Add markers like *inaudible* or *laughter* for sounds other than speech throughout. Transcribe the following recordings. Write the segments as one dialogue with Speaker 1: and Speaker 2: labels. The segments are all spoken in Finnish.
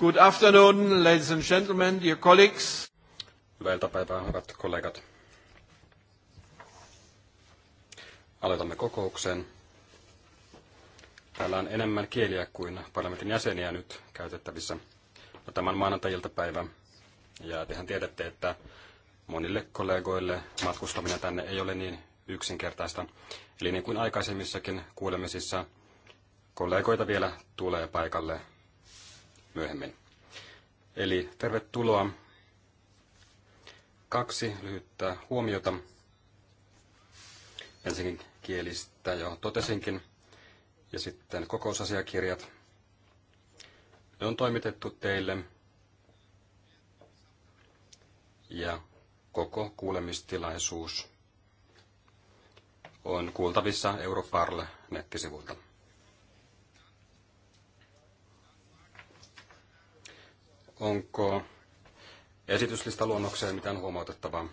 Speaker 1: Good afternoon, ladies and gentlemen, dear colleagues.
Speaker 2: Hyvää iltapäivää, hyvät kollegat. Aloitamme kokouksen. Täällä on enemmän kieliä kuin parlamentin jäseniä nyt käytettävissä. No, tämän maanantai-iltapäivä. Ja tehän tiedätte, että monille kollegoille matkustaminen tänne ei ole niin yksinkertaista. Eli niin kuin aikaisemmissakin kuulemisissa, kollegoita vielä tulee paikalle myöhemmin. Eli tervetuloa. Kaksi lyhyttä huomiota. Ensinnäkin kielistä jo totesinkin. Ja sitten kokousasiakirjat. Ne on toimitettu teille. Ja koko kuulemistilaisuus on kuultavissa Europarle nettisivuilta Onko esityslista luonnokseen mitään huomautettavaa?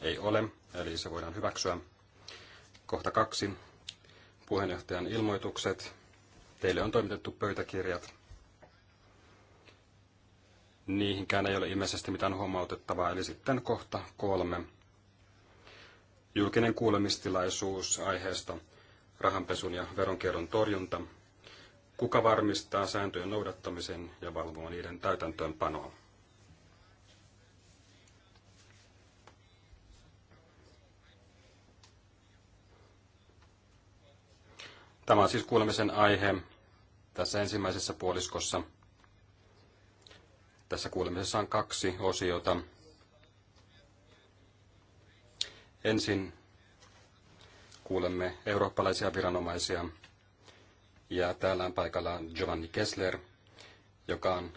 Speaker 2: Ei ole, eli se voidaan hyväksyä. Kohta kaksi. Puheenjohtajan ilmoitukset. Teille on toimitettu pöytäkirjat. Niihinkään ei ole ilmeisesti mitään huomautettavaa, eli sitten kohta kolme. Julkinen kuulemistilaisuus aiheesta rahanpesun ja veronkierron torjunta Kuka varmistaa sääntöjen noudattamisen ja valvoo niiden täytäntöönpanoa? Tämä on siis kuulemisen aihe tässä ensimmäisessä puoliskossa. Tässä kuulemisessa on kaksi osiota. Ensin kuulemme eurooppalaisia viranomaisia – ja täällä on paikalla Giovanni Kessler, joka on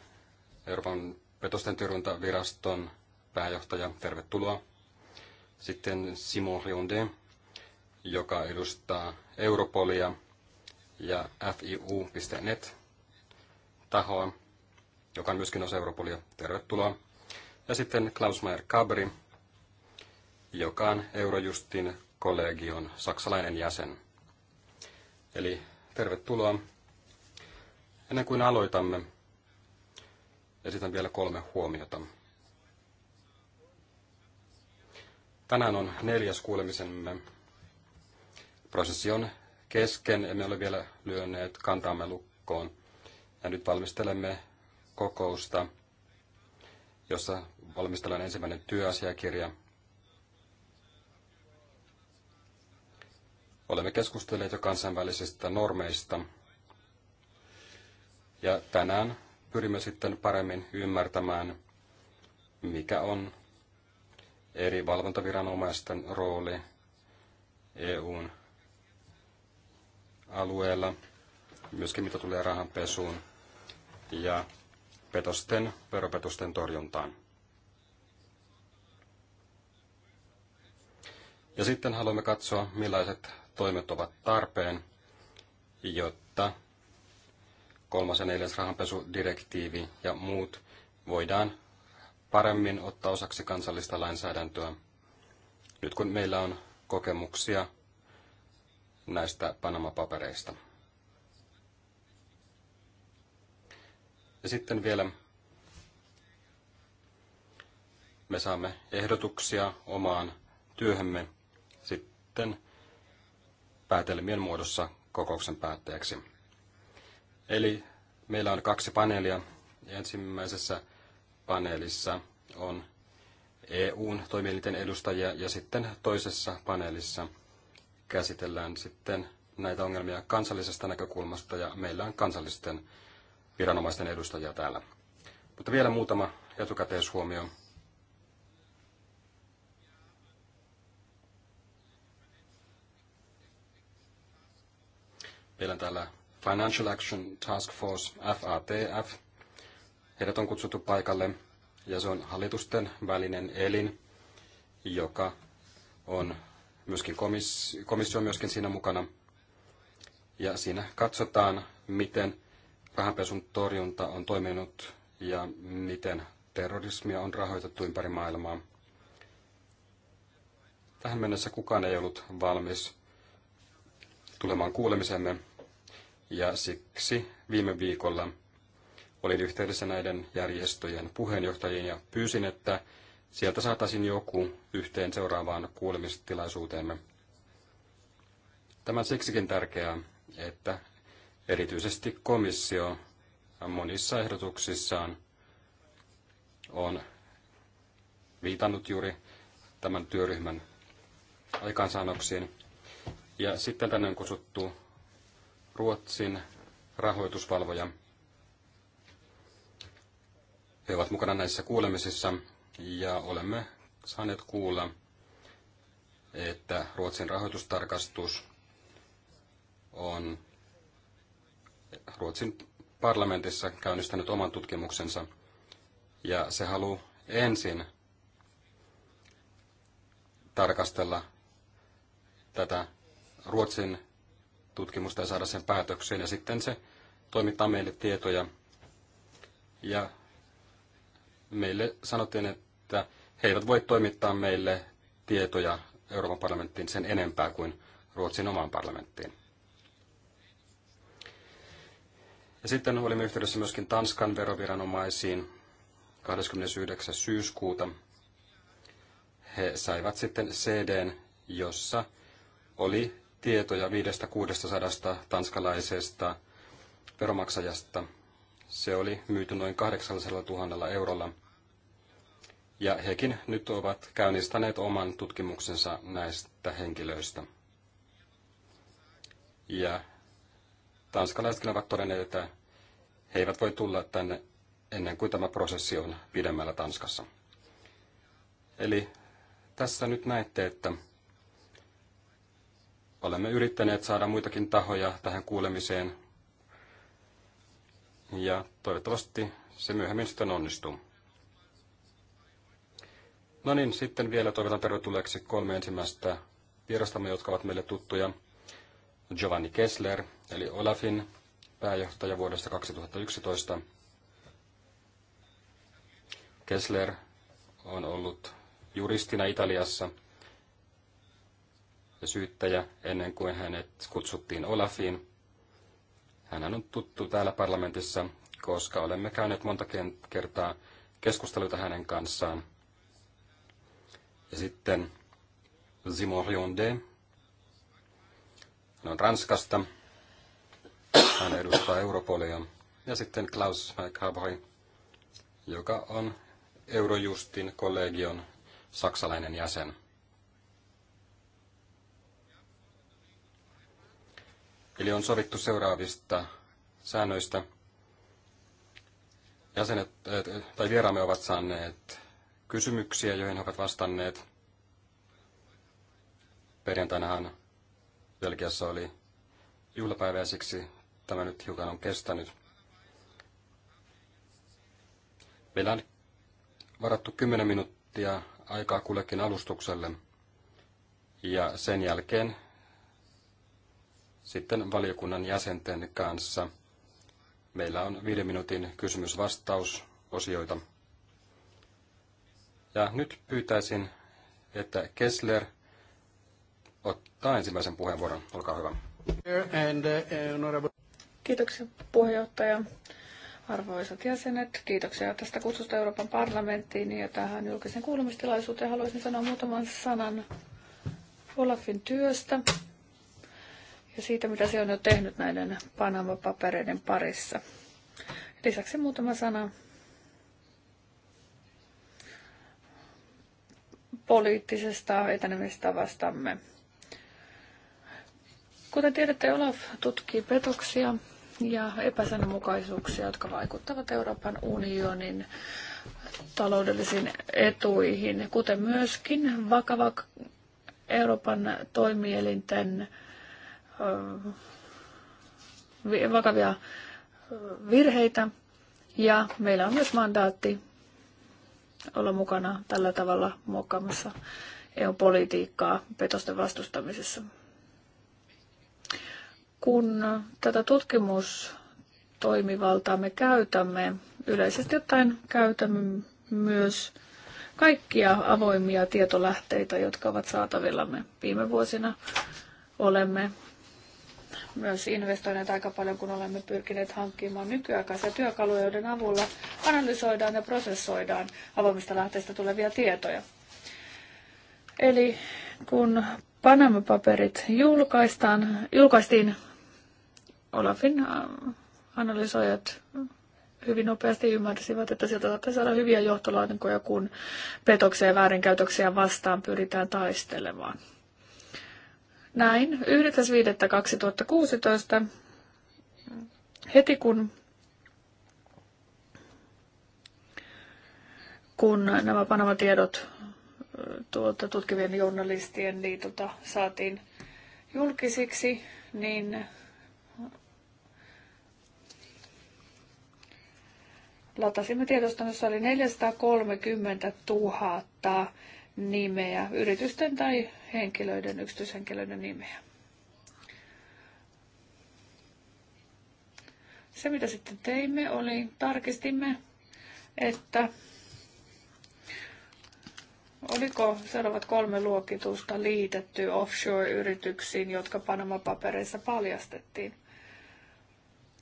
Speaker 2: Euroopan petosten torjuntaviraston pääjohtaja. Tervetuloa. Sitten Simon Rionde, joka edustaa Europolia ja FIU.net tahoa, joka on myöskin osa Europolia. Tervetuloa. Ja sitten Klaus Mayer Kabri, joka on Eurojustin kollegion saksalainen jäsen. Eli Tervetuloa. Ennen kuin aloitamme, esitän vielä kolme huomiota. Tänään on neljäs kuulemisemme. Prosessi on kesken, emme ole vielä lyöneet kantaamme lukkoon. Ja nyt valmistelemme kokousta, jossa valmistellaan ensimmäinen työasiakirja – Olemme keskustelleet jo kansainvälisistä normeista. Ja tänään pyrimme sitten paremmin ymmärtämään, mikä on eri valvontaviranomaisten rooli EUn alueella, myöskin mitä tulee rahanpesuun ja petosten, veropetosten torjuntaan. Ja sitten haluamme katsoa, millaiset toimet ovat tarpeen, jotta kolmas ja neljäs rahanpesudirektiivi ja muut voidaan paremmin ottaa osaksi kansallista lainsäädäntöä. Nyt kun meillä on kokemuksia näistä Panama-papereista. Ja sitten vielä me saamme ehdotuksia omaan työhömme sitten päätelmien muodossa kokouksen päätteeksi. Eli meillä on kaksi paneelia. Ensimmäisessä paneelissa on EUn toimielinten edustajia ja sitten toisessa paneelissa käsitellään sitten näitä ongelmia kansallisesta näkökulmasta ja meillä on kansallisten viranomaisten edustajia täällä. Mutta vielä muutama etukäteishuomio. Meillä on täällä Financial Action Task Force, FATF. Heidät on kutsuttu paikalle ja se on hallitusten välinen elin, joka on myöskin komissio, komissio on myöskin siinä mukana. Ja siinä katsotaan, miten rahanpesun torjunta on toiminut ja miten terrorismia on rahoitettu ympäri maailmaa. Tähän mennessä kukaan ei ollut valmis tulemaan kuulemisemme ja siksi viime viikolla olin yhteydessä näiden järjestöjen puheenjohtajiin ja pyysin, että sieltä saataisiin joku yhteen seuraavaan kuulemistilaisuuteemme. Tämä on siksikin tärkeää, että erityisesti komissio monissa ehdotuksissaan on viitannut juuri tämän työryhmän aikaansaannoksiin. Ja sitten tänne on kutsuttu Ruotsin rahoitusvalvoja. He ovat mukana näissä kuulemisissa ja olemme saaneet kuulla, että Ruotsin rahoitustarkastus on Ruotsin parlamentissa käynnistänyt oman tutkimuksensa ja se haluaa ensin tarkastella tätä Ruotsin tutkimusta ja saada sen päätökseen. Ja sitten se toimittaa meille tietoja. Ja meille sanottiin, että he eivät voi toimittaa meille tietoja Euroopan parlamenttiin sen enempää kuin Ruotsin omaan parlamenttiin. Ja sitten olimme yhteydessä myöskin Tanskan veroviranomaisiin 29. syyskuuta. He saivat sitten CDn, jossa oli tietoja 500-600 tanskalaisesta veromaksajasta. Se oli myyty noin 800 000 eurolla. Ja hekin nyt ovat käynnistäneet oman tutkimuksensa näistä henkilöistä. Ja tanskalaisetkin ovat todenneet, että he eivät voi tulla tänne ennen kuin tämä prosessi on pidemmällä Tanskassa. Eli tässä nyt näette, että Olemme yrittäneet saada muitakin tahoja tähän kuulemiseen. Ja toivottavasti se myöhemmin sitten onnistuu. No niin, sitten vielä toivotan tervetulleeksi kolme ensimmäistä vierastamme, jotka ovat meille tuttuja. Giovanni Kessler, eli Olafin pääjohtaja vuodesta 2011. Kessler on ollut juristina Italiassa – ja syyttäjä ennen kuin hänet kutsuttiin Olafiin. Hän on tuttu täällä parlamentissa, koska olemme käyneet monta kertaa keskusteluita hänen kanssaan. Ja sitten Simon Rionde. Hän on Ranskasta. Hän edustaa Europolia. Ja sitten Klaus McHavoy, joka on Eurojustin kollegion saksalainen jäsen. Eli on sovittu seuraavista säännöistä. Jäsenet äh, tai vieraamme ovat saaneet kysymyksiä, joihin he ovat vastanneet. Perjantainahan Belgiassa oli juhlapäivä ja siksi tämä nyt hiukan on kestänyt. Meillä on varattu 10 minuuttia aikaa kullekin alustukselle ja sen jälkeen sitten valiokunnan jäsenten kanssa meillä on viiden minuutin kysymys Ja nyt pyytäisin, että Kessler ottaa ensimmäisen puheenvuoron. Olkaa hyvä.
Speaker 3: Eh, kiitoksia puheenjohtaja. Arvoisat jäsenet, kiitoksia tästä kutsusta Euroopan parlamenttiin ja tähän julkisen kuulumistilaisuuteen Haluaisin sanoa muutaman sanan Olafin työstä ja siitä, mitä se on jo tehnyt näiden Panama-papereiden parissa. Lisäksi muutama sana poliittisesta etenemistavastamme. Kuten tiedätte, Olaf tutkii petoksia ja epäsäännönmukaisuuksia, jotka vaikuttavat Euroopan unionin taloudellisiin etuihin, kuten myöskin vakava Euroopan toimielinten vakavia virheitä ja meillä on myös mandaatti olla mukana tällä tavalla muokkaamassa EU-politiikkaa petosten vastustamisessa. Kun tätä tutkimustoimivaltaa me käytämme, yleisesti ottaen käytämme myös kaikkia avoimia tietolähteitä, jotka ovat saatavillamme. Viime vuosina olemme myös investoineet aika paljon, kun olemme pyrkineet hankkimaan nykyaikaisia työkaluja, joiden avulla analysoidaan ja prosessoidaan avoimista lähteistä tulevia tietoja. Eli kun Panama-paperit julkaistaan, julkaistiin, Olafin äh, analysoijat hyvin nopeasti ymmärsivät, että sieltä saattaisi saada hyviä johtolaatinkoja, kun petoksia ja väärinkäytöksiä vastaan pyritään taistelemaan. Näin 9.5.2016 heti kun kun nämä Panama-tiedot tuota, tutkivien journalistien liitolta saatiin julkisiksi, niin latasimme tiedoston, jossa oli 430 000 nimeä yritysten tai henkilöiden, yksityishenkilöiden nimeä. Se mitä sitten teimme oli, tarkistimme, että oliko seuraavat kolme luokitusta liitetty offshore-yrityksiin, jotka Panama-papereissa paljastettiin.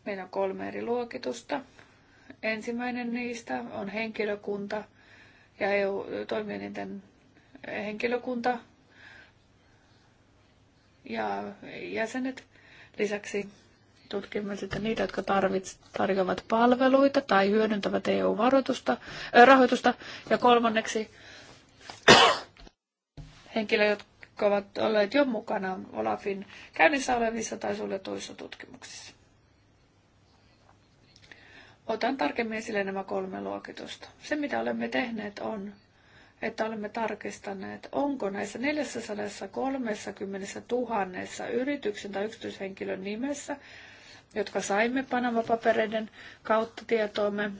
Speaker 3: Meillä on kolme eri luokitusta. Ensimmäinen niistä on henkilökunta ja EU-toimielinten henkilökunta, ja jäsenet. Lisäksi tutkimme sitten niitä, jotka tarjoavat palveluita tai hyödyntävät EU-rahoitusta. Äh, ja kolmanneksi *coughs* henkilöitä, jotka ovat olleet jo mukana Olafin käynnissä olevissa tai suljetuissa tutkimuksissa. Otan tarkemmin esille nämä kolme luokitusta. Se, mitä olemme tehneet, on että olemme tarkistaneet, onko näissä 430 000 yrityksen tai yksityishenkilön nimessä, jotka saimme Panama-papereiden kautta tietoomme,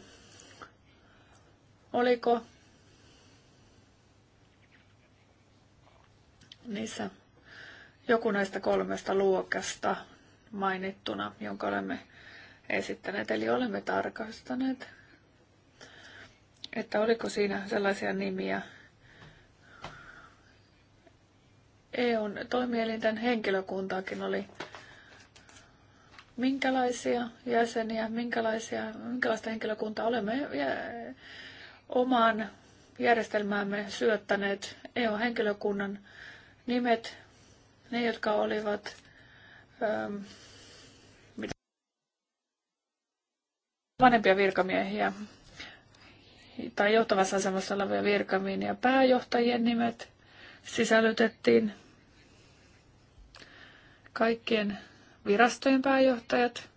Speaker 3: oliko niissä joku näistä kolmesta luokasta mainittuna, jonka olemme esittäneet. Eli olemme tarkastaneet että oliko siinä sellaisia nimiä EUn toimielinten henkilökuntaakin oli minkälaisia jäseniä, minkälaisia, minkälaista henkilökuntaa olemme omaan järjestelmäämme syöttäneet EU-henkilökunnan nimet, ne jotka olivat ähm, vanhempia virkamiehiä tai johtavassa asemassa olevia virkamiehiä ja pääjohtajien nimet sisällytettiin. Kaikkien virastojen pääjohtajat,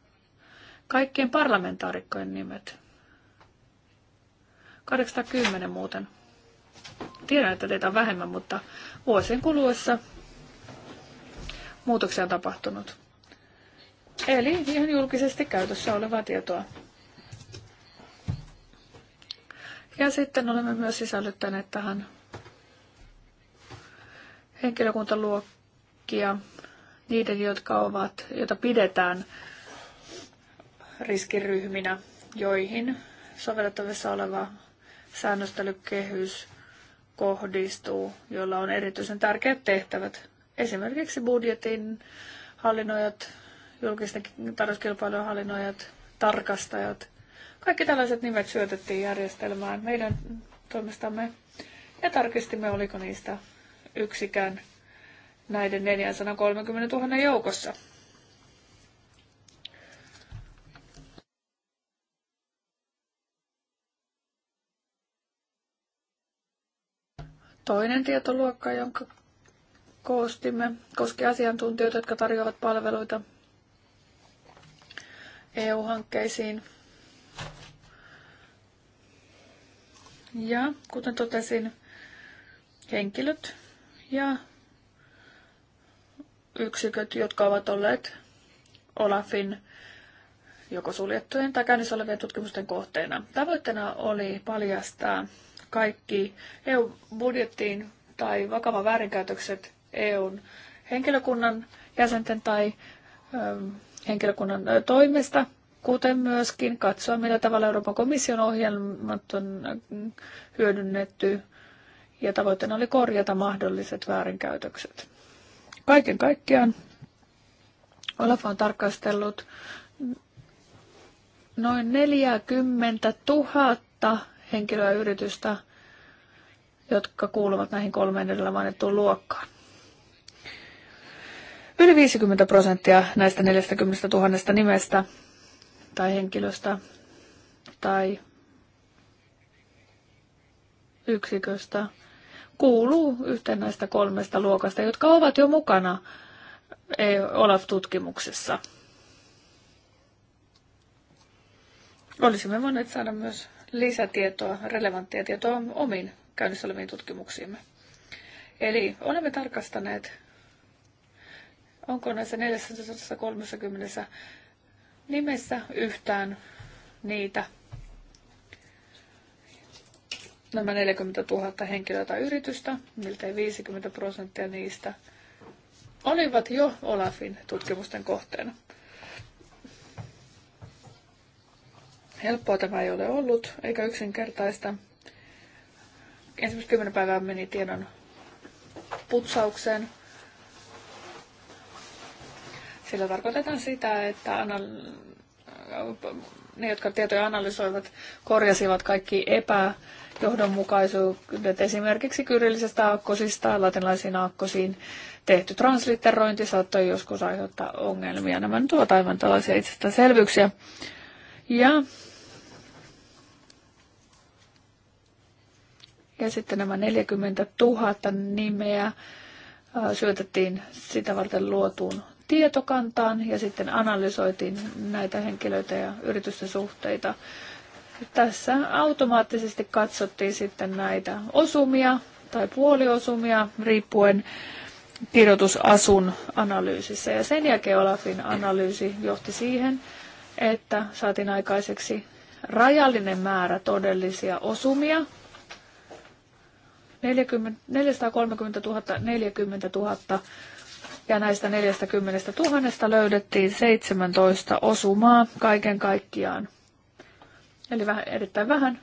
Speaker 3: kaikkien parlamentaarikkojen nimet. 810 muuten. Tiedän, että teitä on vähemmän, mutta vuosien kuluessa muutoksia on tapahtunut. Eli ihan julkisesti käytössä olevaa tietoa. Ja sitten olemme myös sisällyttäneet tähän henkilökuntaluokkia, niiden, jotka ovat, joita pidetään riskiryhminä, joihin sovellettavissa oleva säännöstelykehys kohdistuu, jolla on erityisen tärkeät tehtävät. Esimerkiksi budjetin hallinnoijat, julkisten tarjouskilpailujen hallinnoijat, tarkastajat, kaikki tällaiset nimet syötettiin järjestelmään meidän toimestamme ja tarkistimme, oliko niistä yksikään näiden 430 000 joukossa. Toinen tietoluokka, jonka koostimme, koski asiantuntijoita, jotka tarjoavat palveluita EU-hankkeisiin ja kuten totesin, henkilöt ja yksiköt, jotka ovat olleet Olafin joko suljettujen tai käynnissä olevien tutkimusten kohteena. Tavoitteena oli paljastaa kaikki EU-budjettiin tai vakava väärinkäytökset EUn henkilökunnan jäsenten tai henkilökunnan toimesta kuten myöskin katsoa, millä tavalla Euroopan komission ohjelmat on äh, hyödynnetty ja tavoitteena oli korjata mahdolliset väärinkäytökset. Kaiken kaikkiaan Olaf on tarkastellut noin 40 000 henkilöä yritystä, jotka kuuluvat näihin kolmeen edellä mainittuun luokkaan. Yli 50 prosenttia näistä 40 000 nimestä tai henkilöstä tai yksiköstä kuuluu yhteen näistä kolmesta luokasta, jotka ovat jo mukana e, Olaf-tutkimuksessa. Olisimme voineet saada myös lisätietoa, relevanttia tietoa omiin käynnissä oleviin tutkimuksiimme. Eli olemme tarkastaneet, onko näissä 430 nimessä yhtään niitä nämä 40 000 henkilöä tai yritystä, miltei 50 prosenttia niistä, olivat jo Olafin tutkimusten kohteena. Helppoa tämä ei ole ollut, eikä yksinkertaista. Ensimmäistä kymmenen päivää meni tiedon putsaukseen, sillä tarkoitetaan sitä, että anal- ne, jotka tietoja analysoivat, korjasivat kaikki epäjohdonmukaisuudet esimerkiksi kyrillisestä aakkosista latinalaisiin aakkosiin. Tehty translitterointi saattoi joskus aiheuttaa ongelmia. Nämä nyt ovat aivan tällaisia itsestäänselvyyksiä. Ja Ja sitten nämä 40 000 nimeä syötettiin sitä varten luotuun tietokantaan ja sitten analysoitiin näitä henkilöitä ja yritysten suhteita. Tässä automaattisesti katsottiin sitten näitä osumia tai puoliosumia riippuen kirjoitusasun analyysissä. Ja sen jälkeen Olafin analyysi johti siihen, että saatiin aikaiseksi rajallinen määrä todellisia osumia, 40, 430 000, 40 000 ja näistä 40 000 löydettiin 17 osumaa kaiken kaikkiaan. Eli vähän, erittäin vähän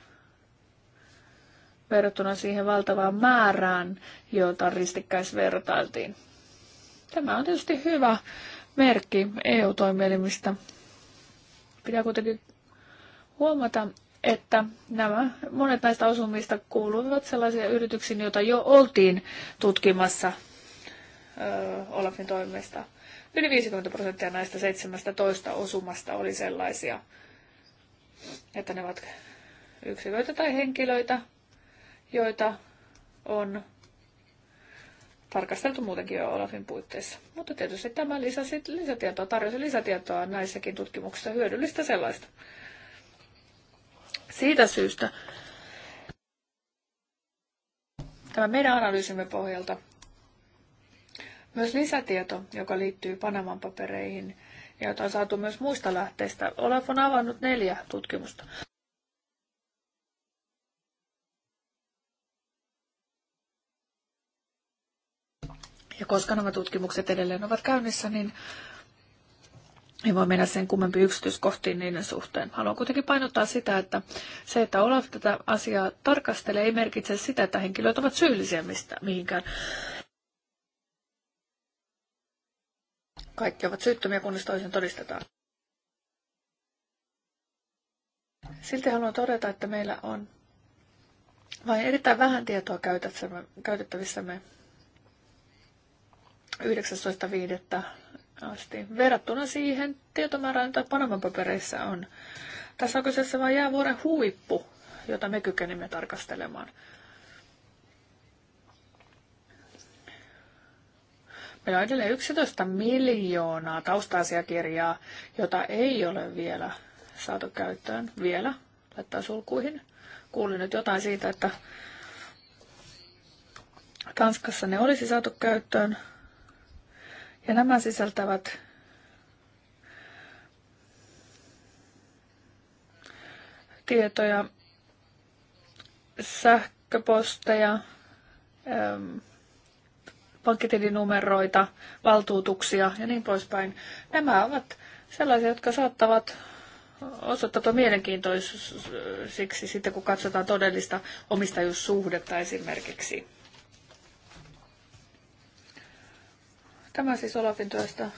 Speaker 3: verrattuna siihen valtavaan määrään, jota ristikkäisvertailtiin. Tämä on tietysti hyvä merkki EU-toimielimistä. Pitää kuitenkin huomata, että nämä monet näistä osumista kuuluvat sellaisia yrityksiin, joita jo oltiin tutkimassa Olafin toimesta. Yli 50 prosenttia näistä 17 osumasta oli sellaisia, että ne ovat yksilöitä tai henkilöitä, joita on tarkasteltu muutenkin jo Olafin puitteissa. Mutta tietysti tämä lisäsi lisätietoa, tarjosi lisätietoa näissäkin tutkimuksissa hyödyllistä sellaista. Siitä syystä tämä meidän analyysimme pohjalta myös lisätieto, joka liittyy Panaman papereihin ja jota on saatu myös muista lähteistä. Olaf on avannut neljä tutkimusta. Ja koska nämä tutkimukset edelleen ovat käynnissä, niin en voi mennä sen kummempi yksityiskohtiin niiden suhteen. Haluan kuitenkin painottaa sitä, että se, että Olaf tätä asiaa tarkastelee, ei merkitse sitä, että henkilöt ovat syyllisiä mistä, mihinkään. Kaikki ovat syyttömiä, kunnes toisen todistetaan. Silti haluan todeta, että meillä on vain erittäin vähän tietoa käytettävissämme 19.5. asti verrattuna siihen tietomäärään, jota Panaman papereissa on. Tässä on kyseessä vain jäävuoren huippu, jota me kykenimme tarkastelemaan. Meillä on edelleen 11 miljoonaa taustaasiakirjaa, jota ei ole vielä saatu käyttöön. Vielä laittaa sulkuihin. Kuulin nyt jotain siitä, että Tanskassa ne olisi saatu käyttöön. Ja nämä sisältävät tietoja, sähköposteja, ähm, pankkitilinumeroita, valtuutuksia ja niin poispäin. Nämä ovat sellaisia, jotka saattavat osoittautua mielenkiintoisiksi sitten, kun katsotaan todellista omistajuussuhdetta esimerkiksi. Tämä siis Olafin työstä.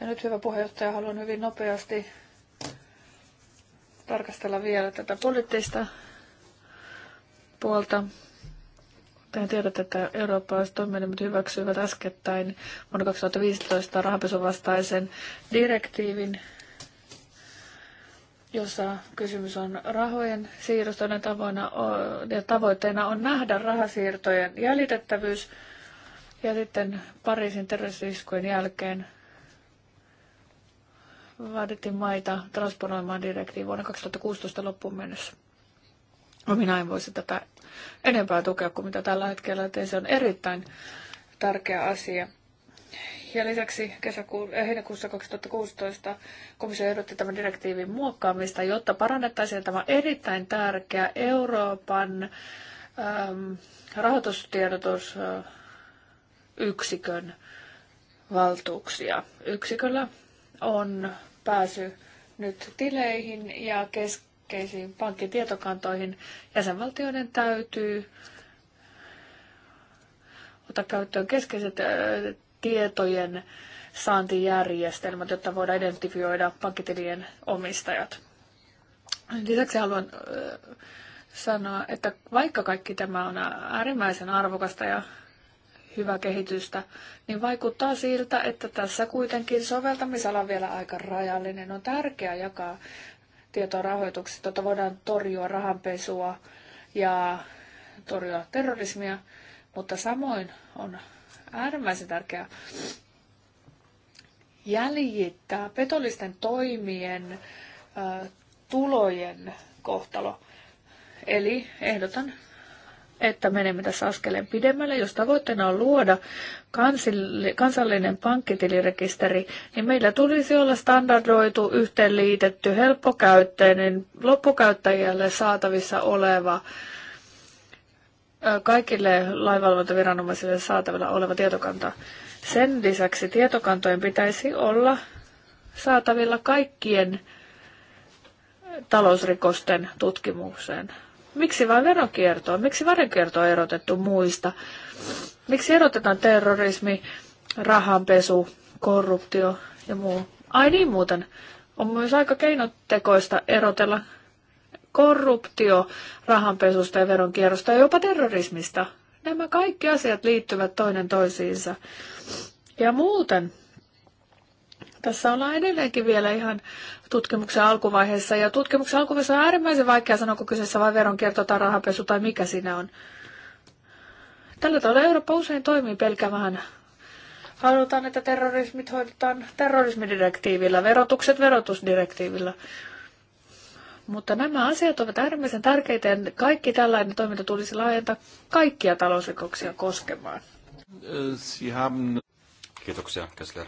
Speaker 3: Ja nyt, hyvä puheenjohtaja, haluan hyvin nopeasti tarkastella vielä tätä poliittista puolta. Tehän tiedätte, että eurooppalaiset toimielimet hyväksyivät äskettäin vuonna 2015 rahapesuvastaisen direktiivin, jossa kysymys on rahojen siirrosta ja tavoitteena on nähdä rahasiirtojen jäljitettävyys. Ja sitten Pariisin terroristiskujen jälkeen vaadittiin maita transponoimaan direktiivi vuonna 2016 loppuun mennessä. Minä en voisi tätä enempää tukea kuin mitä tällä hetkellä, joten se on erittäin tärkeä asia. Ja lisäksi kesäkuun, eh, heinäkuussa 2016 komissio ehdotti tämän direktiivin muokkaamista, jotta parannettaisiin tämä erittäin tärkeä Euroopan ähm, rahoitustiedotusyksikön valtuuksia. Yksiköllä on pääsy nyt tileihin ja kes- osakkeisiin, pankkitietokantoihin, jäsenvaltioiden täytyy ottaa käyttöön keskeiset tietojen saantijärjestelmät, jotta voidaan identifioida pankkitilien omistajat. Lisäksi haluan sanoa, että vaikka kaikki tämä on äärimmäisen arvokasta ja hyvää kehitystä, niin vaikuttaa siltä, että tässä kuitenkin soveltamisala on vielä aika rajallinen. On tärkeää jakaa tietoa rahoituksesta, jota voidaan torjua rahanpesua ja torjua terrorismia, mutta samoin on äärimmäisen tärkeää jäljittää petollisten toimien tulojen kohtalo. Eli ehdotan että menemme tässä askeleen pidemmälle. Jos tavoitteena on luoda kansallinen pankkitilirekisteri, niin meillä tulisi olla standardoitu, yhteenliitetty, helppokäyttöinen, loppukäyttäjälle saatavissa oleva, kaikille laivalvontaviranomaisille saatavilla oleva tietokanta. Sen lisäksi tietokantojen pitäisi olla saatavilla kaikkien talousrikosten tutkimukseen. Miksi vain veronkiertoa? Miksi varokiertoa on erotettu muista? Miksi erotetaan terrorismi, rahanpesu, korruptio ja muu? Ai niin muuten. On myös aika keinotekoista erotella korruptio, rahanpesusta ja veronkierrosta ja jopa terrorismista. Nämä kaikki asiat liittyvät toinen toisiinsa. Ja muuten tässä ollaan edelleenkin vielä ihan tutkimuksen alkuvaiheessa. Ja tutkimuksen alkuvaiheessa on äärimmäisen vaikea sanoa, kun kyseessä vain veronkierto tai rahapesu tai mikä siinä on. Tällä tavalla Eurooppa usein toimii pelkämään. Halutaan, että terrorismit hoidetaan terrorismidirektiivillä, verotukset verotusdirektiivillä. Mutta nämä asiat ovat äärimmäisen tärkeitä ja kaikki tällainen toiminta tulisi laajentaa kaikkia talousrikoksia koskemaan.
Speaker 2: Äh, Sie haben... Kiitoksia, Kessler.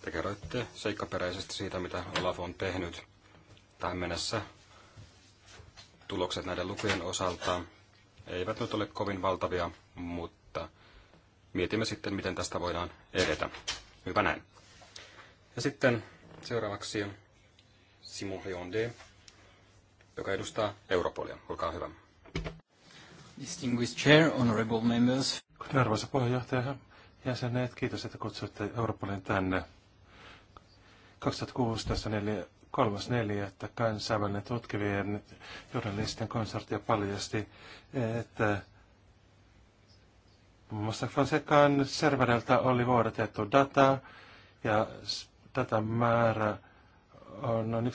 Speaker 2: Te kerroitte seikkaperäisesti siitä, mitä Olaf on tehnyt tähän mennessä. Tulokset näiden lukujen osalta eivät nyt ole kovin valtavia, mutta mietimme sitten, miten tästä voidaan edetä. Hyvä näin. Ja sitten seuraavaksi Simon Hyonde, joka edustaa Europolia. Olkaa hyvä.
Speaker 1: Distinguished Chair, Honorable Members. Arvoisa puheenjohtaja, jäsenet, kiitos, että kutsuitte Europolin tänne. 2016 neljä, että kansainvälinen tutkivien journalistien konsortio paljasti, että muun muassa Fonsecan serveriltä oli vuodatettu dataa ja datan määrä on noin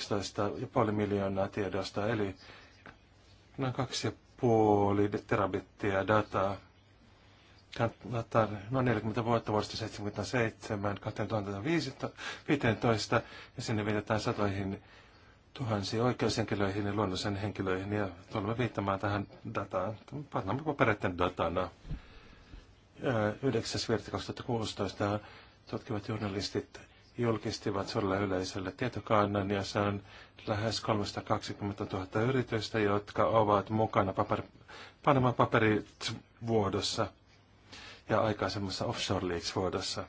Speaker 1: 11,5 miljoonaa tiedosta, eli noin 2,5 terabittia dataa. Kantar, noin 40 vuotta vuodesta 77 2015 ja sinne viitataan satoihin tuhansiin oikeushenkilöihin ja luonnollisen henkilöihin ja tulemme viittamaan tähän dataan, pannaan papereiden datana. 9. virta tutkivat journalistit julkistivat suurella yleisölle tietokannan, ja se on lähes 320 000 yritystä, jotka ovat mukana paperi, Panama-paperit vuodossa ja aikaisemmassa Offshore Leaks-vuodossa.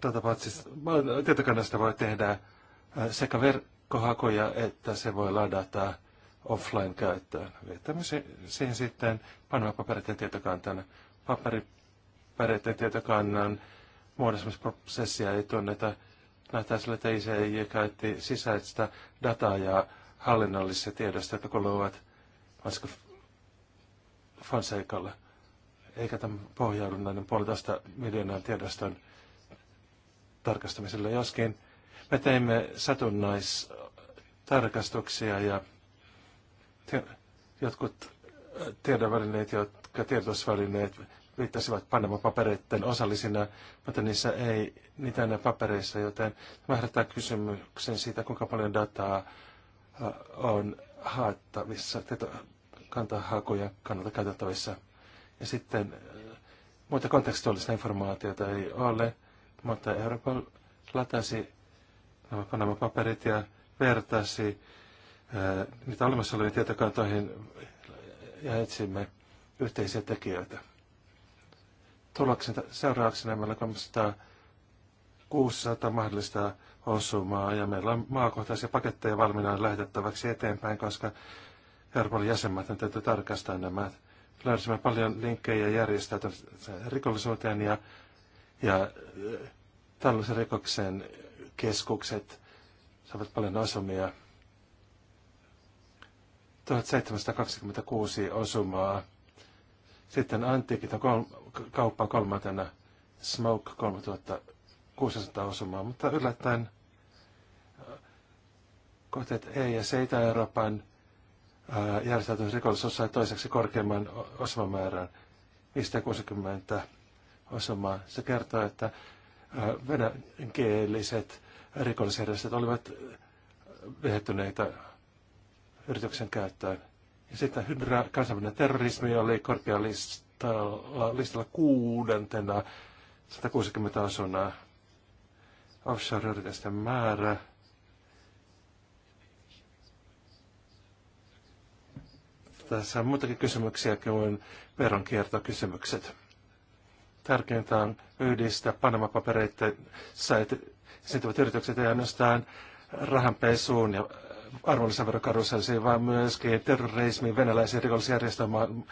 Speaker 1: Tätä paitsi, tietokannasta voi tehdä äh, sekä verkkohakoja että se voi ladata offline-käyttöön. Viettämme siihen sitten panemapapereiden tietokantana. Paperipäreiden tietokannan muodostamisprosessia ei tunneta. Näyttää sillä, että ICI käytti sisäistä dataa ja hallinnollisia tiedosta, jotka kuluvat Maska Fonsecalle eikä tämä pohjaudu näiden puolitoista miljoonan tiedoston tarkastamiselle. Joskin me teimme satunnaistarkastuksia ja jotkut äh, tiedonvälineet, jotka tiedotusvälineet viittasivat Panama-papereiden osallisina, mutta niissä ei niitä enää papereissa, joten mä herättää kysymyksen siitä, kuinka paljon dataa äh, on haettavissa, kantaa hakuja kannalta käytettävissä. Ja sitten äh, muuta kontekstuaalista informaatiota ei ole, mutta Euroopan latasi nämä Panaman paperit ja vertasi ää, äh, niitä olemassa olevia tietokantoihin ja etsimme yhteisiä tekijöitä. Tuloksen seurauksena meillä on 600 mahdollista osumaa ja meillä on maakohtaisia paketteja valmiina lähetettäväksi eteenpäin, koska Euroopan jäsenmaat täytyy tarkastaa nämä löysimme paljon linkkejä järjestäytyneeseen rikollisuuteen ja, ja
Speaker 4: äh,
Speaker 1: tällaisen rikoksen keskukset saavat paljon asumia. 1726 osumaa. Sitten antiikit on kol- kauppaa kolmantena, Smoke 3600 osumaa, mutta yllättäen äh, kohteet E- ja C- euroopan Äh, järjestäytynyt rikollisuus sai toiseksi korkeimman osumamäärän 560 osamaa Se kertoo, että äh, venäjänkieliset rikollisjärjestöt olivat äh, vehettyneitä yrityksen käyttöön. Ja sitten hydra, kansainvälinen terrorismi oli korkealla listalla, listalla kuudentena 160 asunaa. Offshore-yritysten määrä Tässä on muitakin kysymyksiä kuin veronkiertokysymykset. Tärkeintä on yhdistää Panama-papereiden esiintyvät yritykset ei ainoastaan rahanpesuun ja arvonlisäverokaruselisiin, vaan myöskin terrorismiin, venäläisiin rikollisjärjestelmään,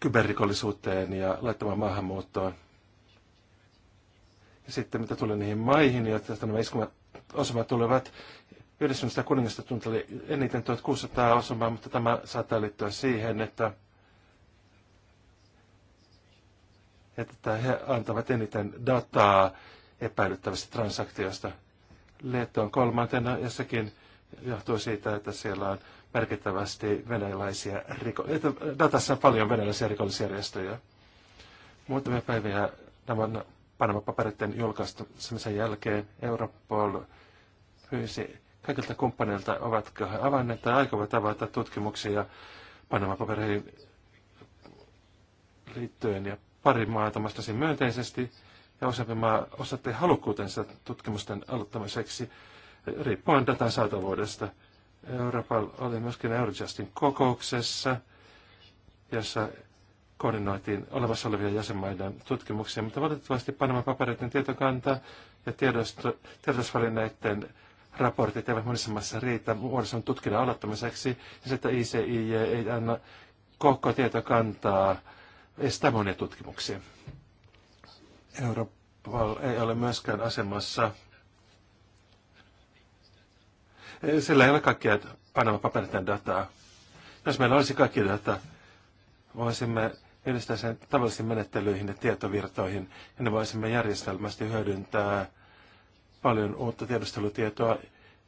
Speaker 1: kyberrikollisuuteen ja laittamaan maahanmuuttoon. Ja sitten mitä tulee niihin maihin, joita nämä iskumat osumat tulevat, Yhdistyneestä kuningasta tunteli eniten 1600 osumaa, mutta tämä saattaa liittyä siihen, että, että he antavat eniten dataa epäilyttävästä transaktiosta. Leetto on kolmantena ja sekin johtuu siitä, että siellä on merkittävästi venäläisiä, riko- datassa on paljon venäläisiä rikollisjärjestöjä. Muutamia päiviä nämä Panama-paperitten julkaistumisen jälkeen Europol pyysi kaikilta kumppaneilta, ovatko he avanneet tai aikovat avata tutkimuksia Panama-papereihin liittyen. Ja pari maata vastasi myönteisesti ja useampi maa osoitti halukkuutensa tutkimusten aloittamiseksi riippuen datan saatavuudesta. Europal oli myöskin Eurojustin kokouksessa, jossa koordinoitiin olemassa olevia jäsenmaiden tutkimuksia, mutta valitettavasti Panama-papereiden tietokanta ja tiedotusvälineiden raportit eivät monissa maissa riitä muodossa tutkinnan aloittamiseksi, niin ja että ICI ei anna koko tietokantaa estää monia tutkimuksia. Eurooppa ei ole myöskään asemassa, sillä ei ole kaikkia panema paperiten dataa. Jos meillä olisi kaikki data, voisimme yhdistää sen tavallisiin menettelyihin ja tietovirtoihin, ja ne voisimme järjestelmästi hyödyntää paljon uutta tiedustelutietoa,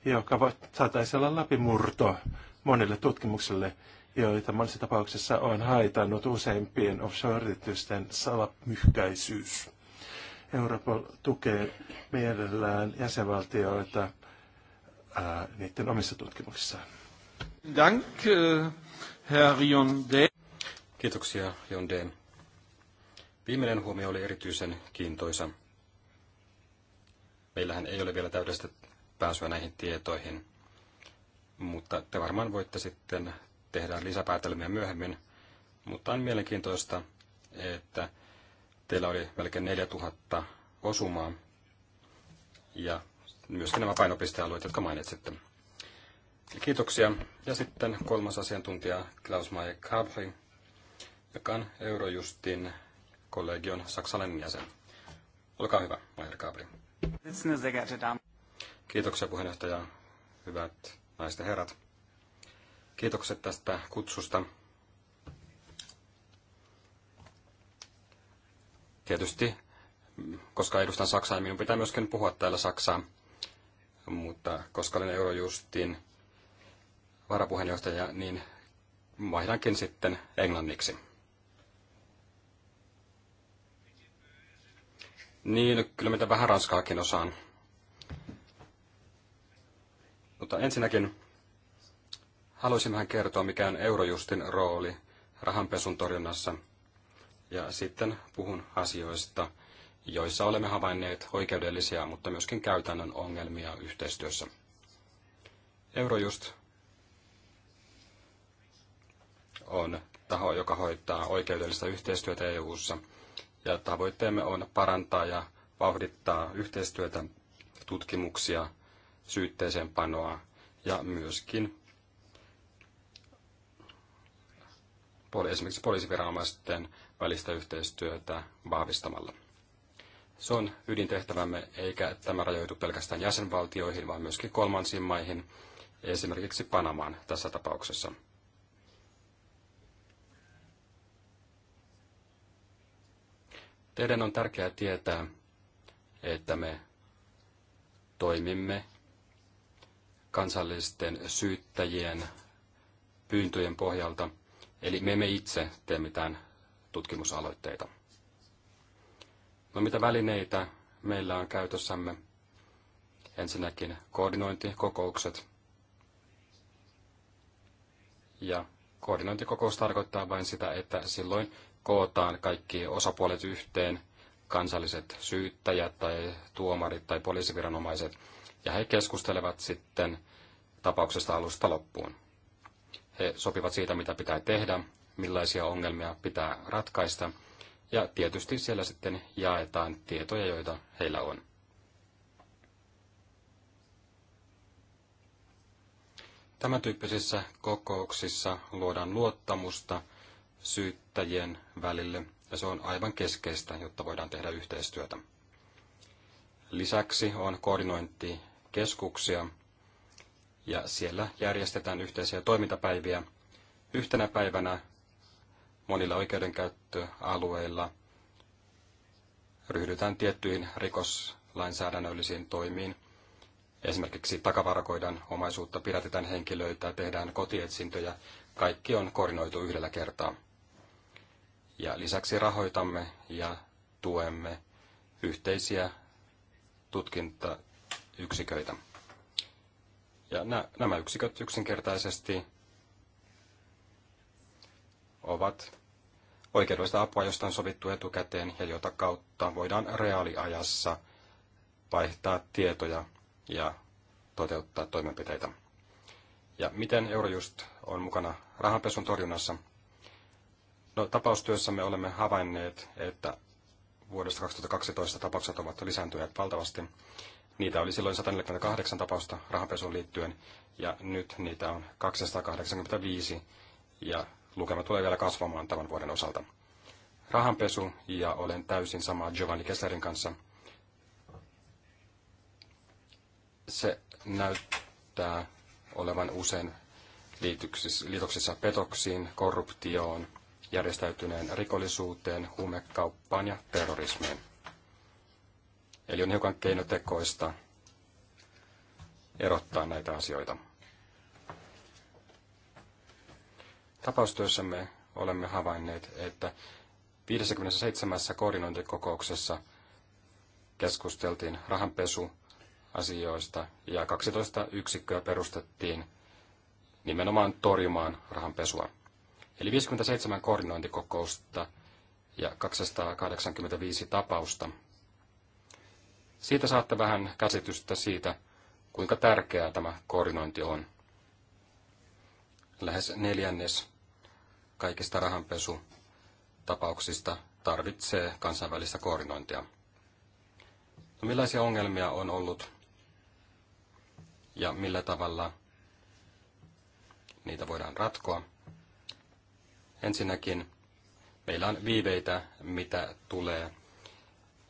Speaker 1: joka saataisiin olla läpimurto monille tutkimuksille, joita monissa tapauksissa on haitannut useimpien offshore-yritysten salamyhkäisyys. Europol tukee mielellään jäsenvaltioita ää, niiden omissa tutkimuksissaan.
Speaker 2: Dank, eh, Herr Kiitoksia, Jondeen. Viimeinen huomio oli erityisen kiintoisa. Meillähän ei ole vielä täydellistä pääsyä näihin tietoihin, mutta te varmaan voitte sitten tehdä lisäpäätelmiä myöhemmin. Mutta on mielenkiintoista, että teillä oli melkein 4000 osumaa ja myöskin nämä painopistealueet, jotka mainitsitte. Kiitoksia. Ja sitten kolmas asiantuntija Klaus Mayer Kabri, joka on Eurojustin kollegion saksalainen jäsen. Olkaa hyvä, Maier Kabri. Kiitoksia puheenjohtaja, hyvät naiset ja herrat. Kiitokset tästä kutsusta. Tietysti, koska edustan Saksaa, niin minun pitää myöskin puhua täällä Saksaa. Mutta koska olen Eurojustin varapuheenjohtaja, niin vaihdankin sitten englanniksi. Niin, no kyllä mitä vähän ranskaakin osaan. Mutta ensinnäkin haluaisin vähän kertoa, mikä on Eurojustin rooli rahanpesun torjunnassa. Ja sitten puhun asioista, joissa olemme havainneet oikeudellisia, mutta myöskin käytännön ongelmia yhteistyössä. Eurojust on taho, joka hoitaa oikeudellista yhteistyötä EU:ssa ja tavoitteemme on parantaa ja vauhdittaa yhteistyötä, tutkimuksia, syytteeseenpanoa ja myöskin esimerkiksi poliisiviranomaisten välistä yhteistyötä vahvistamalla. Se on ydintehtävämme, eikä tämä rajoitu pelkästään jäsenvaltioihin, vaan myöskin kolmansiin maihin, esimerkiksi Panamaan tässä tapauksessa. Teidän on tärkeää tietää, että me toimimme kansallisten syyttäjien pyyntöjen pohjalta, eli me emme itse tee mitään tutkimusaloitteita. No mitä välineitä meillä on käytössämme? Ensinnäkin koordinointikokoukset. Ja koordinointikokous tarkoittaa vain sitä, että silloin kootaan kaikki osapuolet yhteen, kansalliset syyttäjät tai tuomarit tai poliisiviranomaiset, ja he keskustelevat sitten tapauksesta alusta loppuun. He sopivat siitä, mitä pitää tehdä, millaisia ongelmia pitää ratkaista, ja tietysti siellä sitten jaetaan tietoja, joita heillä on. Tämän tyyppisissä kokouksissa luodaan luottamusta syyt yrittäjien välille, ja se on aivan keskeistä, jotta voidaan tehdä yhteistyötä. Lisäksi on koordinointikeskuksia, ja siellä järjestetään yhteisiä toimintapäiviä. Yhtenä päivänä monilla oikeudenkäyttöalueilla ryhdytään tiettyihin rikoslainsäädännöllisiin toimiin. Esimerkiksi takavarakoidaan omaisuutta, pidätetään henkilöitä, tehdään kotietsintöjä. Kaikki on koordinoitu yhdellä kertaa. Ja lisäksi rahoitamme ja tuemme yhteisiä tutkintayksiköitä. Ja nämä yksiköt yksinkertaisesti ovat oikeudellista apua, josta on sovittu etukäteen ja jota kautta voidaan reaaliajassa vaihtaa tietoja ja toteuttaa toimenpiteitä. Ja miten Eurojust on mukana rahanpesun torjunnassa? No, tapaustyössämme olemme havainneet, että vuodesta 2012 tapaukset ovat lisääntyneet valtavasti. Niitä oli silloin 148 tapausta rahanpesuun liittyen ja nyt niitä on 285 ja lukema tulee vielä kasvamaan tämän vuoden osalta. Rahanpesu ja olen täysin samaa Giovanni Kesslerin kanssa. Se näyttää olevan usein liitoksissa petoksiin, korruptioon – järjestäytyneen rikollisuuteen, huumekauppaan ja terrorismiin. Eli on hiukan keinotekoista erottaa näitä asioita. Tapaustyössämme olemme havainneet, että 57. koordinointikokouksessa keskusteltiin rahanpesuasioista ja 12 yksikköä perustettiin nimenomaan torjumaan rahanpesua. Eli 57 koordinointikokousta ja 285 tapausta. Siitä saatte vähän käsitystä siitä, kuinka tärkeää tämä koordinointi on. Lähes neljännes kaikista rahanpesutapauksista tarvitsee kansainvälistä koordinointia. No, millaisia ongelmia on ollut ja millä tavalla niitä voidaan ratkoa? Ensinnäkin meillä on viiveitä, mitä tulee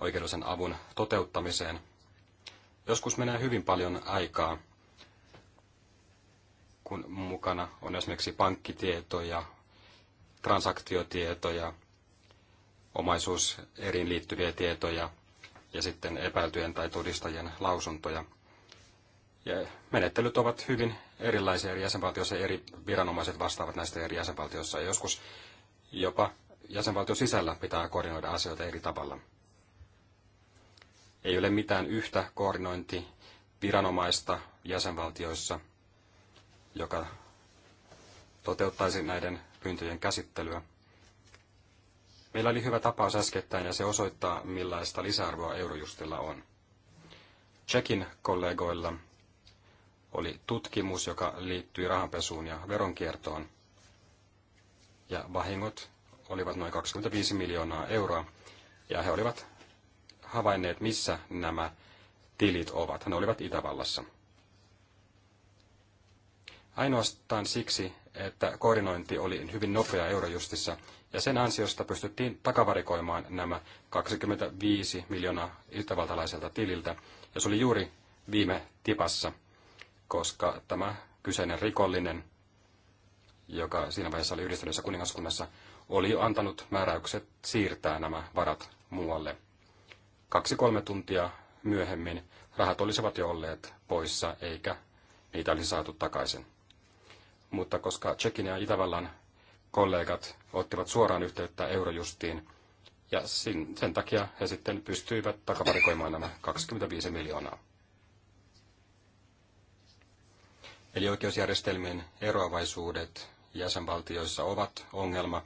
Speaker 2: oikeudellisen avun toteuttamiseen. Joskus menee hyvin paljon aikaa, kun mukana on esimerkiksi pankkitietoja, transaktiotietoja, omaisuus eriin liittyviä tietoja ja sitten epäiltyjen tai todistajien lausuntoja – ja menettelyt ovat hyvin erilaisia eri jäsenvaltioissa, eri viranomaiset vastaavat näistä eri jäsenvaltioissa, ja joskus jopa jäsenvaltion sisällä pitää koordinoida asioita eri tavalla. Ei ole mitään yhtä koordinointi viranomaista jäsenvaltioissa, joka toteuttaisi näiden pyyntöjen käsittelyä. Meillä oli hyvä tapaus äskettäin ja se osoittaa, millaista lisäarvoa Eurojustilla on. Tsekin kollegoilla oli tutkimus, joka liittyi rahanpesuun ja veronkiertoon. Ja vahingot olivat noin 25 miljoonaa euroa. Ja he olivat havainneet, missä nämä tilit ovat. Ne olivat Itävallassa. Ainoastaan siksi, että koordinointi oli hyvin nopea Eurojustissa, ja sen ansiosta pystyttiin takavarikoimaan nämä 25 miljoonaa itävaltalaiselta tililtä, ja se oli juuri viime tipassa – koska tämä kyseinen rikollinen, joka siinä vaiheessa oli yhdistyneessä kuningaskunnassa, oli jo antanut määräykset siirtää nämä varat muualle. Kaksi-kolme tuntia myöhemmin rahat olisivat jo olleet poissa, eikä niitä olisi saatu takaisin. Mutta koska Tsekin ja Itävallan kollegat ottivat suoraan yhteyttä Eurojustiin, ja sen takia he sitten pystyivät takavarikoimaan nämä 25 miljoonaa. Eli oikeusjärjestelmien eroavaisuudet jäsenvaltioissa ovat ongelma,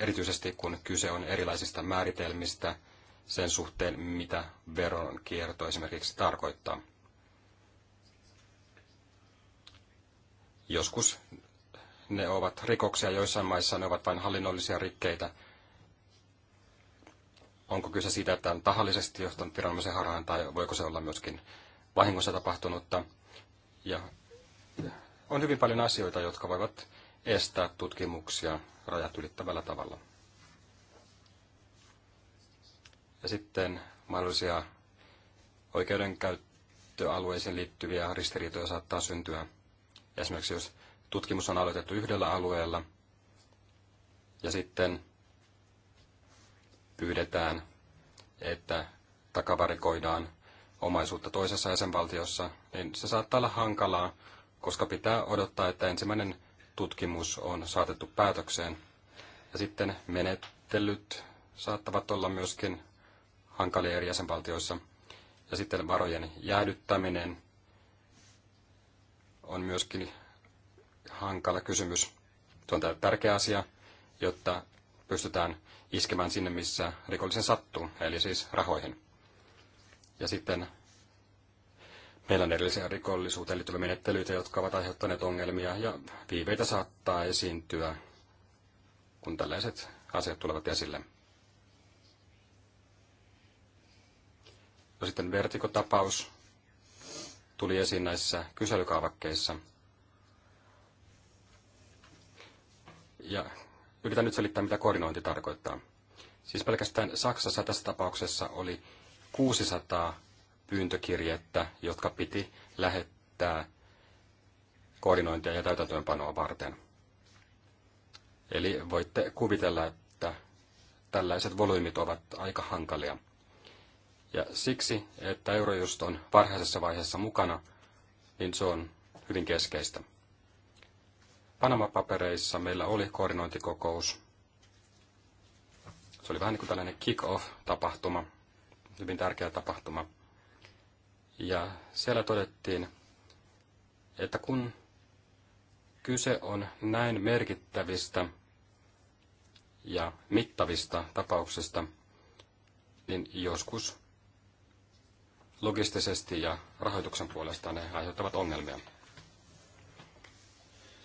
Speaker 2: erityisesti kun kyse on erilaisista määritelmistä sen suhteen, mitä veronkierto esimerkiksi tarkoittaa. Joskus ne ovat rikoksia, joissain maissa ne ovat vain hallinnollisia rikkeitä. Onko kyse siitä, että on tahallisesti johtanut viranomaisen harhaan tai voiko se olla myöskin vahingossa tapahtunutta? Ja on hyvin paljon asioita, jotka voivat estää tutkimuksia rajat ylittävällä tavalla. Ja sitten mahdollisia oikeudenkäyttöalueisiin liittyviä ristiriitoja saattaa syntyä. Esimerkiksi jos tutkimus on aloitettu yhdellä alueella ja sitten pyydetään, että takavarikoidaan omaisuutta toisessa jäsenvaltiossa, niin se saattaa olla hankalaa, koska pitää odottaa, että ensimmäinen tutkimus on saatettu päätökseen. Ja sitten menettelyt saattavat olla myöskin hankalia eri jäsenvaltioissa. Ja sitten varojen jäädyttäminen on myöskin hankala kysymys. Se on tärkeä asia, jotta pystytään iskemään sinne, missä rikollisen sattuu, eli siis rahoihin. Ja sitten meillä on erillisiä rikollisuuteen liittyviä menettelyitä, jotka ovat aiheuttaneet ongelmia ja viiveitä saattaa esiintyä, kun tällaiset asiat tulevat esille. No sitten vertikotapaus tuli esiin näissä kyselykaavakkeissa. Ja yritän nyt selittää, mitä koordinointi tarkoittaa. Siis pelkästään Saksassa tässä tapauksessa oli 600 pyyntökirjettä, jotka piti lähettää koordinointia ja täytäntöönpanoa varten. Eli voitte kuvitella, että tällaiset volyymit ovat aika hankalia. Ja siksi, että Eurojust on varhaisessa vaiheessa mukana, niin se on hyvin keskeistä. Panama-papereissa meillä oli koordinointikokous. Se oli vähän niin kuin tällainen kick-off-tapahtuma – hyvin tärkeä tapahtuma. Ja siellä todettiin, että kun kyse on näin merkittävistä ja mittavista tapauksista, niin joskus logistisesti ja rahoituksen puolesta ne aiheuttavat ongelmia.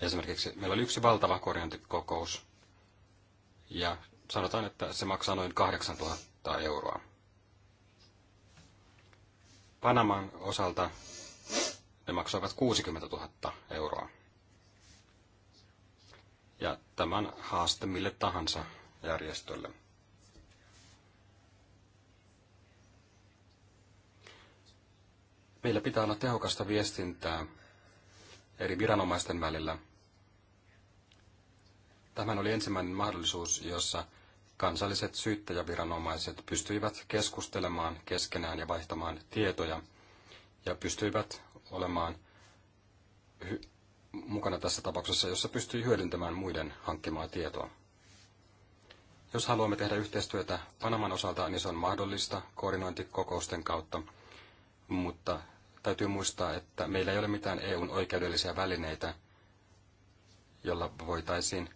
Speaker 2: Esimerkiksi meillä oli yksi valtava korjantikokous, ja sanotaan, että se maksaa noin 8000 euroa. Panaman osalta ne maksoivat 60 000 euroa. Ja tämän haaste mille tahansa järjestölle. Meillä pitää olla tehokasta viestintää eri viranomaisten välillä. Tämän oli ensimmäinen mahdollisuus, jossa kansalliset syyttäjäviranomaiset pystyivät keskustelemaan keskenään ja vaihtamaan tietoja ja pystyivät olemaan mukana tässä tapauksessa, jossa pystyi hyödyntämään muiden hankkimaa tietoa. Jos haluamme tehdä yhteistyötä Panaman osalta, niin se on mahdollista koordinointikokousten kautta, mutta täytyy muistaa, että meillä ei ole mitään EUn oikeudellisia välineitä, jolla voitaisiin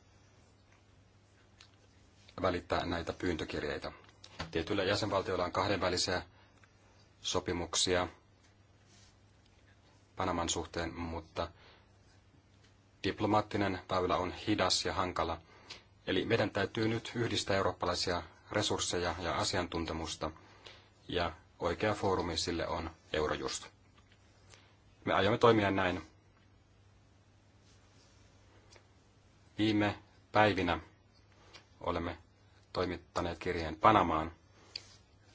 Speaker 2: välittää näitä pyyntökirjeitä. Tietyillä jäsenvaltioilla on kahdenvälisiä sopimuksia Panaman suhteen, mutta diplomaattinen väylä on hidas ja hankala. Eli meidän täytyy nyt yhdistää eurooppalaisia resursseja ja asiantuntemusta, ja oikea foorumi sille on Eurojust. Me aiomme toimia näin. Viime päivinä olemme toimittaneet kirjeen Panamaan.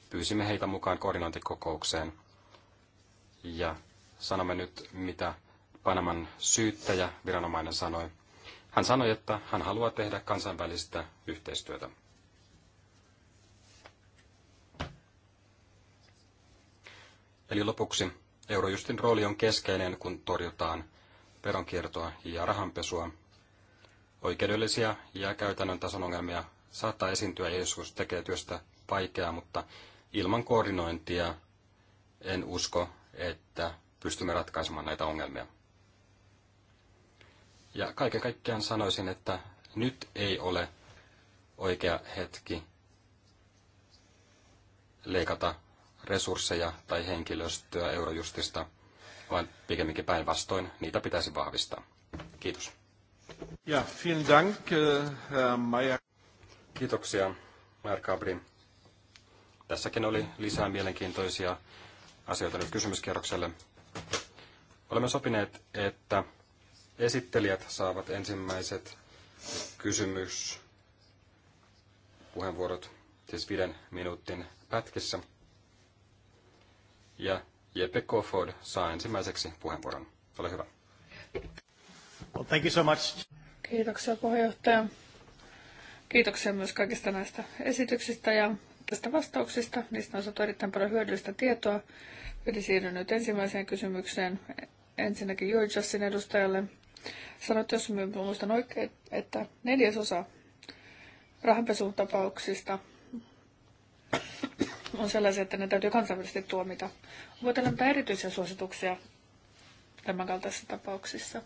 Speaker 2: Pyysimme heitä mukaan koordinointikokoukseen ja sanomme nyt, mitä Panaman syyttäjä viranomainen sanoi. Hän sanoi, että hän haluaa tehdä kansainvälistä yhteistyötä. Eli lopuksi Eurojustin rooli on keskeinen, kun torjutaan veronkiertoa ja rahanpesua. Oikeudellisia ja käytännön tason ongelmia saattaa esiintyä ja joskus tekee työstä vaikeaa, mutta ilman koordinointia en usko, että pystymme ratkaisemaan näitä ongelmia. Ja kaiken kaikkiaan sanoisin, että nyt ei ole oikea hetki leikata resursseja tai henkilöstöä Eurojustista, vaan pikemminkin päinvastoin niitä pitäisi vahvistaa. Kiitos.
Speaker 1: Ja, vielen Dank, äh, Herr Mayer.
Speaker 2: Kiitoksia, Märkabri. Tässäkin oli lisää mielenkiintoisia asioita nyt kysymyskierrokselle. Olemme sopineet, että esittelijät saavat ensimmäiset kysymyspuheenvuorot, siis viiden minuutin pätkissä. Ja Jeppe Kofod saa ensimmäiseksi puheenvuoron. Ole hyvä. Well, thank you so much.
Speaker 3: Kiitoksia puheenjohtaja. Kiitoksia myös kaikista näistä esityksistä ja tästä vastauksista. Niistä on saatu erittäin paljon hyödyllistä tietoa. Eli siirryn nyt ensimmäiseen kysymykseen ensinnäkin Jurjassin edustajalle. Sanoit, jos muistan oikein, että neljäsosa rahanpesutapauksista on sellaisia, että ne täytyy kansainvälisesti tuomita. Voit antaa erityisiä suosituksia tämänkaltaisissa tapauksissa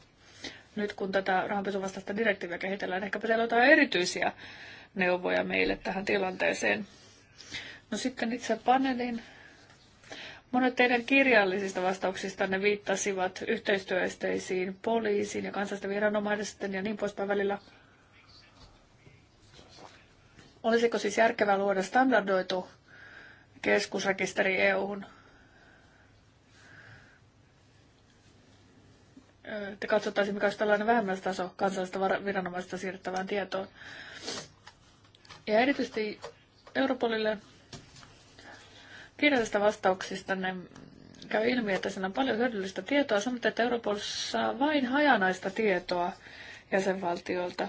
Speaker 3: nyt kun tätä rahanpesuvastaista direktiiviä kehitellään, ehkäpä siellä on jotain erityisiä neuvoja meille tähän tilanteeseen. No sitten itse paneelin. Monet teidän kirjallisista vastauksista ne viittasivat yhteistyöesteisiin poliisiin ja kansallisten viranomaisten ja niin poispäin välillä. Olisiko siis järkevää luoda standardoitu keskusrekisteri EUhun että katsottaisiin, mikä olisi tällainen vähemmästaso kansallista viranomaista siirrettävään tietoon. Ja erityisesti Europolille kirjallisista vastauksista ne niin käy ilmi, että siinä on paljon hyödyllistä tietoa, sanotaan, että Europol saa vain hajanaista tietoa jäsenvaltiolta.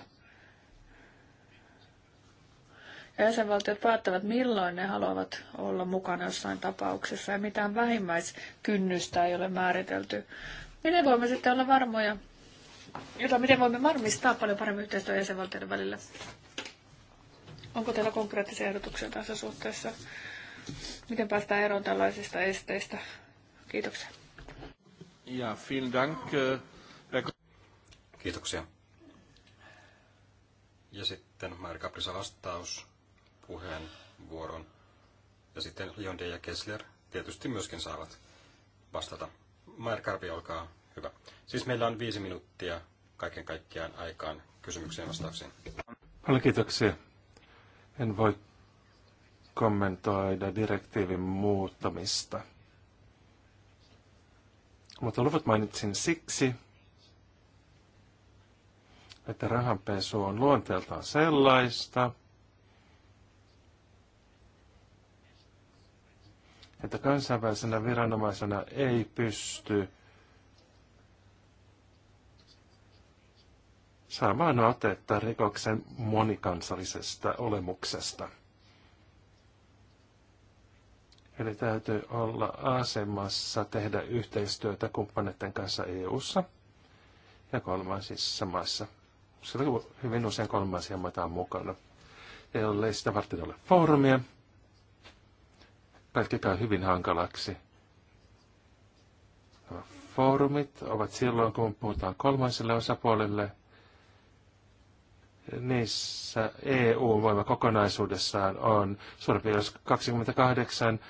Speaker 3: Ja jäsenvaltiot päättävät, milloin ne haluavat olla mukana jossain tapauksessa ja mitään vähimmäiskynnystä ei ole määritelty. Miten voimme sitten olla varmoja, jota miten voimme varmistaa paljon paremmin yhteistyötä jäsenvaltioiden välillä? Onko teillä konkreettisia ehdotuksia tässä suhteessa? Miten päästään eroon tällaisista esteistä? Kiitoksia.
Speaker 1: Ja, vielen dank. Äh,
Speaker 2: Kiitoksia. Ja sitten Mari Kaprisa vastaus puheenvuoron. Ja sitten Jonde ja Kessler tietysti myöskin saavat vastata. Markarvi, olkaa hyvä. Siis meillä on viisi minuuttia kaiken kaikkiaan aikaan kysymyksiin ja vastauksiin.
Speaker 1: Paljon kiitoksia. En voi kommentoida direktiivin muuttamista. Mutta luvut mainitsin siksi, että rahanpesu on luonteeltaan sellaista, että kansainvälisenä viranomaisena ei pysty saamaan otetta rikoksen monikansallisesta olemuksesta. Eli täytyy olla asemassa tehdä yhteistyötä kumppaneiden kanssa EU-ssa ja kolmansissa maissa. Sillä hyvin usein kolmansia maita on mukana. ole sitä varten ole foorumia, kaikki hyvin hankalaksi. Foorumit ovat silloin, kun puhutaan kolmaiselle osapuolelle, Niissä EU-voima kokonaisuudessaan on suurin piirtein 28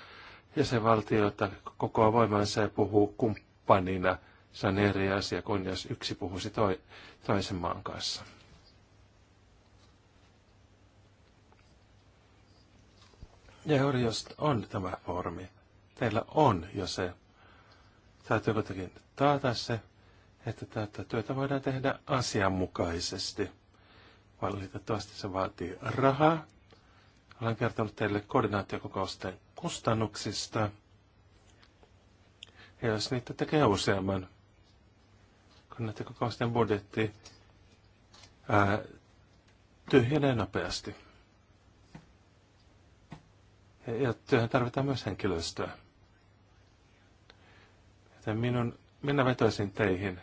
Speaker 1: jäsenvaltiota koko voimansa ja puhuu kumppanina. Se on eri asia kuin jos yksi puhuisi toi, toisen maan kanssa. Ja jos on tämä foorumi, teillä on jo se. Täytyy kuitenkin taata se, että tätä työtä voidaan tehdä asianmukaisesti. Valitettavasti se vaatii rahaa. Olen kertonut teille koordinaatiokokousten kustannuksista. Ja jos niitä tekee useamman, koordinaatiokokousten budjetti ää, tyhjenee nopeasti. Ja työhön tarvitaan myös henkilöstöä. Joten minun, minä vetoisin teihin.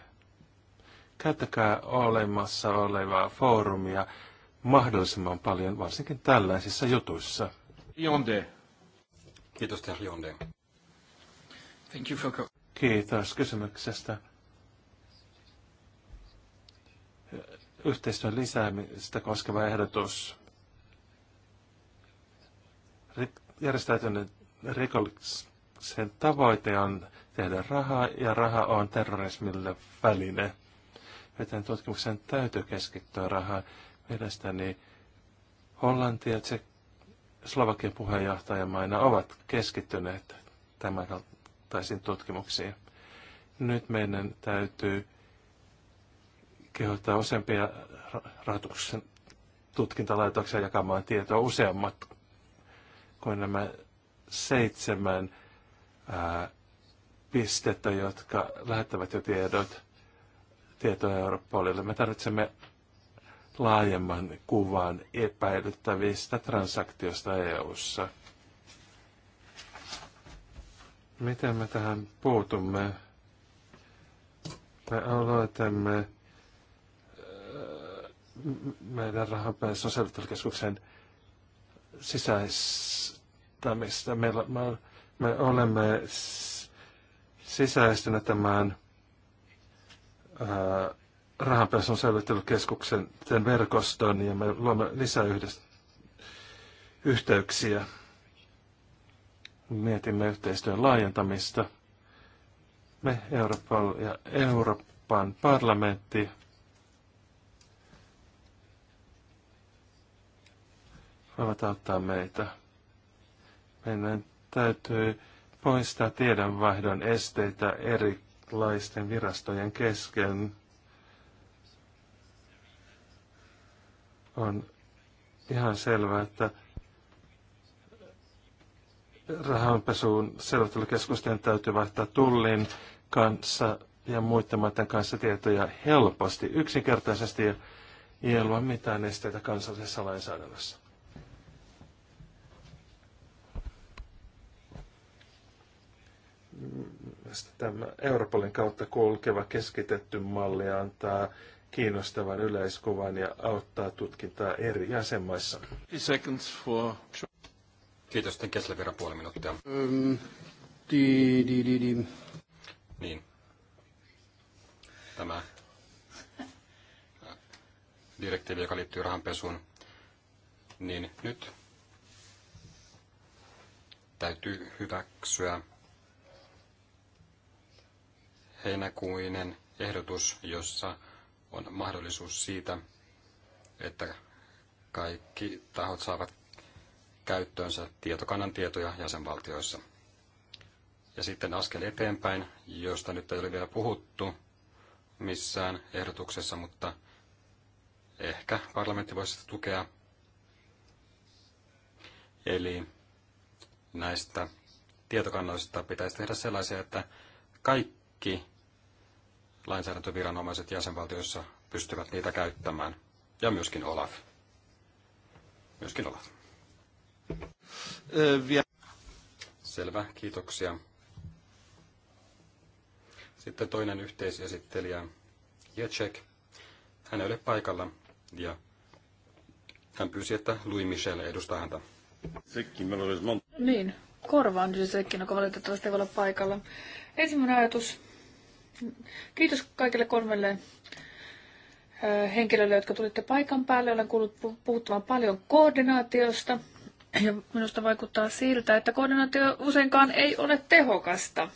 Speaker 1: Käyttäkää olemassa olevaa foorumia mahdollisimman paljon, varsinkin tällaisissa jutuissa. Jonde.
Speaker 2: Kiitos, Ter Jonde.
Speaker 1: Thank you for... Kiitos kysymyksestä. Yhteistyön lisäämistä koskeva ehdotus järjestäytyneen rikollisen tavoite on tehdä rahaa ja raha on terrorismille väline. Joten tutkimuksen täytyy keskittyä rahaan. Mielestäni Hollanti ja Tse- Slovakian puheenjohtajamaina ovat keskittyneet tämän kaltaisiin tutkimuksiin. Nyt meidän täytyy kehottaa useampia rahoituksen tutkintalaitoksia jakamaan tietoa useammat kuin nämä seitsemän ää, pistettä, jotka lähettävät jo tiedot tietoja Europolille. Me tarvitsemme laajemman kuvan epäilyttävistä transaktioista EU-ssa. Miten me tähän puutumme? Me aloitamme meidän rahanpääsön selvittelykeskuksen sisäis muuttamista. Meillä, me, me olemme sisäistyneet tämän ää, rahanpesun selvittelykeskuksen sen verkoston ja me luomme lisää yhdessä, yhteyksiä. Mietimme yhteistyön laajentamista. Me Euroopan ja Euroopan parlamentti voivat auttaa meitä. Meidän täytyy poistaa tiedonvaihdon esteitä erilaisten virastojen kesken. On ihan selvää, että rahanpesuun selvittelykeskusten täytyy vaihtaa tullin kanssa ja muiden maiden kanssa tietoja helposti, yksinkertaisesti ja ole mitään esteitä kansallisessa lainsäädännössä. tämä Europolin kautta kulkeva keskitetty malli antaa kiinnostavan yleiskuvan ja auttaa tutkintaa eri jäsenmaissa. Kiitos, sitten Kessler vielä
Speaker 2: puoli minuuttia.
Speaker 4: Um, di, di, di, di.
Speaker 2: Niin. Tämä direktiivi, joka liittyy rahanpesuun, niin nyt täytyy hyväksyä heinäkuinen ehdotus, jossa on mahdollisuus siitä, että kaikki tahot saavat käyttöönsä tietokannan tietoja jäsenvaltioissa. Ja sitten askel eteenpäin, josta nyt ei ole vielä puhuttu missään ehdotuksessa, mutta ehkä parlamentti voisi sitä tukea. Eli näistä tietokannoista pitäisi tehdä sellaisia, että kaikki lainsäädäntöviranomaiset jäsenvaltioissa pystyvät niitä käyttämään. Ja myöskin Olaf. Myöskin Olaf. Selvä, kiitoksia. Sitten toinen yhteisesittelijä, Jacek. Hän ei ole paikalla ja hän pyysi, että Louis Michel edustaa häntä.
Speaker 3: Niin, korvaan sekin, joka valitettavasti ei ole paikalla. Ensimmäinen ajatus Kiitos kaikille kolmelle henkilölle, jotka tulitte paikan päälle. Olen kuullut puhuttavan paljon koordinaatiosta. Ja minusta vaikuttaa siltä, että koordinaatio useinkaan ei ole tehokasta.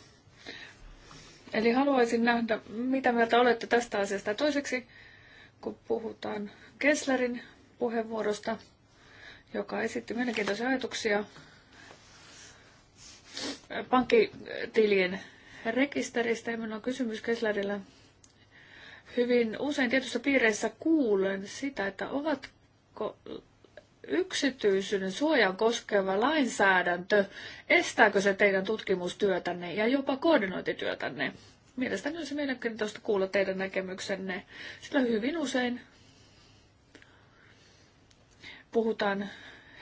Speaker 3: Eli haluaisin nähdä, mitä mieltä olette tästä asiasta. Toiseksi, kun puhutaan Kesslerin puheenvuorosta, joka esitti mielenkiintoisia ajatuksia pankkitilien rekisteristä ja minulla on kysymys Keslerillä. Hyvin usein tietyissä piireissä kuulen sitä, että ovatko yksityisyyden suojan koskeva lainsäädäntö, estääkö se teidän tutkimustyötänne ja jopa koordinointityötänne? Mielestäni olisi mielenkiintoista kuulla teidän näkemyksenne, sillä hyvin usein puhutaan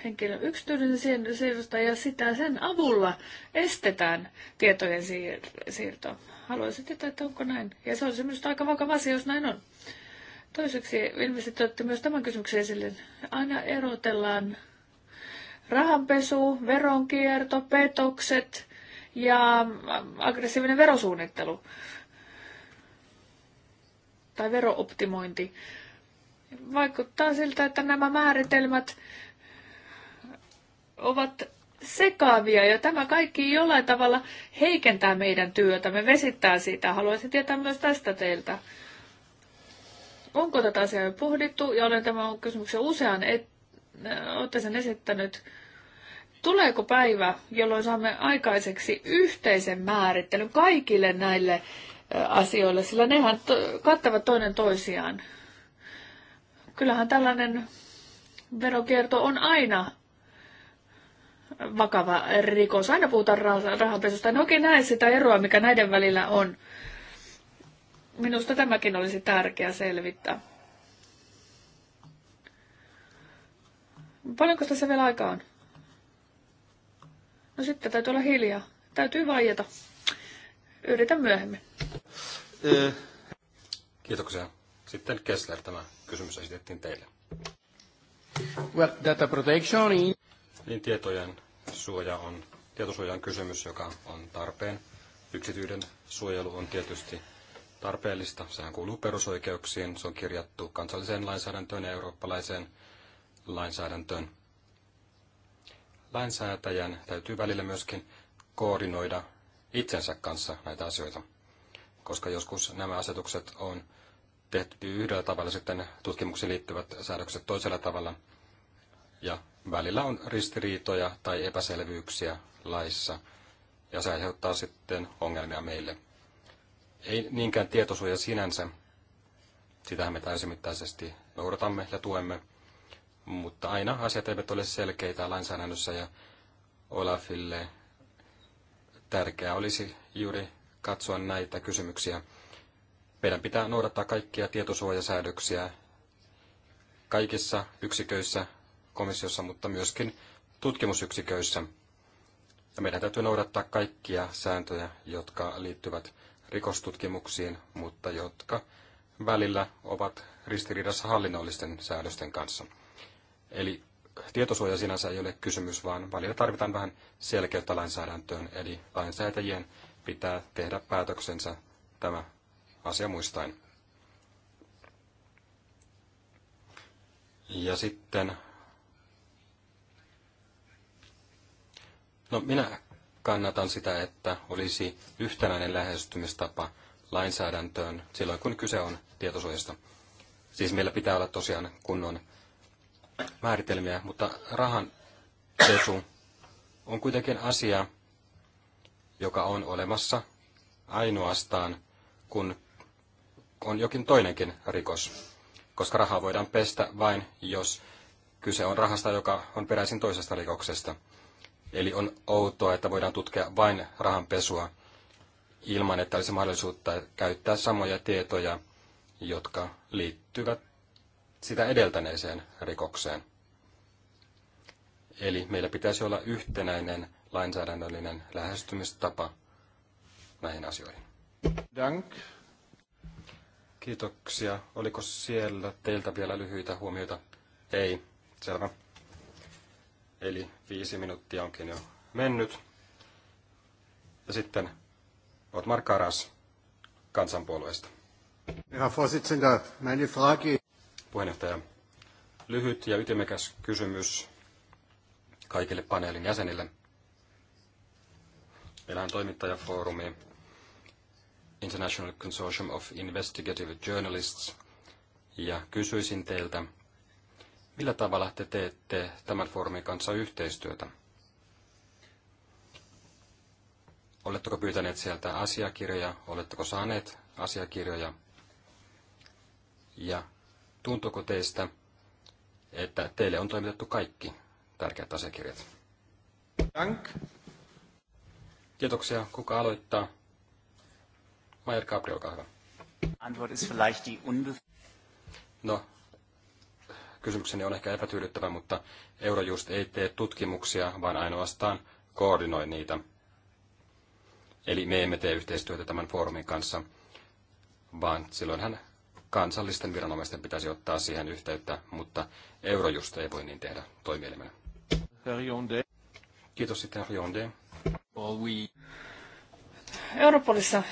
Speaker 3: henkilön yksityisen siirrosta ja sitä sen avulla estetään tietojen siir- siirto. Haluaisin tietää, että onko näin. Ja se on se minusta aika vakava asia, jos näin on. Toiseksi ilmeisesti tuotte myös tämän kysymyksen esille. Aina erotellaan rahanpesu, veronkierto, petokset ja aggressiivinen verosuunnittelu tai verooptimointi. Vaikuttaa siltä, että nämä määritelmät ovat sekaavia ja tämä kaikki jollain tavalla heikentää meidän työtä, me vesittää sitä. Haluaisin tietää myös tästä teiltä. Onko tätä asiaa jo pohdittu ja olen tämän kysymyksen usean että olette sen esittänyt. Tuleeko päivä, jolloin saamme aikaiseksi yhteisen määrittelyn kaikille näille asioille, sillä nehän kattavat toinen toisiaan. Kyllähän tällainen verokierto on aina vakava rikos. Aina puhutaan rahanpesusta. No oikein näe sitä eroa, mikä näiden välillä on. Minusta tämäkin olisi tärkeää selvittää. Paljonko tässä vielä aikaa on? No sitten täytyy olla hiljaa. Täytyy vaieta. Yritän myöhemmin.
Speaker 2: Eh. Kiitoksia. Sitten Kessler tämä kysymys esitettiin teille.
Speaker 4: Well, data protection in
Speaker 2: niin tietojen suoja on, tietosuoja on kysymys, joka on tarpeen. Yksityyden suojelu on tietysti tarpeellista. Sehän kuuluu perusoikeuksiin. Se on kirjattu kansalliseen lainsäädäntöön ja eurooppalaiseen lainsäädäntöön. Lainsäätäjän täytyy välillä myöskin koordinoida itsensä kanssa näitä asioita, koska joskus nämä asetukset on tehty yhdellä tavalla, sitten tutkimuksiin liittyvät säädökset toisella tavalla, ja välillä on ristiriitoja tai epäselvyyksiä laissa, ja se aiheuttaa sitten ongelmia meille. Ei niinkään tietosuoja sinänsä, sitähän me täysimittaisesti noudatamme ja tuemme, mutta aina asiat eivät ole selkeitä lainsäädännössä ja Olafille tärkeää olisi juuri katsoa näitä kysymyksiä. Meidän pitää noudattaa kaikkia tietosuojasäädöksiä kaikissa yksiköissä komissiossa, mutta myöskin tutkimusyksiköissä. Ja meidän täytyy noudattaa kaikkia sääntöjä, jotka liittyvät rikostutkimuksiin, mutta jotka välillä ovat ristiriidassa hallinnollisten säädösten kanssa. Eli tietosuoja sinänsä ei ole kysymys, vaan välillä tarvitaan vähän selkeyttä lainsäädäntöön, eli lainsäätäjien pitää tehdä päätöksensä tämä asia muistaen. Ja sitten No minä kannatan sitä, että olisi yhtenäinen lähestymistapa lainsäädäntöön silloin, kun kyse on tietosuojasta. Siis meillä pitää olla tosiaan kunnon määritelmiä, mutta rahan pesu on kuitenkin asia, joka on olemassa ainoastaan, kun on jokin toinenkin rikos. Koska rahaa voidaan pestä vain, jos kyse on rahasta, joka on peräisin toisesta rikoksesta – Eli on outoa, että voidaan tutkia vain rahanpesua ilman, että olisi mahdollisuutta käyttää samoja tietoja, jotka liittyvät sitä edeltäneeseen rikokseen. Eli meillä pitäisi olla yhtenäinen lainsäädännöllinen lähestymistapa näihin asioihin. Dank. Kiitoksia. Oliko siellä teiltä vielä lyhyitä huomioita? Ei. Selvä eli viisi minuuttia onkin jo mennyt. Ja sitten Otmar Karas kansanpuolueesta. Puheenjohtaja, lyhyt ja ytimekäs kysymys kaikille paneelin jäsenille. Meillä on toimittajafoorumi International Consortium of Investigative Journalists, ja kysyisin teiltä, Millä tavalla te teette tämän foorumin kanssa yhteistyötä? Oletteko pyytäneet sieltä asiakirjoja? Oletteko saaneet asiakirjoja? Ja tuntuuko teistä, että teille on toimitettu kaikki tärkeät asiakirjat? Dank. Kiitoksia. Kuka aloittaa? Majer Gabriel, olkaa hyvä. Antwort ist vielleicht die unbe- No, kysymykseni on ehkä epätyydyttävä, mutta Eurojust ei tee tutkimuksia, vaan ainoastaan koordinoi niitä. Eli me emme tee yhteistyötä tämän foorumin kanssa, vaan silloinhan kansallisten viranomaisten pitäisi ottaa siihen yhteyttä, mutta Eurojust ei voi niin tehdä toimielimenä. Kiitos sitten Rionde.
Speaker 3: Europolissa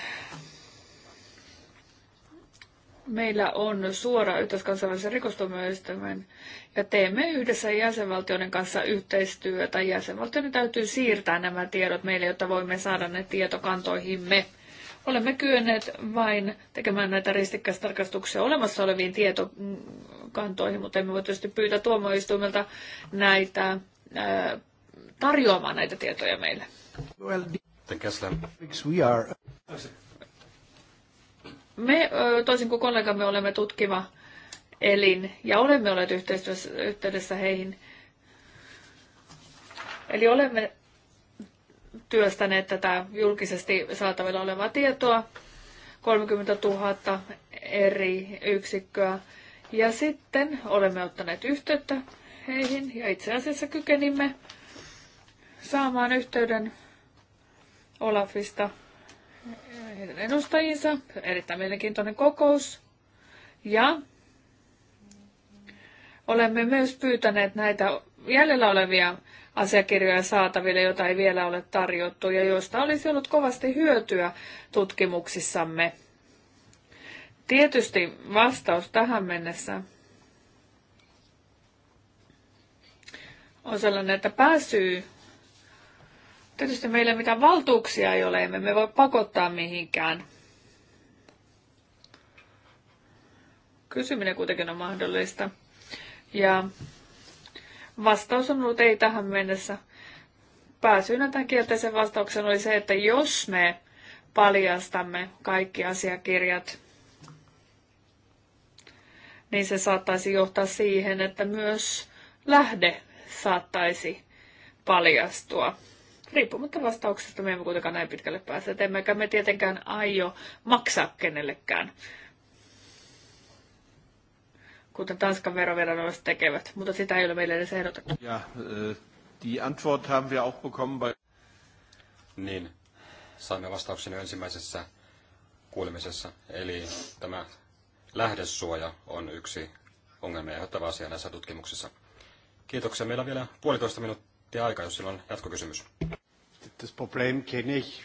Speaker 3: meillä on suora yhteys kansainvälisen rikostuomioistuimen ja teemme yhdessä jäsenvaltioiden kanssa yhteistyötä. Jäsenvaltioiden täytyy siirtää nämä tiedot meille, jotta voimme saada ne tietokantoihimme. Olemme kyenneet vain tekemään näitä ristikkäistarkastuksia olemassa oleviin tietokantoihin, mutta emme voi tietysti pyytää tuomioistuimelta näitä äh, tarjoamaan näitä tietoja meille. Well, the... Me, toisin kuin kollegamme, olemme tutkiva elin ja olemme olleet yhteistyössä, yhteydessä heihin. Eli olemme työstäneet tätä julkisesti saatavilla olevaa tietoa, 30 000 eri yksikköä. Ja sitten olemme ottaneet yhteyttä heihin ja itse asiassa kykenimme saamaan yhteyden Olafista edustajinsa. Erittäin mielenkiintoinen kokous. Ja olemme myös pyytäneet näitä jäljellä olevia asiakirjoja saataville, joita ei vielä ole tarjottu ja joista olisi ollut kovasti hyötyä tutkimuksissamme. Tietysti vastaus tähän mennessä on sellainen, että pääsyy Tietysti meillä mitään valtuuksia ei ole, emme me voi pakottaa mihinkään. Kysyminen kuitenkin on mahdollista. Ja vastaus on ollut ei tähän mennessä. Pääsyynä tämän kielteisen vastauksen oli se, että jos me paljastamme kaikki asiakirjat, niin se saattaisi johtaa siihen, että myös lähde saattaisi paljastua. Riippumatta vastauksesta me emme kuitenkaan näin pitkälle pääse, et emmekä me tietenkään aio maksaa kenellekään, kuten Tanskan veroviranomaiset tekevät, mutta sitä ei ole meille edes ehdotettu.
Speaker 4: Ja, äh,
Speaker 2: die Antwort haben wir auch bekommen bei... Niin, saimme vastauksen ensimmäisessä kuulemisessa, eli tämä lähdesuoja on yksi ongelmia aiheuttava asia näissä tutkimuksissa. Kiitoksia. Meillä on vielä puolitoista minuuttia aikaa, jos sillä on jatkokysymys.
Speaker 4: Das Problem kenne ich.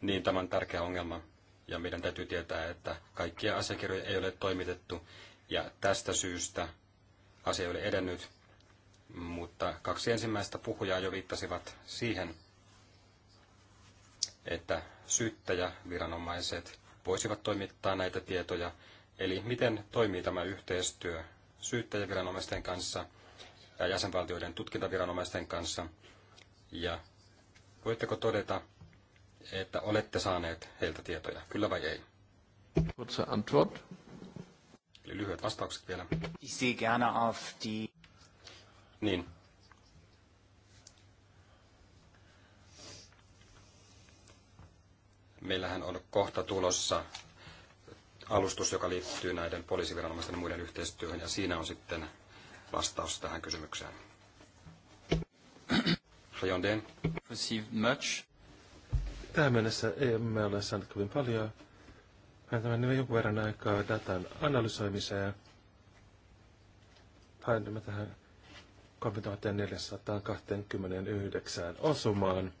Speaker 2: Niin, tämä on tärkeä ongelma. Ja meidän täytyy tietää, että kaikkia asiakirjoja ei ole toimitettu. Ja tästä syystä asia oli edennyt. Mutta kaksi ensimmäistä puhujaa jo viittasivat siihen, että syyttäjäviranomaiset voisivat toimittaa näitä tietoja. Eli miten toimii tämä yhteistyö syyttäjäviranomaisten kanssa ja jäsenvaltioiden tutkintaviranomaisten kanssa. Ja Voitteko todeta, että olette saaneet heiltä tietoja, kyllä vai ei?
Speaker 4: Kurze Antwort.
Speaker 2: Eli lyhyet vastaukset vielä. Ich sehe gerne auf die... Niin. Meillähän on kohta tulossa alustus, joka liittyy näiden poliisiviranomaisten ja muiden yhteistyöhön, ja siinä on sitten vastaus tähän kysymykseen. Rajondeen. much.
Speaker 1: Tähän mennessä emme ole saaneet kovin paljon. Meiltä meni jonkun verran aikaa datan analysoimiseen. Painomme tähän 3429 osumaan.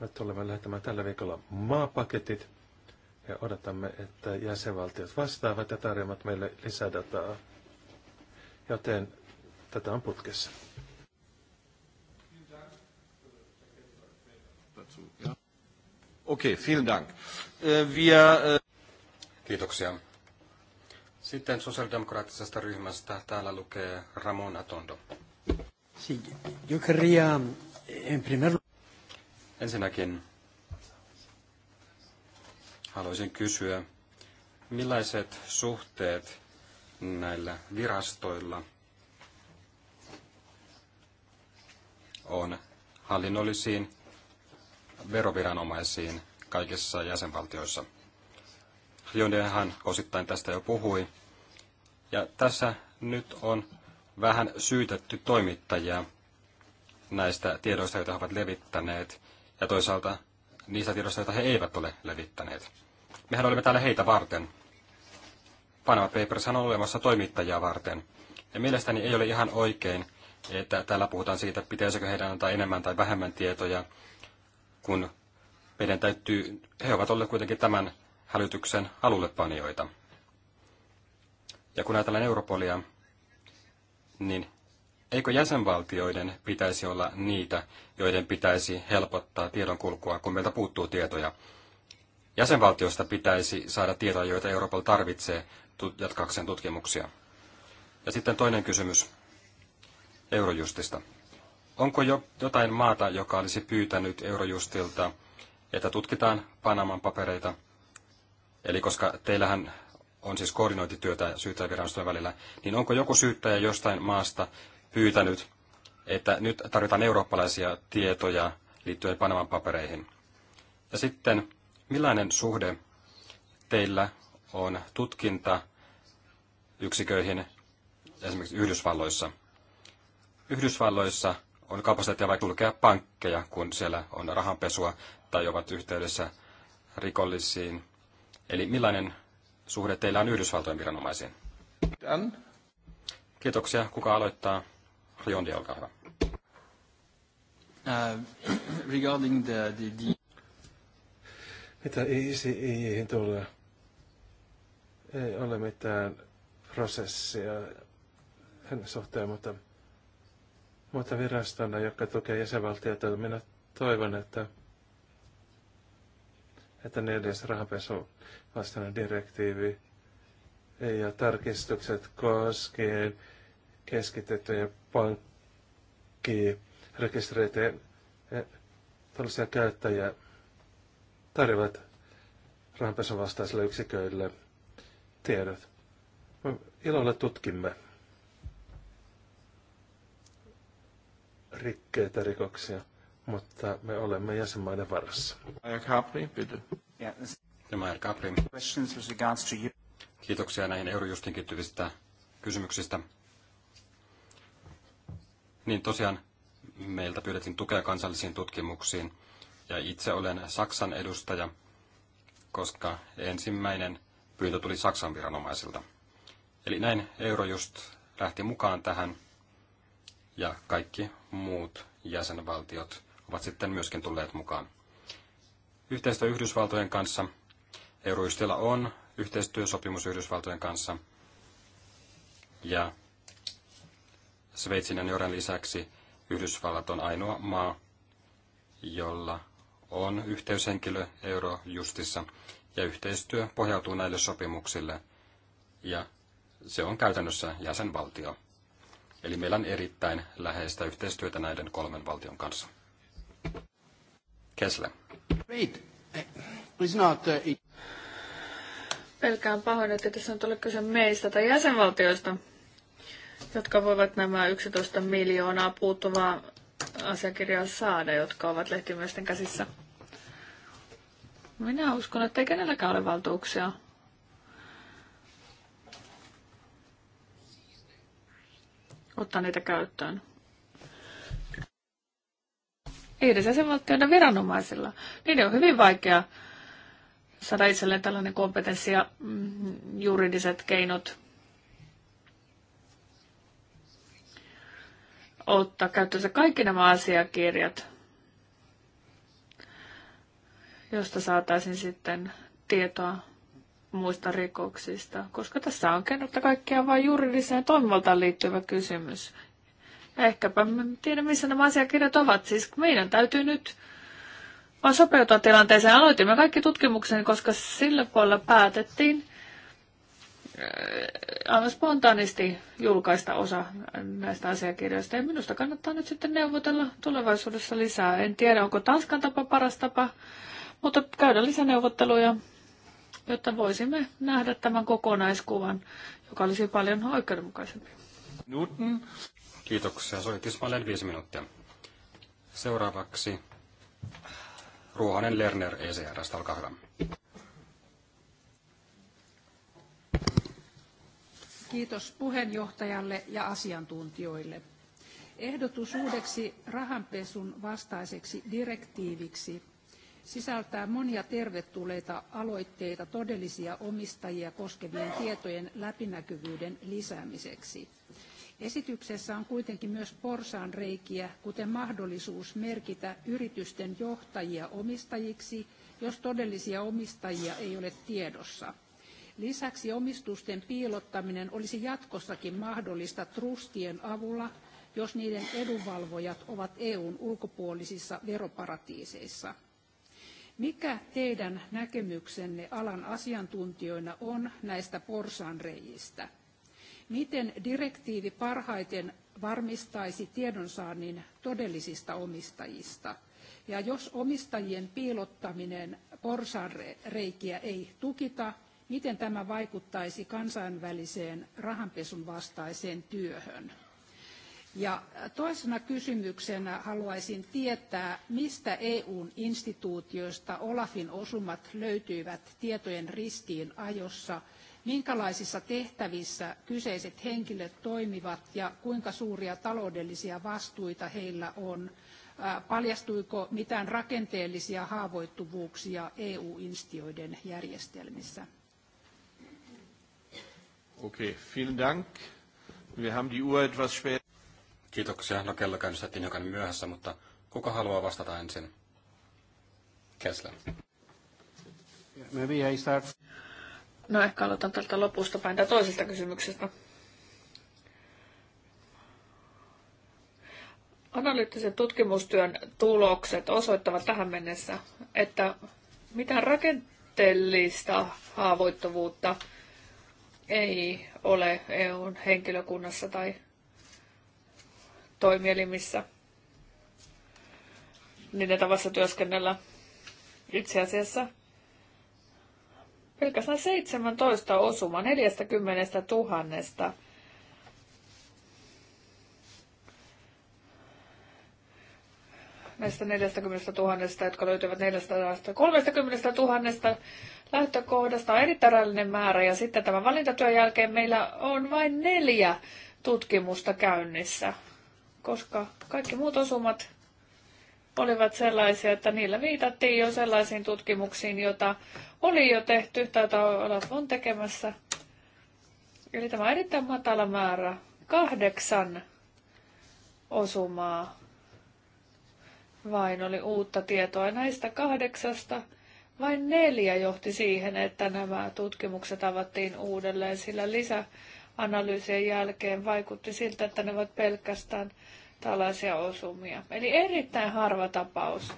Speaker 1: Me tulemme lähettämään tällä viikolla maapaketit ja odotamme, että jäsenvaltiot vastaavat ja tarjoavat meille lisädataa, joten tätä on putkessa.
Speaker 2: Okei, okay, vielen dank. Äh, wir... Äh, Kiitoksia. Sitten sosiaalidemokraattisesta ryhmästä täällä lukee Ramon Atondo.
Speaker 1: Sí, yo querría eh, en primer...
Speaker 2: Ensinnäkin haluaisin kysyä, millaiset suhteet näillä virastoilla on hallinnollisiin veroviranomaisiin kaikissa jäsenvaltioissa. Hyundaihan osittain tästä jo puhui. Ja tässä nyt on vähän syytetty toimittajia näistä tiedoista, joita he ovat levittäneet, ja toisaalta niistä tiedoista, joita he eivät ole levittäneet. Mehän olemme täällä heitä varten. Panama Papers on olemassa toimittajia varten. Ja mielestäni ei ole ihan oikein, että täällä puhutaan siitä, pitäisikö heidän antaa enemmän tai vähemmän tietoja, kun meidän täytyy, he ovat olleet kuitenkin tämän hälytyksen alullepanijoita. Ja kun ajatellaan Europolia, niin eikö jäsenvaltioiden pitäisi olla niitä, joiden pitäisi helpottaa tiedonkulkua, kun meiltä puuttuu tietoja? Jäsenvaltioista pitäisi saada tietoa, joita Europol tarvitsee jatkaakseen tutkimuksia. Ja sitten toinen kysymys Eurojustista. Onko jo jotain maata, joka olisi pyytänyt Eurojustilta, että tutkitaan Panaman papereita? Eli koska teillähän on siis koordinointityötä syyttäjäviranostojen välillä, niin onko joku syyttäjä jostain maasta pyytänyt, että nyt tarvitaan eurooppalaisia tietoja liittyen Panaman papereihin? Ja sitten, millainen suhde teillä on tutkinta yksiköihin esimerkiksi Yhdysvalloissa? Yhdysvalloissa – on kapasiteettia vaikka sulkea pankkeja, kun siellä on rahanpesua tai ovat yhteydessä rikollisiin. Eli millainen suhde teillä on Yhdysvaltojen viranomaisiin? Tän. Kiitoksia. Kuka aloittaa? Riondi, olkaa
Speaker 1: hyvä. Uh, *coughs* regarding the, the, the... Mitä ICIin tulee? Ei ole mitään prosessia hänen suhteen, mutta mutta virastona, joka tukee jäsenvaltiota, minä toivon, että, että neljäs rahanpesu vastainen direktiivi ja tarkistukset koskien keskitettyjä pankkirekistereitä e, tällaisia käyttäjiä tarjoavat rahanpesun vastaisille yksiköille tiedot. ilolla tutkimme. rikkeitä rikoksia, mutta me olemme jäsenmaiden varassa.
Speaker 2: Kiitoksia näihin Eurojustin kiittyvistä kysymyksistä. Niin tosiaan meiltä pyydettiin tukea kansallisiin tutkimuksiin ja itse olen Saksan edustaja, koska ensimmäinen pyyntö tuli Saksan viranomaisilta. Eli näin Eurojust lähti mukaan tähän ja kaikki muut jäsenvaltiot ovat sitten myöskin tulleet mukaan. Yhteistyö Yhdysvaltojen kanssa. Eurojustilla on yhteistyösopimus Yhdysvaltojen kanssa. Ja Sveitsin ja Norjan lisäksi Yhdysvallat on ainoa maa, jolla on yhteyshenkilö Eurojustissa. Ja yhteistyö pohjautuu näille sopimuksille. Ja se on käytännössä jäsenvaltio. Eli meillä on erittäin läheistä yhteistyötä näiden kolmen valtion kanssa. Kesle.
Speaker 3: Uh, Pelkään pahoin, että tässä on tullut kyse meistä tai jäsenvaltioista, jotka voivat nämä 11 miljoonaa puuttuvaa asiakirjaa saada, jotka ovat lehtimiesten käsissä. Minä uskon, että ei kenelläkään ole valtuuksia ottaa niitä käyttöön. Ei edes jäsenvaltioiden viranomaisilla. Niiden on hyvin vaikea saada itselleen tällainen kompetenssi ja mm, juridiset keinot ottaa käyttöönsä kaikki nämä asiakirjat, josta saataisiin sitten tietoa muista rikoksista, koska tässä on kenttä kaikkiaan vain juridiseen toimivaltaan liittyvä kysymys. Ja ehkäpä me tiedä, missä nämä asiakirjat ovat. Siis meidän täytyy nyt vaan sopeutua tilanteeseen. Aloitimme kaikki tutkimuksen, koska sillä puolella päätettiin äh, aivan spontaanisti julkaista osa näistä asiakirjoista. Ja minusta kannattaa nyt sitten neuvotella tulevaisuudessa lisää. En tiedä, onko Tanskan tapa paras tapa, mutta käydä lisäneuvotteluja jotta voisimme nähdä tämän kokonaiskuvan, joka olisi paljon oikeudenmukaisempi.
Speaker 2: Newton. Kiitoksia. Se oli tismalleen viisi minuuttia. Seuraavaksi Ruohanen Lerner ECRstä, olkaa hyvä.
Speaker 4: Kiitos puheenjohtajalle ja asiantuntijoille. Ehdotus uudeksi rahanpesun vastaiseksi direktiiviksi sisältää monia tervetulleita aloitteita todellisia omistajia koskevien tietojen läpinäkyvyyden lisäämiseksi. Esityksessä on kuitenkin myös porsaanreikiä, kuten mahdollisuus merkitä yritysten johtajia omistajiksi, jos todellisia omistajia ei ole tiedossa. Lisäksi omistusten piilottaminen olisi jatkossakin mahdollista trustien avulla, jos niiden edunvalvojat ovat EUn ulkopuolisissa veroparatiiseissa. Mikä teidän näkemyksenne alan asiantuntijoina on näistä porsaanreijistä? Miten direktiivi parhaiten varmistaisi tiedonsaannin todellisista omistajista? Ja jos omistajien piilottaminen porsaanreikiä ei tukita, miten tämä vaikuttaisi kansainväliseen rahanpesun vastaiseen työhön? Ja äh, toisena kysymyksenä haluaisin tietää, mistä EUn instituutioista Olafin osumat löytyivät tietojen ristiin ajossa, minkälaisissa tehtävissä kyseiset henkilöt toimivat ja kuinka suuria taloudellisia vastuita heillä on. Äh, paljastuiko mitään rakenteellisia haavoittuvuuksia EU-instioiden järjestelmissä?
Speaker 1: Okei, okay, vielen Dank. Wir haben die Uhr etwas später.
Speaker 2: Kiitoksia. No kello nyt jokainen myöhässä, mutta kuka haluaa vastata ensin?
Speaker 3: Kessler. Maybe I start. No ehkä aloitan tältä lopusta päin tai toisesta kysymyksestä. Analyyttisen tutkimustyön tulokset osoittavat tähän mennessä, että mitään rakenteellista haavoittuvuutta ei ole EUn henkilökunnassa tai toimielimissä niiden tavassa työskennellä. Itse asiassa pelkästään 17 osuma 40 000 näistä 40 000, jotka löytyvät 430 000 lähtökohdasta on erittäin rajallinen määrä. Ja sitten tämän valintatyön jälkeen meillä on vain neljä tutkimusta käynnissä koska kaikki muut osumat olivat sellaisia, että niillä viitattiin jo sellaisiin tutkimuksiin, joita oli jo tehty tai olet on tekemässä. Eli tämä on erittäin matala määrä, kahdeksan osumaa vain oli uutta tietoa. Näistä kahdeksasta vain neljä johti siihen, että nämä tutkimukset avattiin uudelleen, sillä lisä analyysien jälkeen vaikutti siltä, että ne ovat pelkästään tällaisia osumia. Eli erittäin harva tapaus.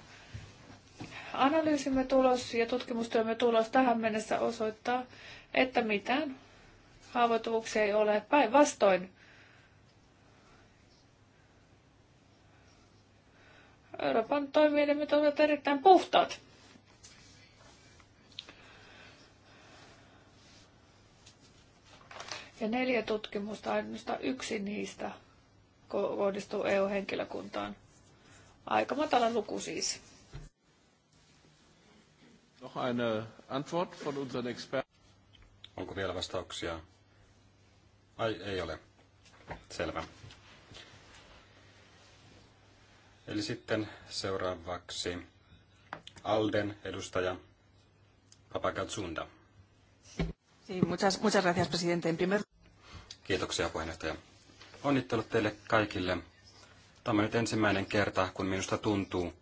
Speaker 3: Analyysimme tulos ja tutkimustyömme tulos tähän mennessä osoittaa, että mitään haavoituksia ei ole. Päinvastoin Euroopan toimielimet ovat erittäin puhtaat. Ja neljä tutkimusta, ainoastaan yksi niistä kohdistuu EU-henkilökuntaan. Aika matala luku siis.
Speaker 1: Noch eine Antwort von unseren Experten. Onko vielä
Speaker 2: vastauksia? Ai, ei ole. Selvä. Eli sitten seuraavaksi Alden edustaja Papagatsunda.
Speaker 3: Sí, muchas, muchas
Speaker 4: gracias, presidente. En primer...
Speaker 2: Kiitoksia puheenjohtaja. Onnittelut teille kaikille. Tämä on nyt ensimmäinen kerta, kun minusta tuntuu,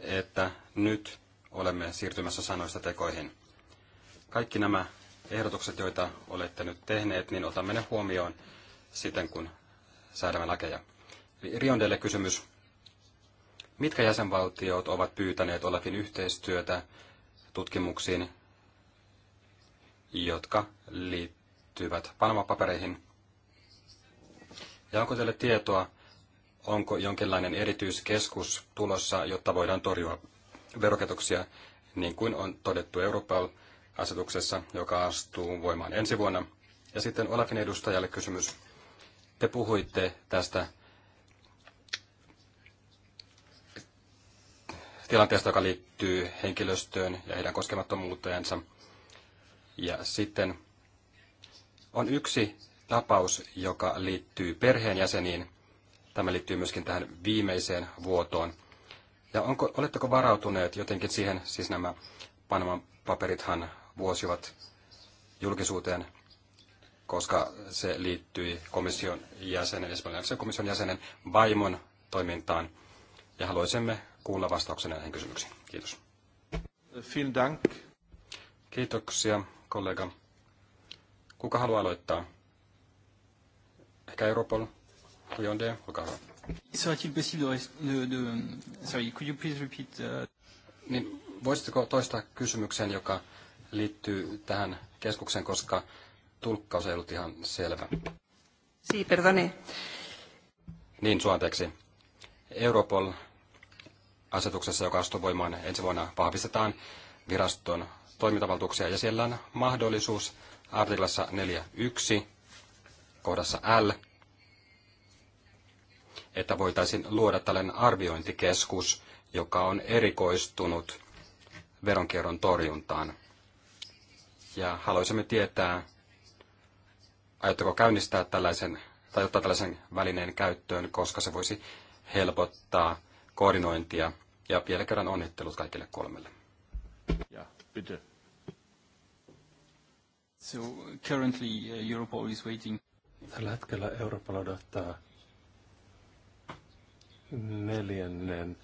Speaker 2: että nyt olemme siirtymässä sanoista tekoihin. Kaikki nämä ehdotukset, joita olette nyt tehneet, niin otamme ne huomioon siten, kun säädämme lakeja. Riondelle kysymys. Mitkä jäsenvaltiot ovat pyytäneet Olafin yhteistyötä tutkimuksiin, jotka liittyvät Panama-papereihin? Ja onko teille tietoa, onko jonkinlainen erityiskeskus tulossa, jotta voidaan torjua veroketuksia, niin kuin on todettu Europol-asetuksessa, joka astuu voimaan ensi vuonna. Ja sitten Olafin edustajalle kysymys. Te puhuitte tästä tilanteesta, joka liittyy henkilöstöön ja heidän koskemattomuuteensa. Ja sitten on yksi tapaus, joka liittyy perheenjäseniin. Tämä liittyy myöskin tähän viimeiseen vuotoon. Ja onko, oletteko varautuneet jotenkin siihen, siis nämä Panaman paperithan vuosivat julkisuuteen, koska se liittyi komission jäsenen, espanjalaisen komission jäsenen vaimon toimintaan. Ja haluaisimme kuulla vastauksen näihin kysymyksiin. Kiitos. Dank. Kiitoksia, kollega. Kuka haluaa aloittaa? ehkä Europol. Serait-il possible no, no, sorry, could you please repeat? Uh? Niin, toistaa kysymyksen, joka liittyy tähän keskukseen, koska tulkkaus ei ollut ihan selvä.
Speaker 4: Si, perdone.
Speaker 2: Niin, suanteeksi. Europol asetuksessa, joka astuu voimaan ensi vuonna, vahvistetaan viraston toimintavaltuuksia ja siellä on mahdollisuus artiklassa 4.1 kohdassa L, että voitaisiin luoda tällainen arviointikeskus, joka on erikoistunut veronkierron torjuntaan. Ja haluaisimme tietää, aiotteko käynnistää tällaisen tai ottaa tällaisen välineen käyttöön, koska se voisi helpottaa koordinointia. Ja vielä kerran onnittelut kaikille kolmelle. Ja, bitte. So currently
Speaker 1: uh, Europol is waiting. Tällä hetkellä Eurooppa odottaa neljännen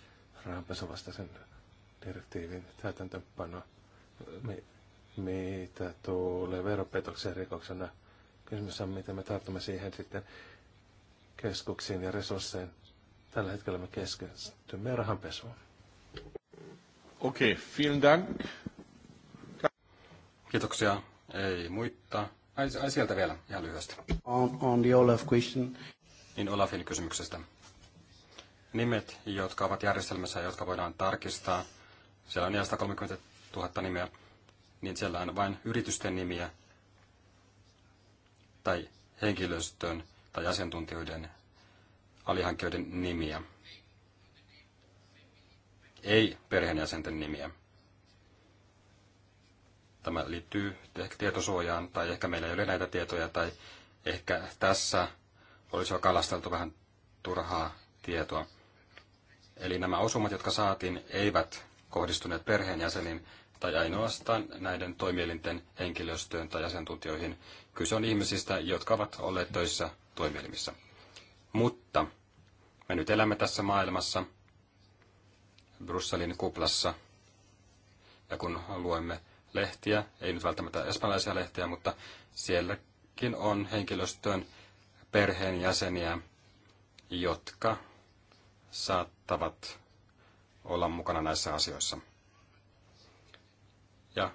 Speaker 1: rahanpesuvastaisen direktiivin täytäntöpano, mitä tulee veropetoksen rikoksena. Kysymys on, miten me tartumme siihen sitten keskuksiin ja resursseihin. Tällä hetkellä me keskitymme rahanpesuun. Okei, okay, vielen dank. Kiitoksia. Ei muita Ai,
Speaker 2: ai sieltä vielä, ihan lyhyesti.
Speaker 4: On, on the Olaf question.
Speaker 2: Niin Olafin kysymyksestä. Nimet, jotka ovat järjestelmässä ja jotka voidaan tarkistaa, siellä on 430 000 nimeä, niin siellä on vain yritysten nimiä tai henkilöstön tai asiantuntijoiden alihankkijoiden nimiä. Ei perheenjäsenten nimiä. Tämä liittyy ehkä tietosuojaan tai ehkä meillä ei ole näitä tietoja tai ehkä tässä olisi jo kalasteltu vähän turhaa tietoa. Eli nämä osumat, jotka saatiin, eivät kohdistuneet perheenjäseniin tai ainoastaan näiden toimielinten henkilöstöön tai asiantuntijoihin. Kyse on ihmisistä, jotka ovat olleet töissä toimielimissä. Mutta me nyt elämme tässä maailmassa, Brusselin kuplassa, ja kun luemme lehtiä, ei nyt välttämättä espanjalaisia lehtiä, mutta sielläkin on henkilöstön perheenjäseniä, jotka saattavat olla mukana näissä asioissa. Ja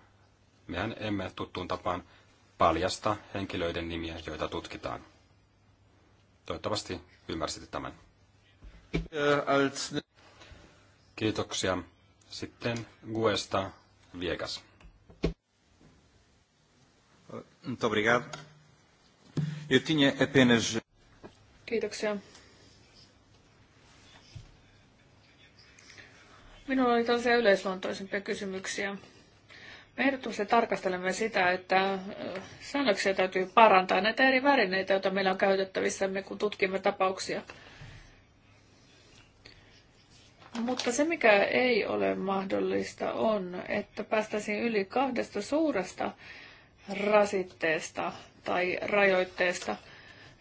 Speaker 2: mehän emme tuttuun tapaan paljasta henkilöiden nimiä, joita tutkitaan. Toivottavasti ymmärsitte tämän. Kiitoksia. Sitten Guesta Viegas. Muito obrigado. Eu tinha apenas... Eh,
Speaker 3: Kiitoksia. Minulla oli tällaisia yleisluontoisimpia kysymyksiä. Me ehdottomasti tarkastelemme sitä, että eh, säännöksiä täytyy parantaa näitä eri värineitä, joita meillä on käytettävissämme, kun tutkimme tapauksia. Mutta se, mikä ei ole mahdollista, on, että päästäisiin yli kahdesta suuresta rasitteesta tai rajoitteesta.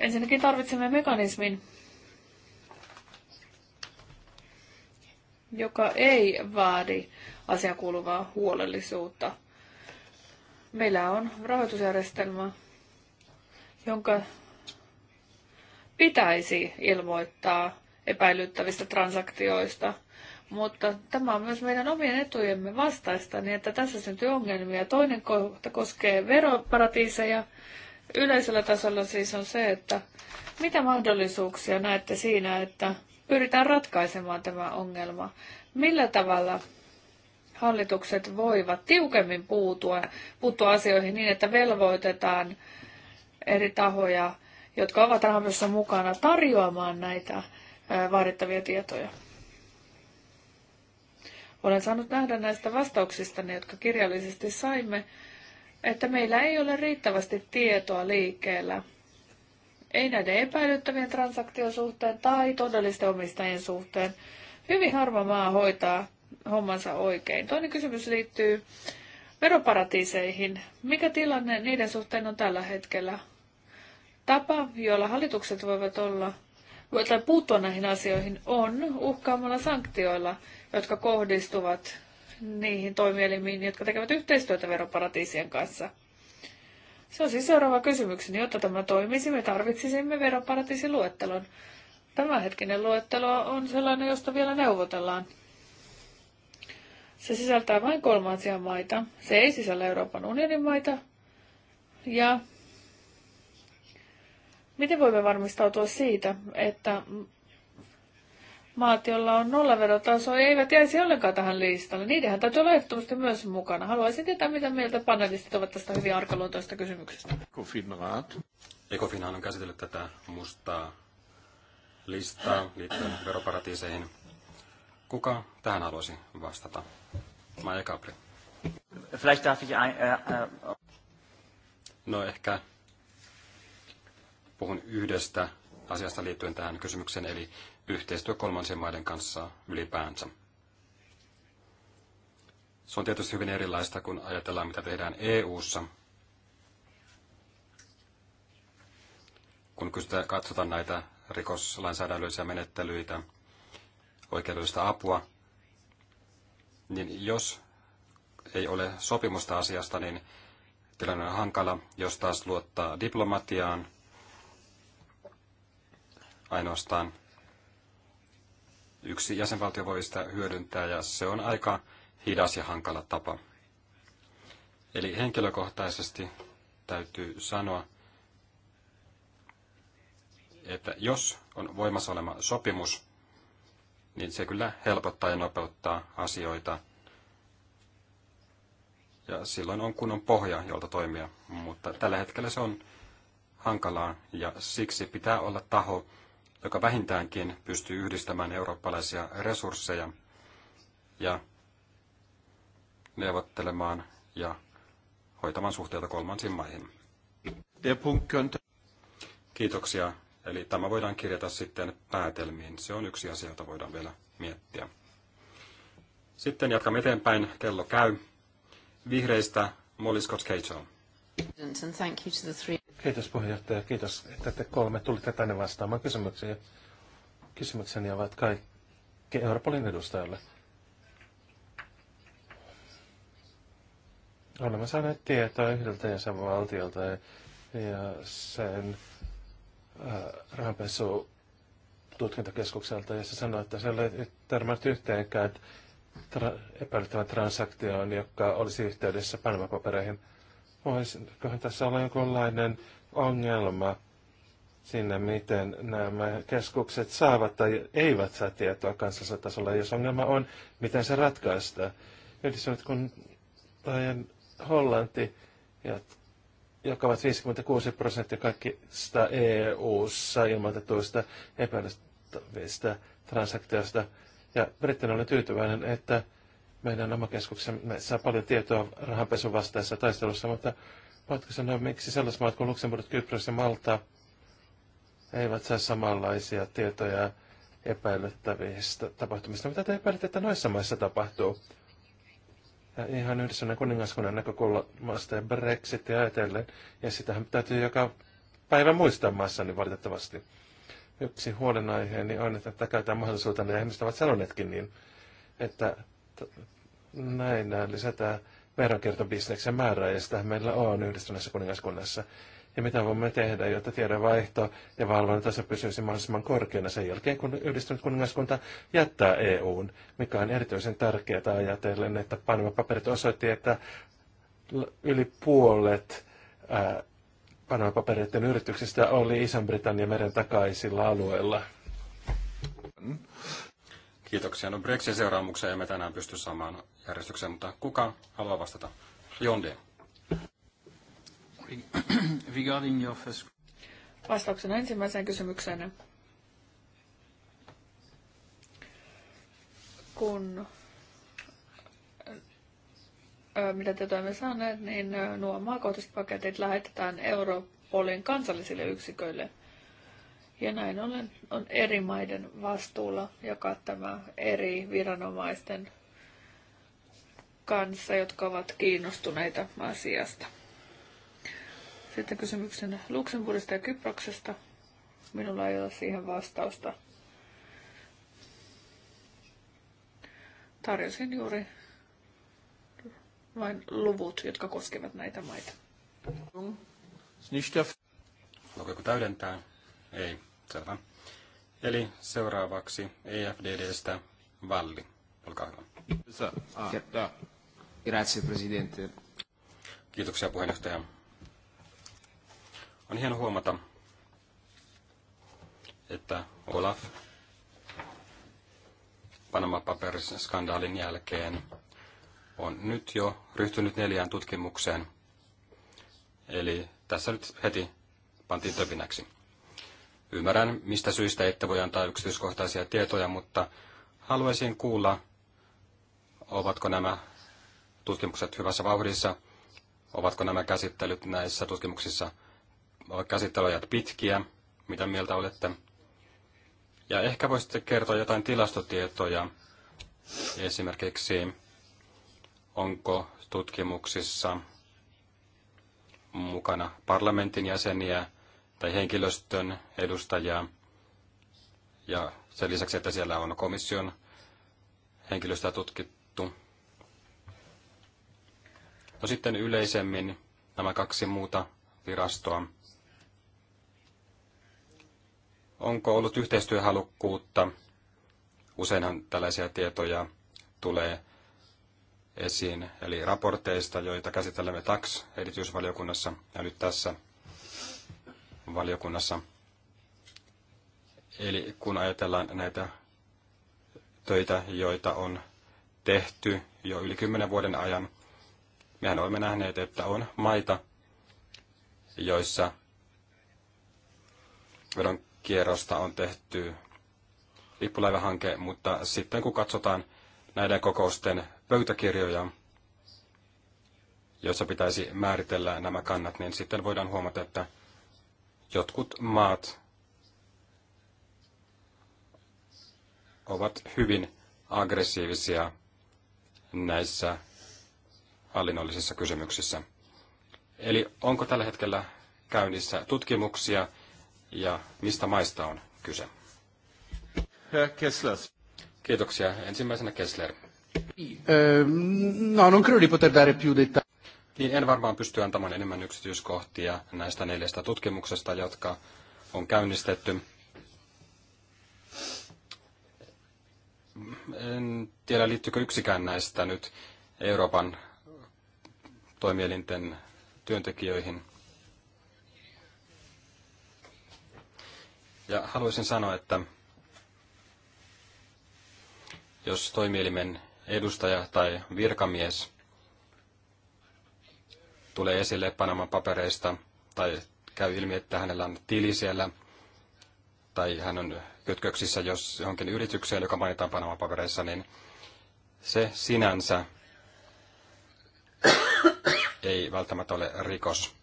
Speaker 3: Ensinnäkin tarvitsemme mekanismin, joka ei vaadi asiakuuluvaa huolellisuutta. Meillä on rahoitusjärjestelmä, jonka pitäisi ilmoittaa epäilyttävistä transaktioista – mutta tämä on myös meidän omien etujemme vastaista, niin että tässä syntyy ongelmia. Toinen kohta koskee veroparatiiseja. Yleisellä tasolla siis on se, että mitä mahdollisuuksia näette siinä, että pyritään ratkaisemaan tämä ongelma? Millä tavalla hallitukset voivat tiukemmin puutua, puuttua asioihin niin, että velvoitetaan eri tahoja, jotka ovat rahamassa mukana, tarjoamaan näitä vaadittavia tietoja? Olen saanut nähdä näistä vastauksista, jotka kirjallisesti saimme, että meillä ei ole riittävästi tietoa liikkeellä. Ei näiden epäilyttävien transaktion suhteen tai todellisten omistajien suhteen. Hyvin harva maa hoitaa hommansa oikein. Toinen kysymys liittyy veroparatiiseihin. Mikä tilanne niiden suhteen on tällä hetkellä? Tapa, jolla hallitukset voivat olla tai puuttua näihin asioihin, on uhkaamalla sanktioilla – jotka kohdistuvat niihin toimielimiin, jotka tekevät yhteistyötä veroparatiisien kanssa. Se on siis seuraava kysymykseni. Jotta tämä toimisi, me tarvitsisimme veroparatiisiluettelon. Tämänhetkinen luettelo on sellainen, josta vielä neuvotellaan. Se sisältää vain kolmansia maita. Se ei sisällä Euroopan unionin maita. Ja miten voimme varmistautua siitä, että maat, joilla on nollaverotaso, eivät jäisi ollenkaan tähän listalle. Niidenhän täytyy olla ehdottomasti myös mukana. Haluaisin tietää, mitä mieltä panelistit ovat tästä hyvin arkaluontoista kysymyksestä.
Speaker 2: Ekofinraat. Ekofinhan on käsitellyt tätä mustaa listaa liittyen veroparatiiseihin. Kuka tähän haluaisi vastata? Maija Kapri.
Speaker 3: Vielleicht darf ich ein, äh, äh,
Speaker 2: No ehkä puhun yhdestä asiasta liittyen tähän kysymykseen, eli yhteistyö kolmansien maiden kanssa ylipäänsä. Se on tietysti hyvin erilaista, kun ajatellaan, mitä tehdään EU-ssa. Kun katsotaan näitä rikoslainsäädännöllisiä menettelyitä, oikeudellista apua, niin jos ei ole sopimusta asiasta, niin tilanne on hankala, jos taas luottaa diplomatiaan ainoastaan yksi jäsenvaltio voi sitä hyödyntää ja se on aika hidas ja hankala tapa. Eli henkilökohtaisesti täytyy sanoa, että jos on voimassa oleva sopimus, niin se kyllä helpottaa ja nopeuttaa asioita. Ja silloin on kunnon pohja, jolta toimia. Mutta tällä hetkellä se on hankalaa ja siksi pitää olla taho, joka vähintäänkin pystyy yhdistämään eurooppalaisia resursseja ja neuvottelemaan ja hoitamaan suhteita kolmansiin maihin. Kiitoksia. Eli tämä voidaan kirjata sitten päätelmiin. Se on yksi asia, jota voidaan vielä miettiä. Sitten jatkamme eteenpäin. Kello käy. Vihreistä Molly Scott Cato.
Speaker 1: Kiitos puheenjohtaja, kiitos, että te kolme tulitte tänne vastaamaan kysymyksiä. Kysymykseni ovat kaikki Europolin edustajalle. Olemme saaneet tietoa yhdeltä jäsenvaltiolta ja sen äh, rahanpesu tutkintakeskukselta ja se sanoi, että se ei törmät yhteenkään tra- epäilyttävän transaktioon, joka olisi yhteydessä Panama-papereihin. Voisikohan tässä olla jonkunlainen ongelma sinne miten nämä keskukset saavat tai eivät saa tietoa kansallisella tasolla. Jos ongelma on, miten se ratkaistaan. Yhdistynyt kun Hollanti, joka ovat 56 prosenttia kaikista EU-ssa ilmoitetuista epäilyttävistä transaktioista. Ja Brittin oli tyytyväinen, että meidän oma keskuksemme saa paljon tietoa rahanpesun vastaisessa taistelussa, mutta voitko sanoa, miksi sellaiset maat kuin Luxemburg, Kypros ja Malta eivät saa samanlaisia tietoja epäilyttävistä tapahtumista, mitä te epäilette, että noissa maissa tapahtuu? Ja ihan Yhdysvallan kuningaskunnan näkökulmasta ja Brexit ja ajatellen, ja sitähän täytyy joka päivä muistaa maassani niin valitettavasti. Yksi huolenaiheeni on, että käytetään mahdollisuutta, ja ihmiset ovat sanoneetkin niin, että näin lisätään veronkiertobisneksen määrää, ja sitä meillä on yhdistyneessä kuningaskunnassa. Ja mitä voimme tehdä, jotta tiedonvaihto ja valvonta se pysyisi mahdollisimman korkeana sen jälkeen, kun yhdistynyt kuningaskunta jättää EUn, mikä on erityisen tärkeää ajatellen, että Panama-paperit osoitti, että yli puolet Panama-papereiden yrityksistä oli Iso-Britannian meren takaisilla alueilla.
Speaker 2: Kiitoksia. No Brexitin seuraamuksia emme tänään pysty saamaan järjestykseen, mutta kuka haluaa vastata? Jonde. Regarding your first...
Speaker 3: Vastauksena ensimmäiseen kysymykseen. Kun mitä te me saaneet, niin nuo maakohtaiset paketit lähetetään Europolin kansallisille yksiköille – ja näin ollen on eri maiden vastuulla jakaa tämä eri viranomaisten kanssa, jotka ovat kiinnostuneita asiasta. Sitten kysymyksen Luxemburgista ja Kyproksesta. Minulla ei ole siihen vastausta. Tarjosin juuri vain luvut, jotka koskevat näitä maita.
Speaker 2: Haluaako täydentää? Ei, selvä. Eli seuraavaksi EFDDstä Valli. Olkaa hyvä. Ah, Grazie, presidente. Kiitoksia puheenjohtaja. On hieno huomata, että Olaf Panama Papers-skandaalin jälkeen on nyt jo ryhtynyt neljään tutkimukseen. Eli tässä nyt heti pantiin töpinäksi. Ymmärrän, mistä syystä ette voi antaa yksityiskohtaisia tietoja, mutta haluaisin kuulla, ovatko nämä tutkimukset hyvässä vauhdissa, ovatko nämä käsittelyt näissä tutkimuksissa käsittelyajat pitkiä, mitä mieltä olette. Ja ehkä voisitte kertoa jotain tilastotietoja, esimerkiksi onko tutkimuksissa mukana parlamentin jäseniä tai henkilöstön edustajaa. Ja sen lisäksi, että siellä on komission henkilöstöä tutkittu. No sitten yleisemmin nämä kaksi muuta virastoa. Onko ollut yhteistyöhalukkuutta? Useinhan tällaisia tietoja tulee esiin, eli raporteista, joita käsittelemme TAX-erityisvaliokunnassa ja nyt tässä – valiokunnassa. Eli kun ajatellaan näitä töitä, joita on tehty jo yli kymmenen vuoden ajan, mehän olemme nähneet, että on maita, joissa veronkierrosta on tehty lippulaivahanke, mutta sitten kun katsotaan näiden kokousten pöytäkirjoja, joissa pitäisi määritellä nämä kannat, niin sitten voidaan huomata, että jotkut maat ovat hyvin aggressiivisia näissä hallinnollisissa kysymyksissä. Eli onko tällä hetkellä käynnissä tutkimuksia ja mistä maista on kyse? Kessler. Kiitoksia. Ensimmäisenä Kessler.
Speaker 4: Ehm, no, non credo
Speaker 1: di poter dare più dettagli
Speaker 2: niin en varmaan pysty antamaan enemmän yksityiskohtia näistä neljästä tutkimuksesta, jotka on käynnistetty. En tiedä, liittyykö yksikään näistä nyt Euroopan toimielinten työntekijöihin. Ja haluaisin sanoa, että jos toimielimen edustaja tai virkamies – tulee esille Panaman papereista tai käy ilmi, että hänellä on tili siellä tai hän on kytköksissä jos johonkin yritykseen, joka mainitaan Panaman papereissa, niin se sinänsä ei välttämättä ole rikos.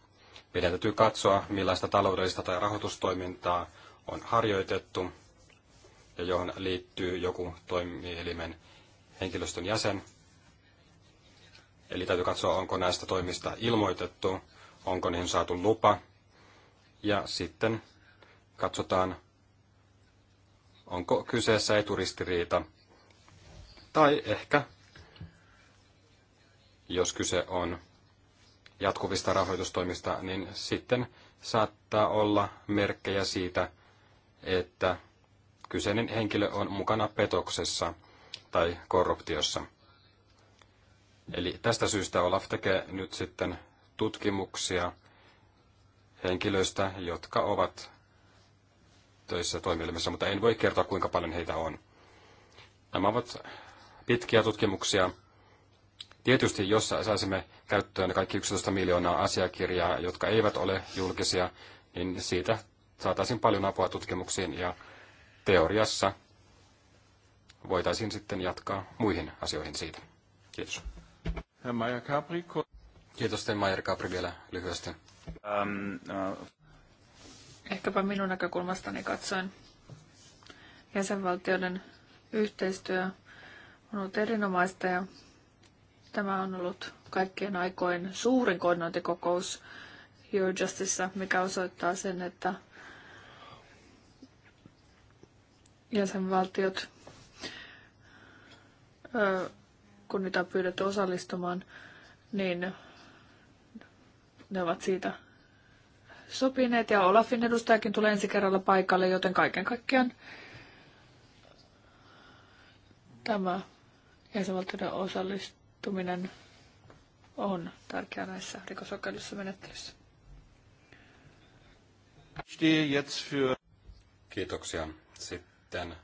Speaker 2: Meidän täytyy katsoa, millaista taloudellista tai rahoitustoimintaa on harjoitettu ja johon liittyy joku toimielimen henkilöstön jäsen. Eli täytyy katsoa, onko näistä toimista ilmoitettu, onko niihin saatu lupa. Ja sitten katsotaan, onko kyseessä eturistiriita. Tai ehkä, jos kyse on jatkuvista rahoitustoimista, niin sitten saattaa olla merkkejä siitä, että kyseinen henkilö on mukana petoksessa tai korruptiossa. Eli tästä syystä Olaf tekee nyt sitten tutkimuksia henkilöistä, jotka ovat töissä toimielimessä, mutta en voi kertoa, kuinka paljon heitä on. Nämä ovat pitkiä tutkimuksia. Tietysti, jos saisimme käyttöön kaikki 11 miljoonaa asiakirjaa, jotka eivät ole julkisia, niin siitä saataisiin paljon apua tutkimuksiin ja teoriassa voitaisiin sitten jatkaa muihin asioihin siitä. Kiitos. Herr
Speaker 1: Mayer Capri.
Speaker 2: Kiitos, Tein Mayer Capri vielä lyhyesti. Um, uh...
Speaker 3: Ehkäpä minun näkökulmastani katsoen jäsenvaltioiden yhteistyö on ollut erinomaista ja tämä on ollut kaikkien aikojen suurin koordinointikokous Eurojustissa, mikä osoittaa sen, että jäsenvaltiot kun niitä on pyydetty osallistumaan, niin ne ovat siitä sopineet ja Olafin edustajakin tulee ensi kerralla paikalle, joten kaiken kaikkiaan tämä jäsenvaltioiden osallistuminen on tärkeää näissä rikosoikeudellisissa menettelyissä.
Speaker 2: Kiitoksia. Sitten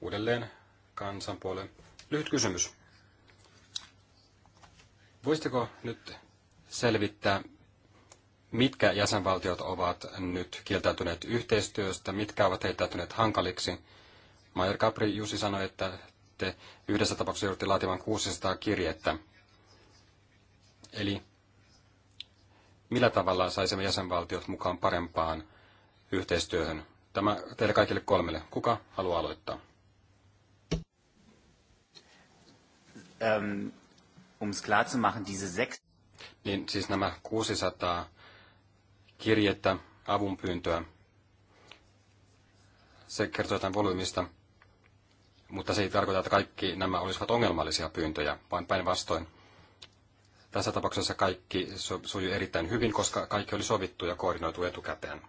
Speaker 2: uudelleen kansanpuolen Lyhyt kysymys. Voisitteko nyt selvittää, mitkä jäsenvaltiot ovat nyt kieltäytyneet yhteistyöstä, mitkä ovat heittäytyneet hankaliksi? Major Capri Jussi sanoi, että te yhdessä tapauksessa joudutte laativan 600 kirjettä. Eli millä tavalla saisimme jäsenvaltiot mukaan parempaan yhteistyöhön? Tämä teille kaikille kolmelle. Kuka haluaa aloittaa? ähm, um es klar zu machen, diese sechs... Niin siis nämä 600 kirjettä, avunpyyntöä, se kertoo tämän volyymista, mutta se ei tarkoita, että kaikki nämä olisivat ongelmallisia pyyntöjä, vaan päinvastoin. Tässä tapauksessa kaikki sujui erittäin hyvin, koska kaikki oli sovittu ja koordinoitu etukäteen.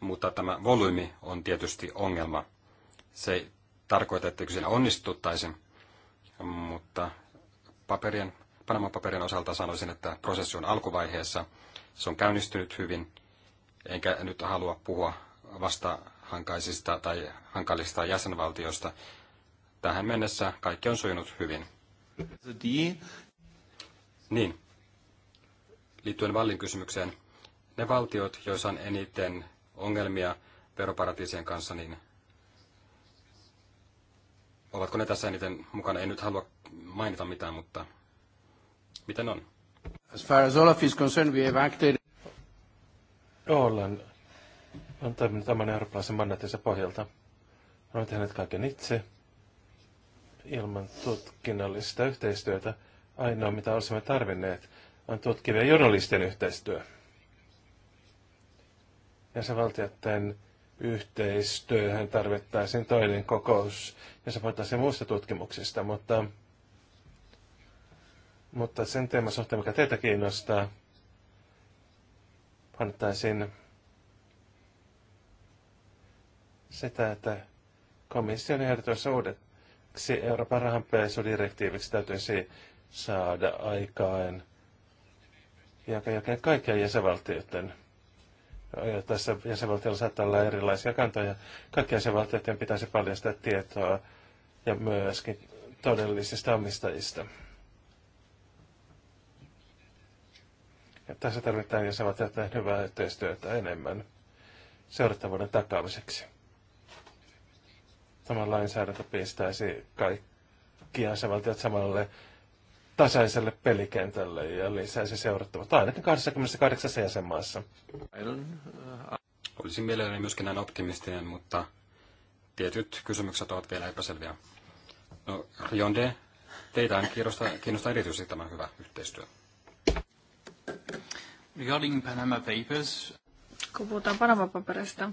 Speaker 2: Mutta tämä volyymi on tietysti ongelma. Se ei tarkoita, että siinä onnistuttaisiin, mutta paperien, Panaman paperien osalta sanoisin, että prosessi on alkuvaiheessa. Se on käynnistynyt hyvin, enkä nyt halua puhua vastahankaisista tai hankalista jäsenvaltioista. Tähän mennessä kaikki on sujunut hyvin. Niin. Liittyen Vallin kysymykseen, ne valtiot, joissa on eniten ongelmia veroparatiisien kanssa, niin Ovatko ne tässä eniten mukana? En nyt halua mainita mitään, mutta miten on?
Speaker 4: As far as Olaf is concerned, we have
Speaker 1: acted... Olen on toiminut oman eurooppalaisen mandaatinsa pohjalta. Olen tehnyt kaiken itse, ilman tutkinnallista yhteistyötä. Ainoa, mitä olisimme tarvinneet, on tutkivien journalistien yhteistyö. Ja se valtioiden yhteistyöhön tarvittaisiin toinen kokous, se voitaisiin muista tutkimuksista, mutta, mutta sen teeman suhteen, mikä teitä kiinnostaa, annettaisiin sitä, että komission ehdotus uudeksi Euroopan rahanpesudirektiiviksi täytyisi saada aikaan, jonka jälkeen kaikkien jäsenvaltioiden ja tässä jäsenvaltiolla saattaa olla erilaisia kantoja. Kaikkien jäsenvaltioiden pitäisi paljastaa tietoa ja myöskin todellisista omistajista. Ja tässä tarvitaan jäsenvaltioiden hyvää yhteistyötä enemmän seurattavuuden takaamiseksi. Tämä lainsäädäntö pistäisi kaikki jäsenvaltiot samalle tasaiselle pelikentälle ja lisäisi seurattavat ainakin 28 jäsenmaassa. Äh,
Speaker 2: Olisin mielelläni myöskin näin optimistinen, mutta tietyt kysymykset ovat vielä epäselviä. No, Rionde, teitä kiinnostaa, kiinnostaa erityisesti tämä hyvä yhteistyö. Regarding Panama Papers.
Speaker 3: Kun puhutaan Panama-paperista,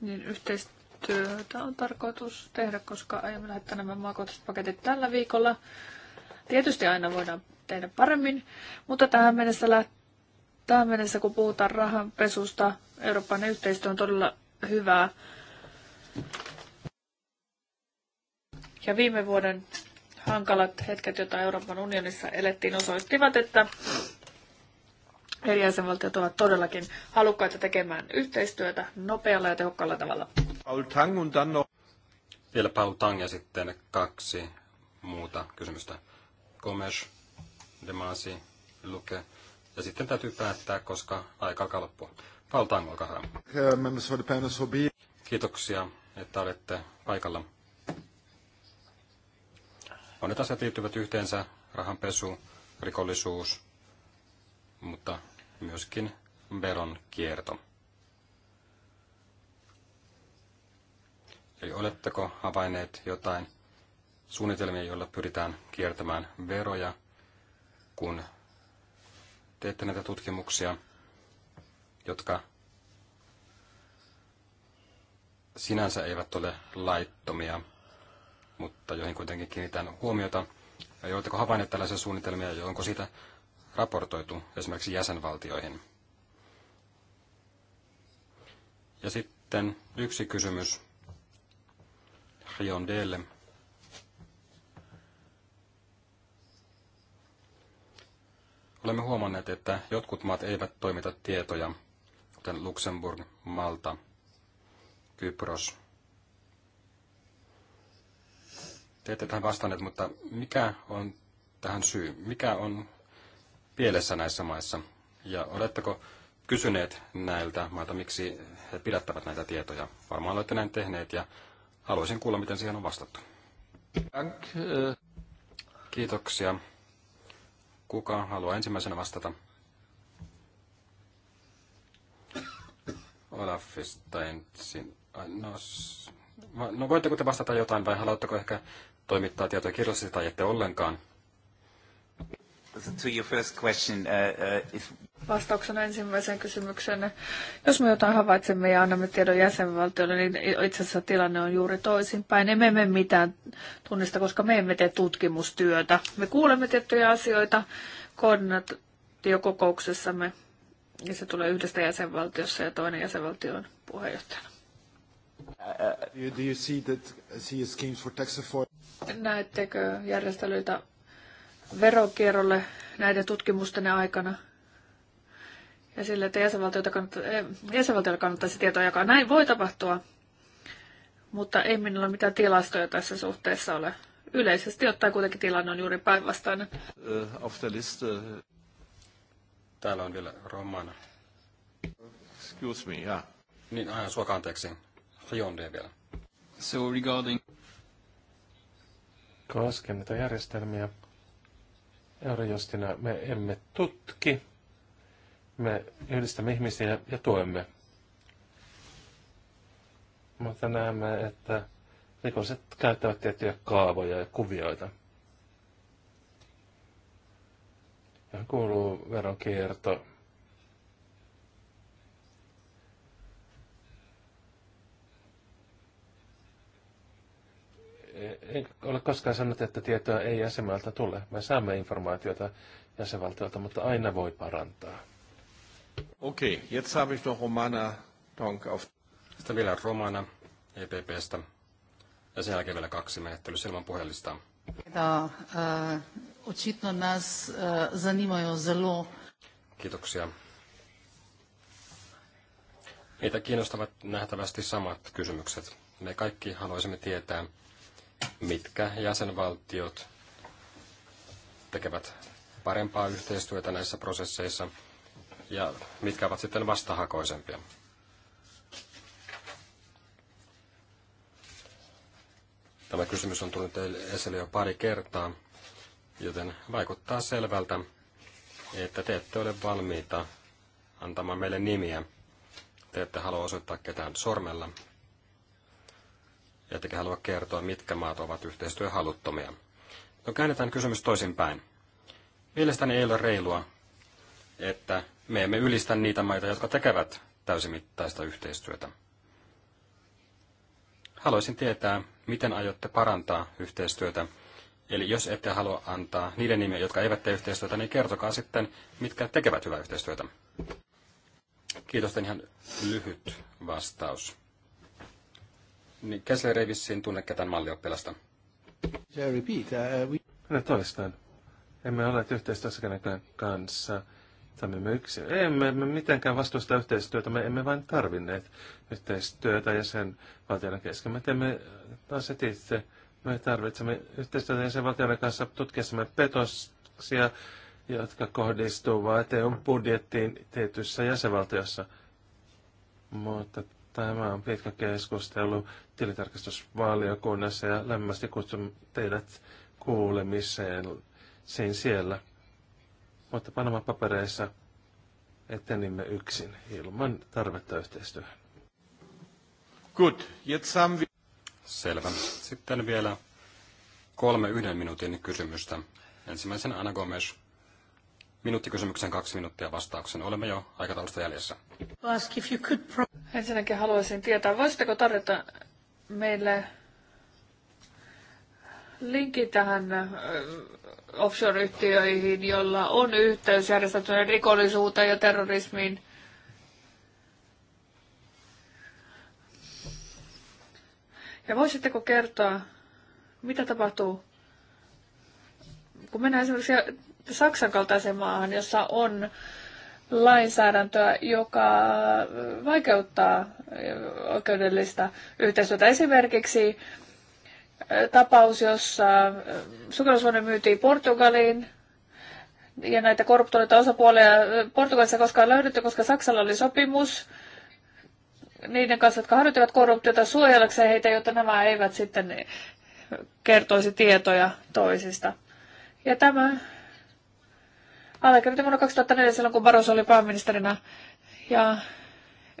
Speaker 3: niin yhteistyötä on tarkoitus tehdä, koska aiemmin lähettää nämä maakohtaiset paketit tällä viikolla. Tietysti aina voidaan tehdä paremmin, mutta tähän mennessä, tähän mennessä kun puhutaan rahanpesusta, Euroopan yhteistyö on todella hyvää. Ja viime vuoden hankalat hetket, joita Euroopan unionissa elettiin, osoittivat, että eri jäsenvaltiot ovat todellakin halukkaita tekemään yhteistyötä nopealla ja tehokkaalla tavalla.
Speaker 2: Paul Tang on Vielä Paul Tang ja sitten kaksi muuta kysymystä. Gomes, Demasi, Luke. Ja sitten täytyy päättää, koska aika alkaa loppua. Paul Tang, olkaa hyvä. Kiitoksia, että olette paikalla. Monet asiat liittyvät yhteensä, rahanpesu, rikollisuus, mutta myöskin veron kierto. Eli oletteko havainneet jotain suunnitelmia, joilla pyritään kiertämään veroja, kun teette näitä tutkimuksia, jotka sinänsä eivät ole laittomia, mutta joihin kuitenkin kiinnitän huomiota. Ja oletteko havainneet tällaisia suunnitelmia ja onko siitä raportoitu esimerkiksi jäsenvaltioihin? Ja sitten yksi kysymys Rion Delle. Olemme huomanneet, että jotkut maat eivät toimita tietoja, kuten Luxemburg, Malta, Kypros. Te ette tähän vastanneet, mutta mikä on tähän syy? Mikä on pielessä näissä maissa? Ja oletteko kysyneet näiltä mailta, miksi he pidättävät näitä tietoja? Varmaan olette näin tehneet ja haluaisin kuulla, miten siihen on vastattu.
Speaker 3: Eh.
Speaker 2: Kiitoksia. Kuka haluaa ensimmäisenä vastata? Olafista ensin. No, no voitteko te vastata jotain vai haluatteko ehkä toimittaa tietoja kirjallisesti tai ette ollenkaan? To your first question, uh, uh if...
Speaker 3: Vastauksena ensimmäiseen kysymykseen. Jos me jotain havaitsemme ja annamme tiedon jäsenvaltioille, niin itse asiassa tilanne on juuri toisinpäin. Emme me mitään tunnista, koska me emme tee tutkimustyötä. Me kuulemme tiettyjä asioita koordinaatiokokouksessamme ja se tulee yhdestä jäsenvaltiossa ja toinen jäsenvaltion puheenjohtajana.
Speaker 1: Uh, uh, do you see that, see schemes for tax
Speaker 3: Näettekö järjestelyitä verokierrolle näiden tutkimusten aikana ja sille, että jäsenvaltioita kannatta, eh, jäsenvaltioille kannattaisi tietoa jakaa. Näin voi tapahtua, mutta ei minulla mitään tilastoja tässä suhteessa ole. Yleisesti ottaen kuitenkin tilanne on juuri päinvastainen.
Speaker 2: Auf eh, eh. Täällä on vielä Romana. Excuse me, yeah. Niin, aina suokaa anteeksi. Hyundai vielä. So regarding...
Speaker 1: koskemme näitä järjestelmiä, Eurojustina me emme tutki, me yhdistämme ihmisiä ja tuemme. Mutta näemme, että rikolliset käyttävät tiettyjä kaavoja ja kuvioita. Ja kuuluu veronkierto, Eh, en ole koskaan sanonut, että tietoa ei jäsenmaalta tule. Me saamme informaatiota jäsenvaltiolta, mutta aina voi parantaa.
Speaker 2: Okei, okay, jetzt habe ich noch Romana Tonk auf. Sitten vielä Romana EPPstä ja sen jälkeen vielä kaksi menettelyä ilman puhelista.
Speaker 4: Da, eh, nas eh, zelo.
Speaker 2: Kiitoksia. Meitä kiinnostavat nähtävästi samat kysymykset. Me kaikki haluaisimme tietää, mitkä jäsenvaltiot tekevät parempaa yhteistyötä näissä prosesseissa ja mitkä ovat sitten vastahakoisempia. Tämä kysymys on tullut esille jo pari kertaa, joten vaikuttaa selvältä, että te ette ole valmiita antamaan meille nimiä. Te ette halua osoittaa ketään sormella, ettekä halua kertoa, mitkä maat ovat yhteistyöhaluttomia. No käännetään kysymys toisinpäin. Mielestäni ei ole reilua, että me emme ylistä niitä maita, jotka tekevät täysimittaista yhteistyötä. Haluaisin tietää, miten aiotte parantaa yhteistyötä. Eli jos ette halua antaa niiden nimiä, jotka eivät tee yhteistyötä, niin kertokaa sitten, mitkä tekevät hyvää yhteistyötä. Kiitos, ihan lyhyt vastaus. Niin Kessler ei vissiin tunne ketään mallioppilasta.
Speaker 1: Minä uh, no, toistan. Emme ole yhteistyössä kenenkään kanssa. Tämä me yksin. Emme emme mitenkään vastuusta yhteistyötä, me emme vain tarvinneet yhteistyötä jäsenvaltioiden kesken. Me teemme taas itse. Me tarvitsemme yhteistyötä jäsenvaltioiden kanssa tutkiessamme petoksia, jotka kohdistuvat eu budjettiin tietyissä jäsenvaltiossa. Mutta Tämä on pitkä keskustelu tilitarkastusvaliokunnassa ja lämmästi kutsun teidät kuulemiseen sen siellä. Mutta Panama-papereissa etenimme yksin ilman tarvetta yhteistyöhön. Good.
Speaker 2: jetzt haben wir... Selvä. Sitten vielä kolme yhden minuutin kysymystä. Ensimmäisenä Anna Gomes. Minuutti kysymyksen, kaksi minuuttia vastauksen. Olemme jo aikataulusta jäljessä.
Speaker 3: Ensinnäkin haluaisin tietää, voisitteko tarjota meille linkin tähän offshore-yhtiöihin, jolla on yhteys järjestäytyneen rikollisuuteen ja terrorismiin? Ja voisitteko kertoa, mitä tapahtuu, kun mennään esimerkiksi Saksan kaltaiseen maahan, jossa on lainsäädäntöä, joka vaikeuttaa oikeudellista yhteistyötä. Esimerkiksi tapaus, jossa sukellusvuone myytiin Portugaliin ja näitä korruptoituneita osapuolia Portugalissa koskaan löydetty, koska Saksalla oli sopimus niiden kanssa, jotka harjoittivat korruptiota suojellakseen heitä, jotta nämä eivät sitten kertoisi tietoja toisista. Ja tämä allekirjoitin vuonna 2004 silloin, kun Barroso oli pääministerinä. Ja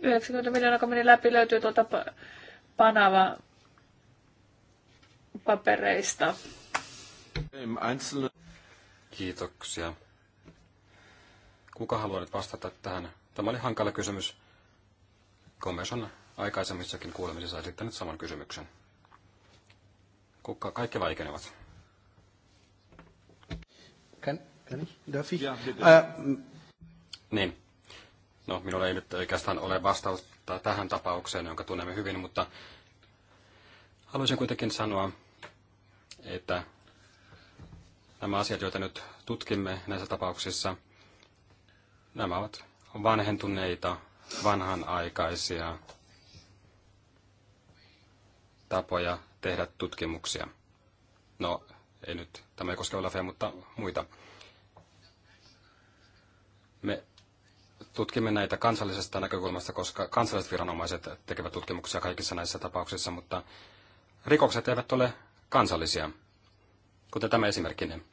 Speaker 3: 90 miljoonaa, kun meni läpi, löytyy tuolta Panava papereista.
Speaker 2: Kiitoksia. Kuka haluaa nyt vastata tähän? Tämä oli hankala kysymys. Gomes on aikaisemmissakin kuulemisissa esittänyt saman kysymyksen. Kuka kaikki vaikenevat?
Speaker 4: Kann ich? Darf ich? Ja, Ää...
Speaker 2: Niin. No, minulla ei nyt oikeastaan ole vastausta tähän tapaukseen, jonka tunnemme hyvin, mutta haluaisin kuitenkin sanoa, että nämä asiat, joita nyt tutkimme näissä tapauksissa, nämä ovat vanhentuneita, vanhanaikaisia tapoja tehdä tutkimuksia. No, ei nyt, tämä ei koske Olafia, mutta muita. Me tutkimme näitä kansallisesta näkökulmasta, koska kansalliset viranomaiset tekevät tutkimuksia kaikissa näissä tapauksissa, mutta rikokset eivät ole kansallisia, kuten tämä esimerkkinen.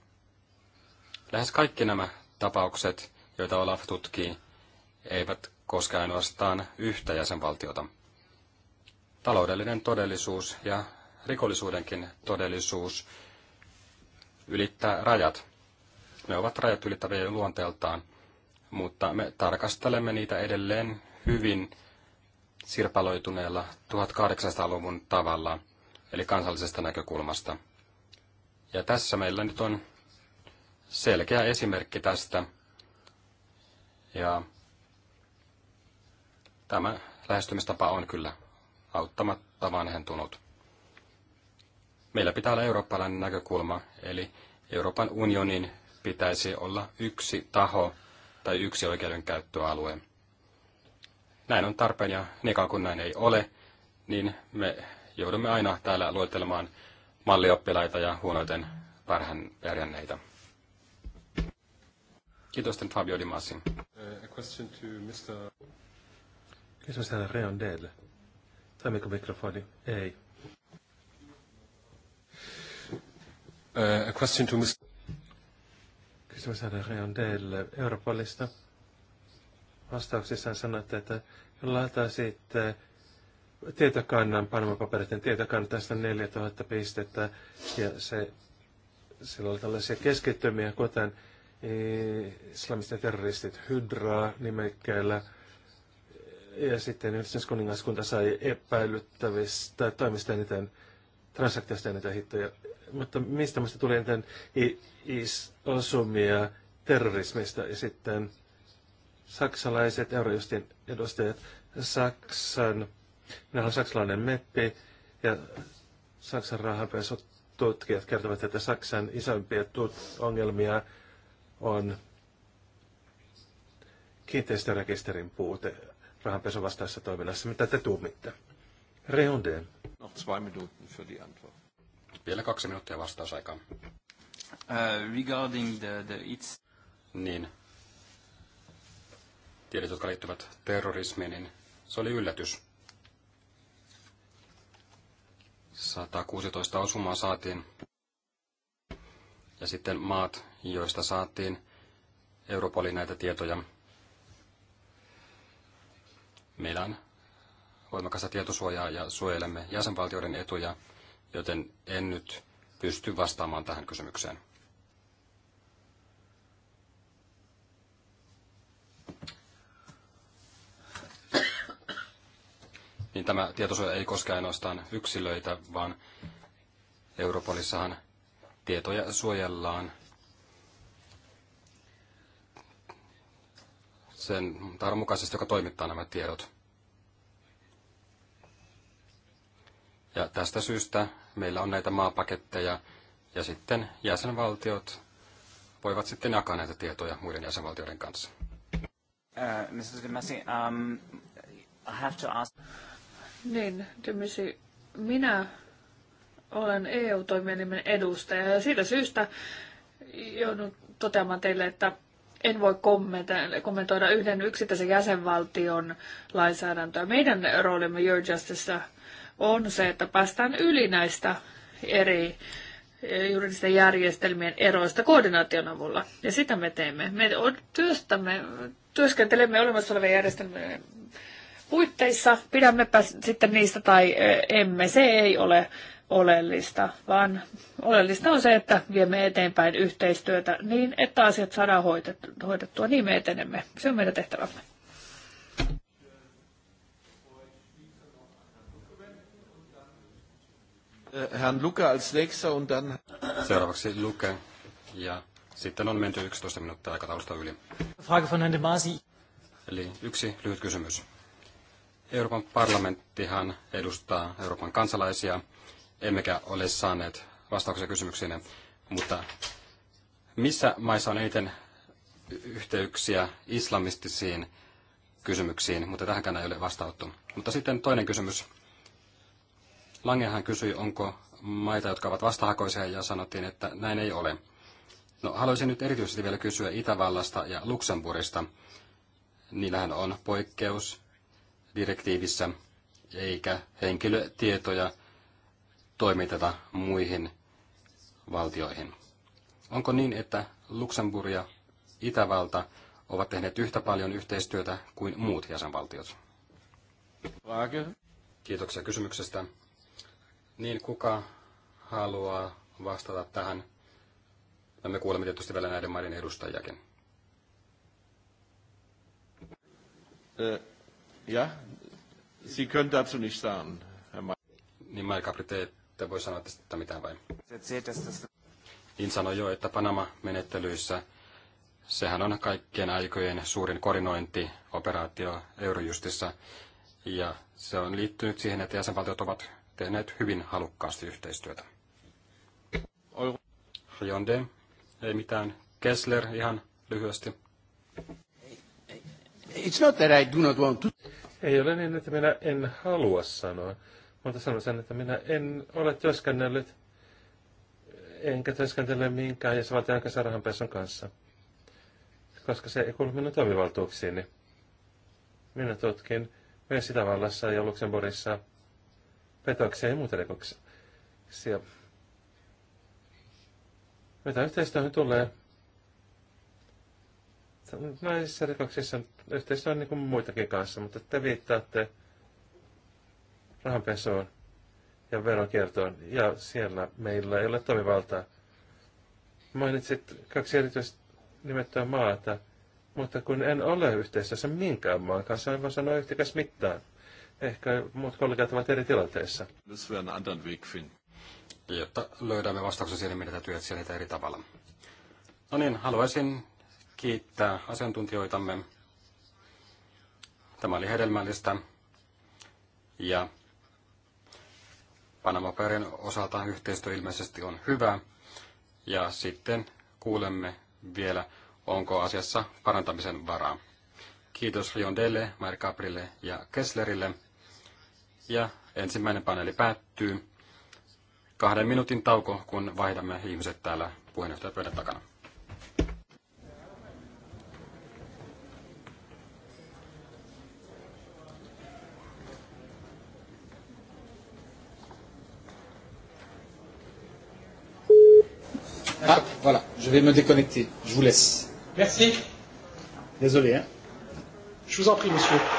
Speaker 2: Lähes kaikki nämä tapaukset, joita Olaf tutkii, eivät koske ainoastaan yhtä jäsenvaltiota. Taloudellinen todellisuus ja rikollisuudenkin todellisuus ylittää rajat. Ne ovat rajat ylittäviä luonteeltaan – mutta me tarkastelemme niitä edelleen hyvin sirpaloituneella 1800-luvun tavalla, eli kansallisesta näkökulmasta. Ja tässä meillä nyt on selkeä esimerkki tästä. Ja tämä lähestymistapa on kyllä auttamatta vanhentunut. Meillä pitää olla eurooppalainen näkökulma, eli Euroopan unionin pitäisi olla yksi taho, tai yksi oikeudenkäyttöalue. Näin on tarpeen ja niin kun näin ei ole, niin me joudumme aina täällä luettelemaan mallioppilaita ja huonoiten pärhän pärjänneitä. Kiitos, Fabio Di Massi.
Speaker 1: Kysymys täällä Reon Delle. Toimiko mikrofoni? Ei. Uh, a question to Mr kysymys on teille Europolista. Vastauksissaan sanotte, että lataisitte tietokannan, panama tietokannan tästä 4000 pistettä, ja se, sillä oli tällaisia keskittymiä, kuten islamistit terroristit Hydraa nimekkäillä, ja sitten yhdistyskuningaskunta sai epäilyttävistä toimista eniten transaktiosta eniten hittoja, mutta mistä musta tuli tämän isosumia terrorismista ja sitten saksalaiset eurojustin edustajat, Saksan, minä olen saksalainen meppi ja Saksan rahanpesututkijat kertovat, että Saksan isoimpia ongelmia on kiinteistörekisterin puute rahanpesuvastaisessa toiminnassa. Mitä te tuumitte? Rehundeen.
Speaker 2: Noch zwei Minuten für die Antwort. Vielä kaksi minuuttia vastausaikaa. Uh, regarding the, the it's... Niin. Tiedot, jotka liittyvät terrorismiin, niin se oli yllätys. 116 osumaa saatiin. Ja sitten maat, joista saatiin Europolin näitä tietoja. Meillä on voimakasta tietosuojaa ja suojelemme jäsenvaltioiden etuja joten en nyt pysty vastaamaan tähän kysymykseen. Niin tämä tietosuoja ei koske ainoastaan yksilöitä, vaan Europolissahan tietoja suojellaan sen tarmukaisesti, joka toimittaa nämä tiedot. Ja tästä syystä meillä on näitä maapaketteja ja sitten jäsenvaltiot voivat sitten jakaa näitä tietoja muiden jäsenvaltioiden kanssa.
Speaker 3: Uh, Mrs.
Speaker 4: Um,
Speaker 3: I have to ask... Niin, Dimisi, minä olen EU-toimielimen edustaja ja sillä syystä joudun toteamaan teille, että en voi kommentoida yhden yksittäisen jäsenvaltion lainsäädäntöä. Meidän roolimme Your Justice on se, että päästään yli näistä eri juridisten järjestelmien eroista koordinaation avulla. Ja sitä me teemme. Me työstämme, työskentelemme olemassa olevien järjestelmien puitteissa, pidämme sitten niistä tai e, emme. Se ei ole oleellista, vaan oleellista on se, että viemme eteenpäin yhteistyötä niin, että asiat saadaan hoidettua. Niin me etenemme. Se on meidän tehtävämme.
Speaker 1: Äh, Herrn Luca als nächster und dann... Seuraavaksi Luke
Speaker 2: ja sitten on menty 11 minuuttia aikataulusta yli.
Speaker 1: Frage von Herrn de Masi.
Speaker 2: Eli yksi lyhyt kysymys. Euroopan parlamenttihan edustaa Euroopan kansalaisia, emmekä ole saaneet vastauksia kysymyksiin, mutta missä maissa on eniten yhteyksiä islamistisiin kysymyksiin, mutta tähänkään ei ole vastattu. Mutta sitten toinen kysymys. Langehan kysyi, onko maita, jotka ovat vastahakoisia, ja sanottiin, että näin ei ole. No, haluaisin nyt erityisesti vielä kysyä Itävallasta ja Luxemburgista. Niillähän on poikkeus direktiivissä, eikä henkilötietoja toimiteta muihin valtioihin. Onko niin, että Luxemburg ja Itävalta ovat tehneet yhtä paljon yhteistyötä kuin muut jäsenvaltiot? Kiitoksia kysymyksestä. Niin kuka haluaa vastata tähän? Ja no, me kuulemme tietysti vielä näiden maiden edustajiakin. Äh, ja, Sie können dazu nicht sagen, Herr Ma- Niin Maikapri, te ette voi sanoa tästä mitään vai? Niin sanoi jo, että Panama-menettelyissä sehän on kaikkien aikojen suurin korinointioperaatio Eurojustissa. Ja se on liittynyt siihen, että jäsenvaltiot ovat tehneet hyvin halukkaasti yhteistyötä. Hyundai, ei mitään. Kessler ihan lyhyesti. It's
Speaker 1: not that I do not want to. Ei ole niin, että minä en halua sanoa, mutta sanon sen, että minä en ole työskennellyt enkä työskentele minkään jäsenvaltion aika rahanpesun kanssa, koska se ei kuulu minun toimivaltuuksiini. Minä tutkin myös Itävallassa ja Luxemburgissa petoksia ja muita rikoksia. Mitä yhteistyöhön tulee? Näissä rikoksissa yhteistyö on niin kuin muitakin kanssa, mutta te viittaatte rahanpesoon ja veronkiertoon, ja siellä meillä ei ole toimivaltaa. Mainitsit kaksi erityistä nimettyä maata, mutta kun en ole yhteistyössä minkään maan kanssa, en voi sanoa yhtäkäs mitään ehkä muut kollegat ovat eri tilanteissa. Jotta
Speaker 2: löydämme vastauksen siihen, mitä täytyy etsiä niitä eri tavalla. No niin, haluaisin kiittää asiantuntijoitamme. Tämä oli hedelmällistä. Ja panama osalta yhteistyö ilmeisesti on hyvä. Ja sitten kuulemme vielä, onko asiassa parantamisen varaa. Kiitos Riondelle, Märkaprille ja Kesslerille. Ja ensimmäinen paneeli päättyy. Kahden minuutin tauko, kun vaihdamme ihmiset täällä puheenjohtajapöydän takana. Ah, voilà, je vais me déconnecter. Je vous laisse. Merci. Désolé, hein.
Speaker 4: Je vous en prie, monsieur.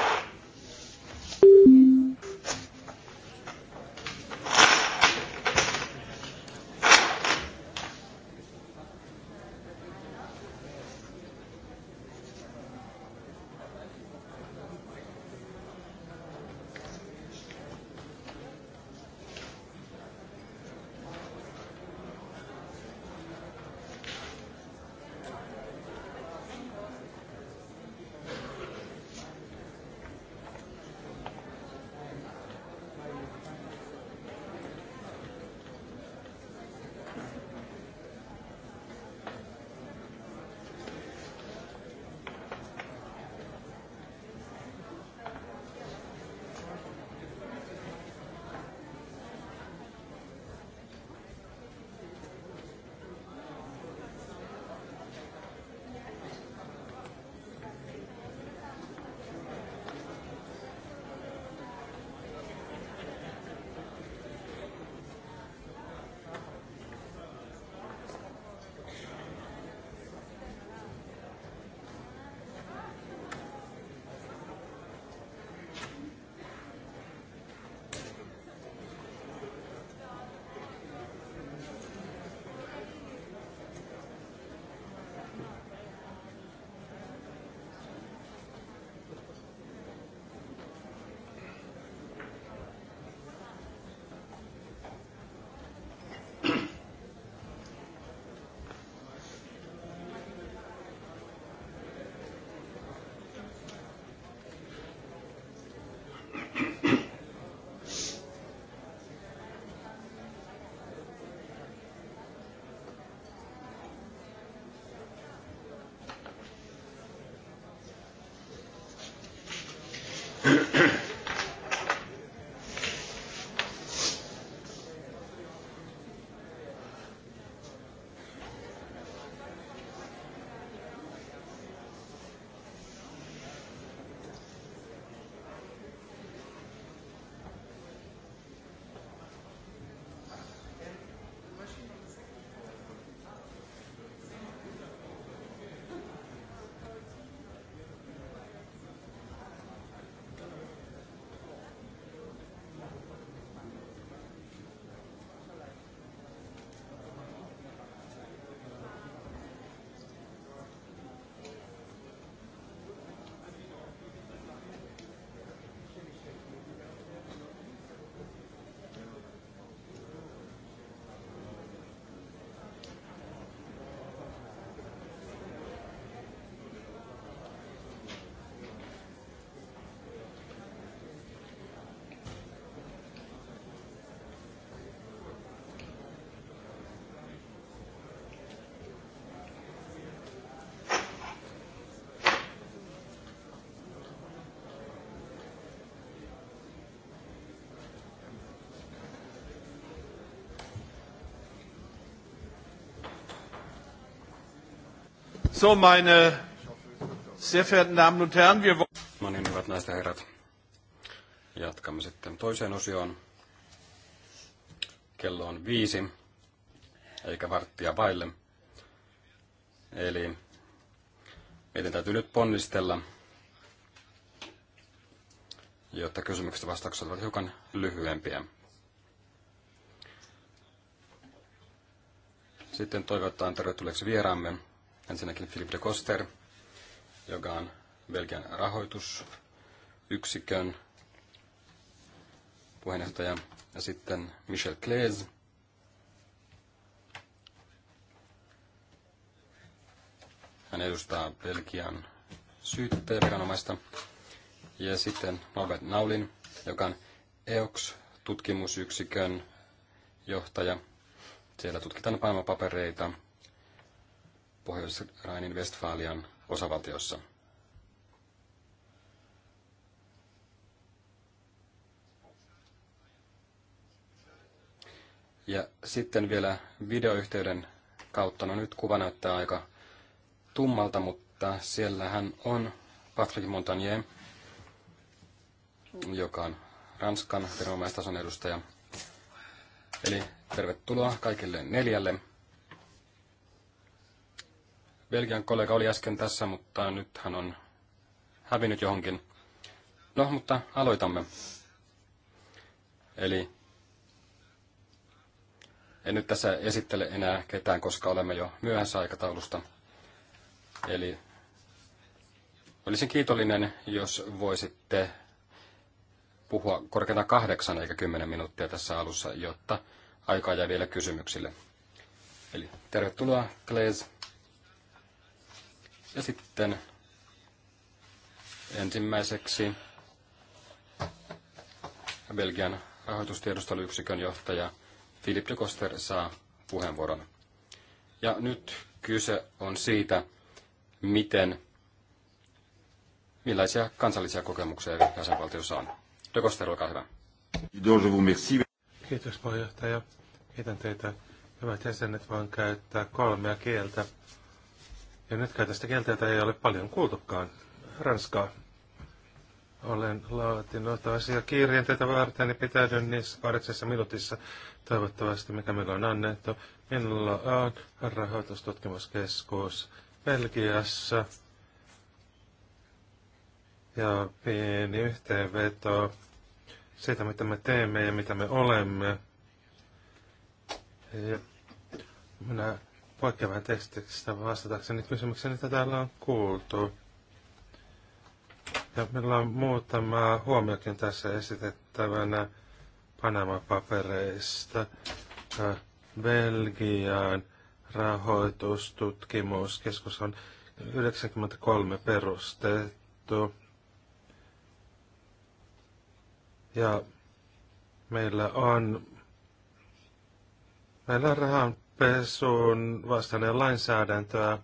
Speaker 1: So, meine sehr verehrten Damen und Herren, wir...
Speaker 2: No niin, hyvät naiset ja herrat. Jatkamme sitten toiseen osioon. Kello on viisi, eikä varttia vaille. Eli meidän täytyy nyt ponnistella, jotta kysymykset ja vastaukset ovat hiukan lyhyempiä. Sitten toivotetaan tervetulleeksi vieraamme Ensinnäkin Philippe de Koster, joka on Belgian rahoitusyksikön puheenjohtaja, ja sitten Michel Klees, Hän edustaa Belgian syyttäjäviranomaista. Ja sitten Norbert Naulin, joka on EOX-tutkimusyksikön johtaja. Siellä tutkitaan Panama-papereita Pohjois-Rainin Westfalian osavaltiossa. Ja sitten vielä videoyhteyden kautta. No nyt kuva näyttää aika tummalta, mutta siellä hän on Patrick Montagnier, joka on Ranskan viranomaistason edustaja. Eli tervetuloa kaikille neljälle. Belgian kollega oli äsken tässä, mutta nyt hän on hävinnyt johonkin. No, mutta aloitamme. Eli en nyt tässä esittele enää ketään, koska olemme jo myöhässä aikataulusta. Eli olisin kiitollinen, jos voisitte puhua korkeintaan kahdeksan eikä kymmenen minuuttia tässä alussa, jotta aikaa jää vielä kysymyksille. Eli tervetuloa, Glaze. Ja sitten ensimmäiseksi Belgian rahoitustiedusteluyksikön johtaja Philip de Koster saa puheenvuoron. Ja nyt kyse on siitä, miten, millaisia kansallisia kokemuksia jäsenvaltiossa on. De Koster, olkaa hyvä.
Speaker 1: Kiitos puheenjohtaja. Kiitän teitä, hyvät jäsenet, voin käyttää kolmea kieltä. Ja nyt tästä kieltä, jota ei ole paljon kuultukaan, ranskaa. Olen laatinut asiakirjan tätä varten, niin pitäydyn niissä kahdeksassa minuutissa toivottavasti, mikä meillä on annettu. Minulla on rahoitustutkimuskeskus Belgiassa. Ja pieni yhteenveto siitä, mitä me teemme ja mitä me olemme. Ja minä poikkeavan tekstistä vastatakseni kysymykseen, mitä täällä on kuultu. Ja meillä on muutama huomiokin tässä esitettävänä Panama-papereista. Belgian rahoitustutkimuskeskus on 93 perustettu. Ja meillä on, meillä on rahan rahanpesuun vastainen lainsäädäntöä.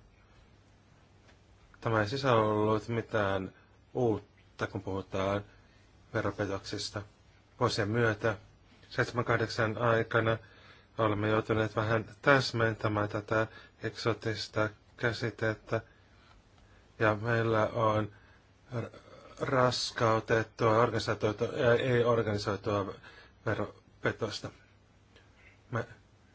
Speaker 1: Tämä ei sisällä ollut mitään uutta, kun puhutaan veropetoksista. Vuosien myötä 78 aikana olemme joutuneet vähän täsmentämään tätä eksotista käsitettä. Ja meillä on raskautettua, organisoitua ja ei-organisoitua veropetosta. Me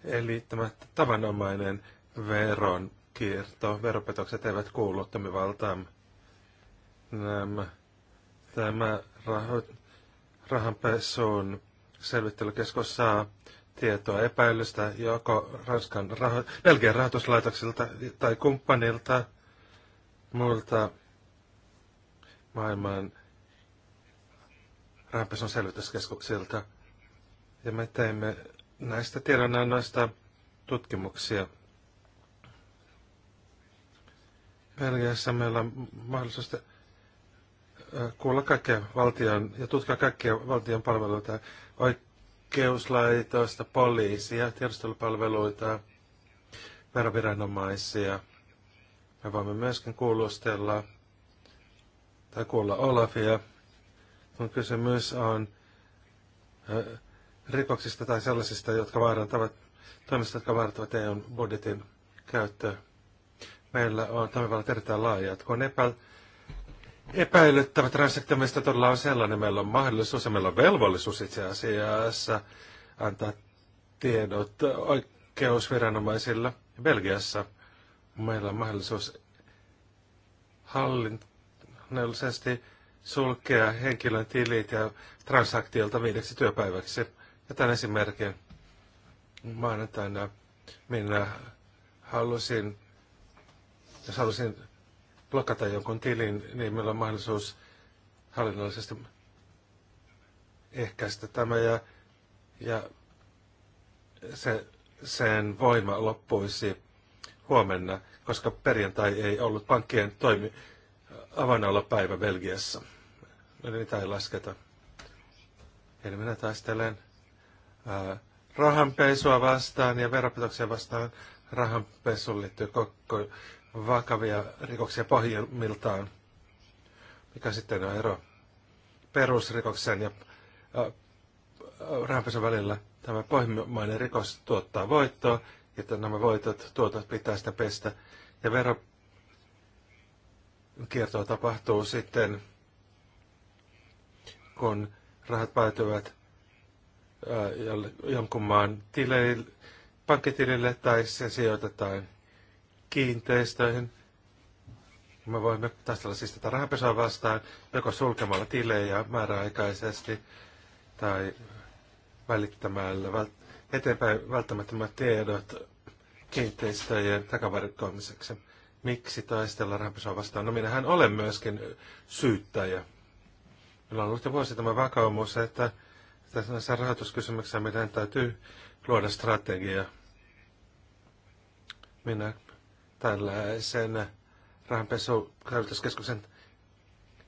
Speaker 1: Eli tämä tavanomainen veronkierto, veropetokset eivät kuulu toimivaltaan. Nämä, tämä raho, rahanpesuun selvittelykeskus saa tietoa epäilystä joko Ranskan raho, Belgian rahoituslaitoksilta tai kumppanilta muilta maailman rahanpesun selvityskeskuksilta. Ja me teimme näistä näistä tutkimuksia. Belgiassa meillä on mahdollisuus kuulla kaikkia valtion ja tutkia kaikkia valtion palveluita, oikeuslaitoista, poliisia, tiedustelupalveluita, veroviranomaisia. Me voimme myöskin kuulustella tai kuulla Olafia, kun kysymys on rikoksista tai sellaisista, jotka vaarantavat, toimista, jotka vaarantavat EUn budjetin käyttöä. Meillä on toimivallat erittäin laajat. Kun epä, epäilyttävä transaktiomeista todella on sellainen, meillä on mahdollisuus ja meillä on velvollisuus itse asiassa antaa tiedot oikeusviranomaisilla. Belgiassa meillä on mahdollisuus hallinnollisesti sulkea henkilön tilit ja transaktiolta viideksi työpäiväksi tämän esimerkin. Maanantaina minä halusin, jos halusin blokata jonkun tilin, niin meillä on mahdollisuus hallinnollisesti ehkäistä tämä ja, ja se, sen voima loppuisi huomenna, koska perjantai ei ollut pankkien toimi päivä Belgiassa. Eli niitä ei lasketa. Eli minä taistelen rahanpesua vastaan ja veropetoksia vastaan. Rahanpesuun liittyy koko vakavia rikoksia pohjimmiltaan. Mikä sitten on ero perusrikoksen ja rahanpesun välillä? Tämä pohjimmainen rikos tuottaa voittoa, että nämä voitot, tuotot pitää sitä pestä. Ja verokiertoa tapahtuu sitten, kun rahat päätyvät jonkun maan tileille, pankkitilille tai se sijoitetaan kiinteistöihin. Me voimme taistella siis tätä rahapesua vastaan joko sulkemalla tilejä määräaikaisesti tai välittämällä eteenpäin välttämättömät tiedot kiinteistöjen takavarikoimiseksi. Miksi taistella rahapesua vastaan? No minähän olen myöskin syyttäjä. Meillä on ollut jo vuosi tämä vakaumus, että tässä rahoituskysymyksissä meidän täytyy luoda strategia. Minä tällaisen rahanpesukäytöskeskuksen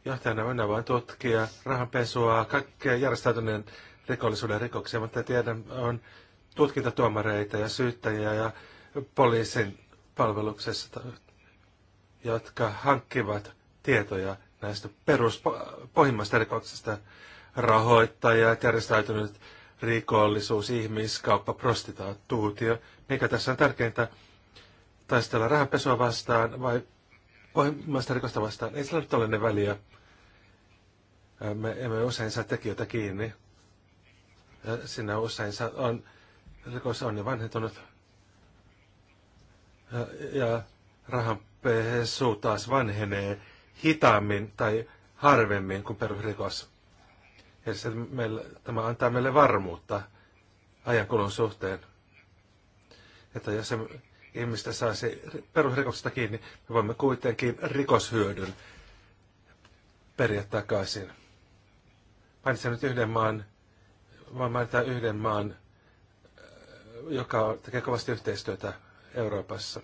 Speaker 1: johtajana minä voin tutkia rahanpesua, kaikkea järjestäytyneen rikollisuuden rikoksia, mutta tiedän, on tutkintatuomareita ja syyttäjiä ja poliisin palveluksessa, jotka hankkivat tietoja näistä peruspohjimmasta rikoksista rahoittajat, järjestäytynyt rikollisuus, ihmiskauppa, prostitaatuutio. Mikä tässä on tärkeintä? Taistella rahapesua vastaan vai pohjimmaista rikosta vastaan? Ei sillä nyt ole ne väliä. Me emme usein saa tekijöitä kiinni. Ja sinne usein on, rikos on jo vanhentunut. Ja, ja rahanpesu taas vanhenee hitaammin tai harvemmin kuin perusrikos. Ja se meille, tämä antaa meille varmuutta ajankulun suhteen. Että jos se ihmistä saisi perusrikoksesta kiinni, me voimme kuitenkin rikoshyödyn periä takaisin. Mainitsen nyt yhden maan, vaan mainitaan yhden maan, joka tekee kovasti yhteistyötä Euroopassa.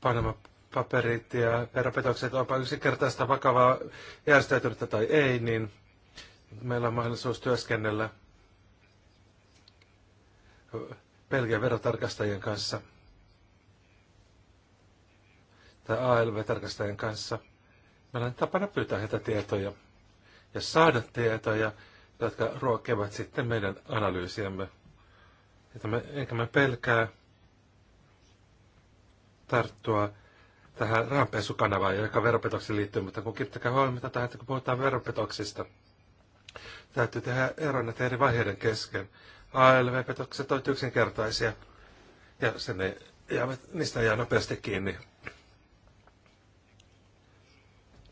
Speaker 1: Panama paperit ja veropetokset, onpa yksinkertaista vakavaa järjestäytynyttä tai ei, niin meillä on mahdollisuus työskennellä Belgian verotarkastajien kanssa tai ALV-tarkastajien kanssa. Meillä on tapana pyytää heitä tietoja ja saada tietoja, jotka ruokkevat sitten meidän analyysiämme. Me, enkä me pelkää tarttua tähän rahanpesukanavaan, joka veropetoksiin liittyy, mutta kun kiinnittäkää huomiota tähän, että kun puhutaan veropetoksista, täytyy tehdä ero näiden eri vaiheiden kesken. ALV-petokset ovat yksinkertaisia ja, sen ei, ja niistä jää nopeasti kiinni.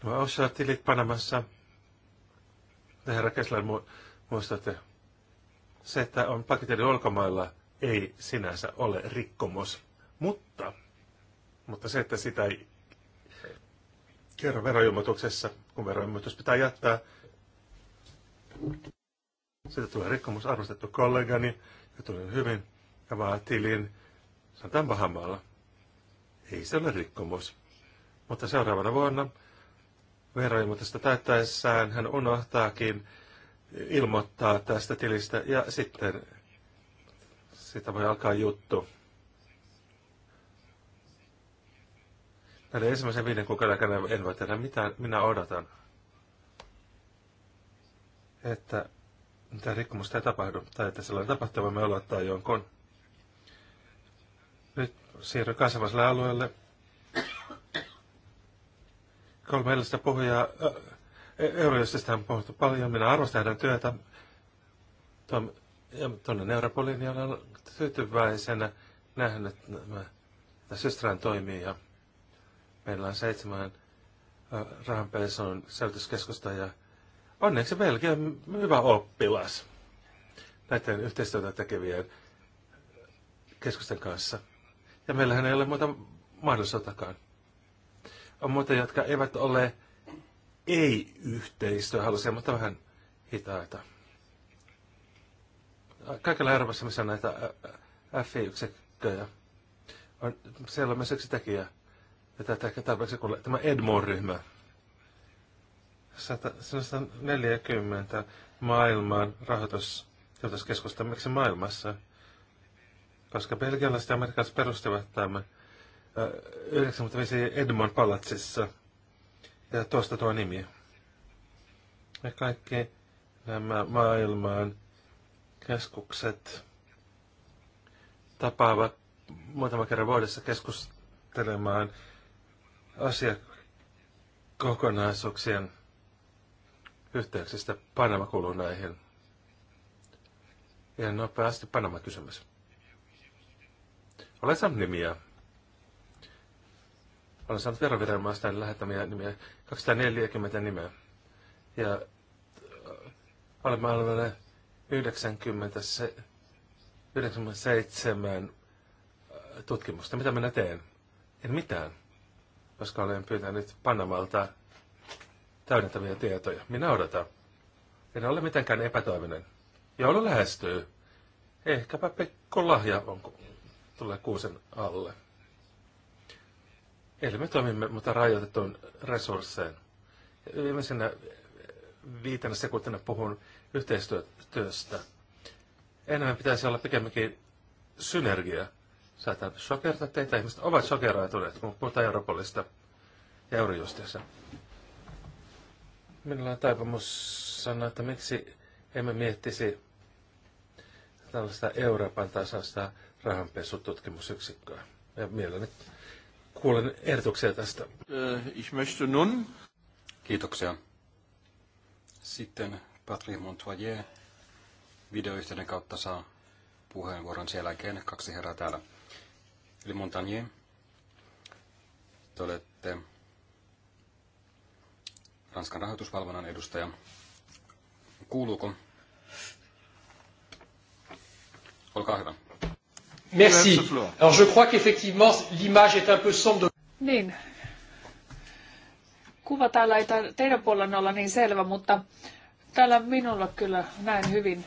Speaker 1: No, offshore-tilit Panamassa, herra Kessler mu- muistatte, se, että on paketin ulkomailla, ei sinänsä ole rikkomus. Mutta mutta se, että sitä ei kerro veroilmoituksessa, kun veroilmoitus pitää jättää, siitä tulee rikkomus arvostettu kollegani, ja tulee hyvin, ja vaan tilin, sanotaan Bahamaalla. Ei se ole rikkomus. Mutta seuraavana vuonna veroilmoitusta täyttäessään hän unohtaakin ilmoittaa tästä tilistä ja sitten sitä voi alkaa juttu. Näiden ensimmäisen viiden kuukauden aikana en voi tehdä mitään. Minä odotan, että mitä rikkomusta ei tapahdu, tai että sellainen tapahtuu, voimme aloittaa jonkun. Nyt siirry kansainväliselle alueelle. Kolme edellistä puhujaa. Äh, Eurojustista on puhuttu paljon. Minä arvostan heidän työtä. Tuonne Neuropoliin olen tyytyväisenä nähnyt, että Systran toimii ja Meillä on seitsemän rahanpesun säilytyskeskusta ja onneksi Belgia on hyvä oppilas näiden yhteistyötä tekevien keskusten kanssa. Ja meillähän ei ole muuta mahdollisuuttakaan. On muita, jotka eivät ole ei yhteistyö halusia, mutta vähän hitaita. Kaikilla Euroopassa, missä on näitä FI-yksikköjä, on, siellä on myös yksi tekijä, tätä tarpeeksi kuulla, tämä Edmond ryhmä 140 maailman rahoitus keskusta, miksi maailmassa, koska belgialaiset ja amerikkalaiset perustivat tämän 95 Edmond Palatsissa. Ja tuosta tuo nimi. Ja kaikki nämä maailman keskukset tapaavat muutama kerran vuodessa keskustelemaan asiakokonaisuuksien yhteyksistä Panama kuuluu näihin. Ja nopeasti Panama-kysymys. Olen saanut nimiä. Olen saanut veroviranomaisten lähettämiä nimiä, 240 nimeä. Ja äh, olen alueelle 97 äh, tutkimusta. Mitä minä teen? En mitään koska olen pyytänyt Panamalta täydentäviä tietoja. Minä odotan. En ole mitenkään epätoiminen. Joulu lähestyy. Ehkäpä Pekko Lahja on, tulee kuusen alle. Eli me toimimme, mutta rajoitettuun resursseen. Viimeisenä viitenä sekuntina puhun yhteistyöstä. Enemmän pitäisi olla pikemminkin synergia täytyy sokertaa teitä. Ihmiset ovat sokeroituneet, kun puhutaan Europolista ja Eurojustissa. Minulla on taipumus sanoa, että miksi emme miettisi tällaista Euroopan tasasta rahanpesututkimusyksikköä. Ja mielelläni kuulen ehdotuksia tästä. Äh, ich möchte nun. Kiitoksia. Sitten
Speaker 2: Patrick Montoyer videoyhteyden kautta saa puheenvuoron sen jälkeen kaksi herraa täällä. Eli Montagnier, te olette Ranskan rahoitusvalvonnan edustaja. Kuuluuko? Olkaa hyvä.
Speaker 4: Merci. Alors je crois qu'effectivement l'image est un peu sombre.
Speaker 3: Niin. Kuva täällä ei teidän puolella olla niin selvä, mutta täällä minulla kyllä näin hyvin.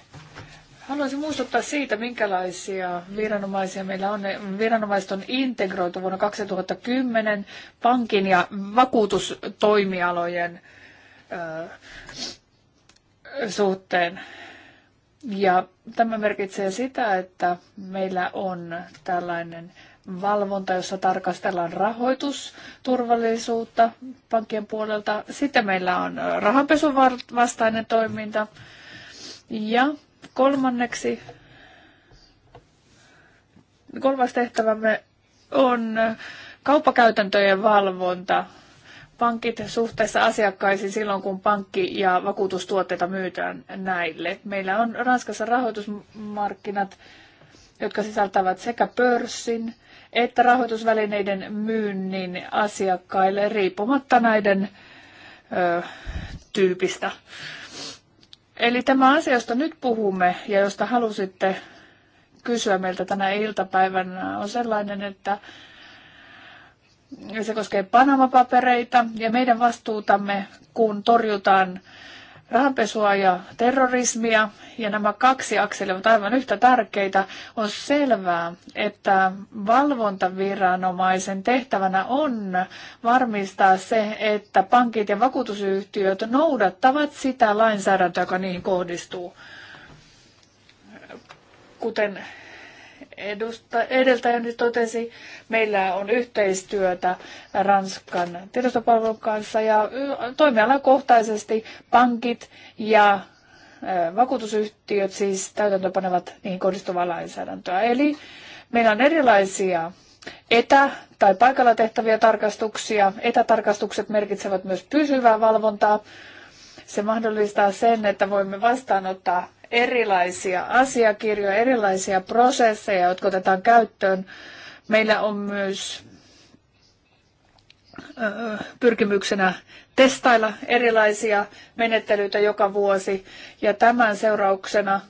Speaker 3: Haluaisin muistuttaa siitä, minkälaisia viranomaisia meillä on. Viranomaiset on integroitu vuonna 2010 pankin ja vakuutustoimialojen suhteen. Ja tämä merkitsee sitä, että meillä on tällainen valvonta, jossa tarkastellaan rahoitusturvallisuutta pankkien puolelta. Sitten meillä on rahanpesun vastainen toiminta ja Kolmanneksi, kolmas tehtävämme on kauppakäytäntöjen valvonta. Pankit suhteessa asiakkaisiin silloin, kun pankki- ja vakuutustuotteita myytään näille. Meillä on Ranskassa rahoitusmarkkinat, jotka sisältävät sekä pörssin että rahoitusvälineiden myynnin asiakkaille riippumatta näiden ö, tyypistä. Eli tämä asia, josta nyt puhumme ja josta halusitte kysyä meiltä tänä iltapäivänä, on sellainen, että se koskee Panama-papereita ja meidän vastuutamme, kun torjutaan rahanpesua ja terrorismia, ja nämä kaksi akselia ovat aivan yhtä tärkeitä, on selvää, että valvontaviranomaisen tehtävänä on varmistaa se, että pankit ja vakuutusyhtiöt noudattavat sitä lainsäädäntöä, joka niihin kohdistuu. Kuten edusta, edeltäjäni totesi, meillä on yhteistyötä Ranskan tiedostopalvelun kanssa ja toimialakohtaisesti pankit ja vakuutusyhtiöt siis täytäntöpanevat niihin kohdistuvaa lainsäädäntöä. Eli meillä on erilaisia etä- tai paikalla tehtäviä tarkastuksia. Etätarkastukset merkitsevät myös pysyvää valvontaa. Se mahdollistaa sen, että voimme vastaanottaa erilaisia asiakirjoja, erilaisia prosesseja, jotka otetaan käyttöön. Meillä on myös äh, pyrkimyksenä testailla erilaisia menettelyitä joka vuosi ja tämän seurauksena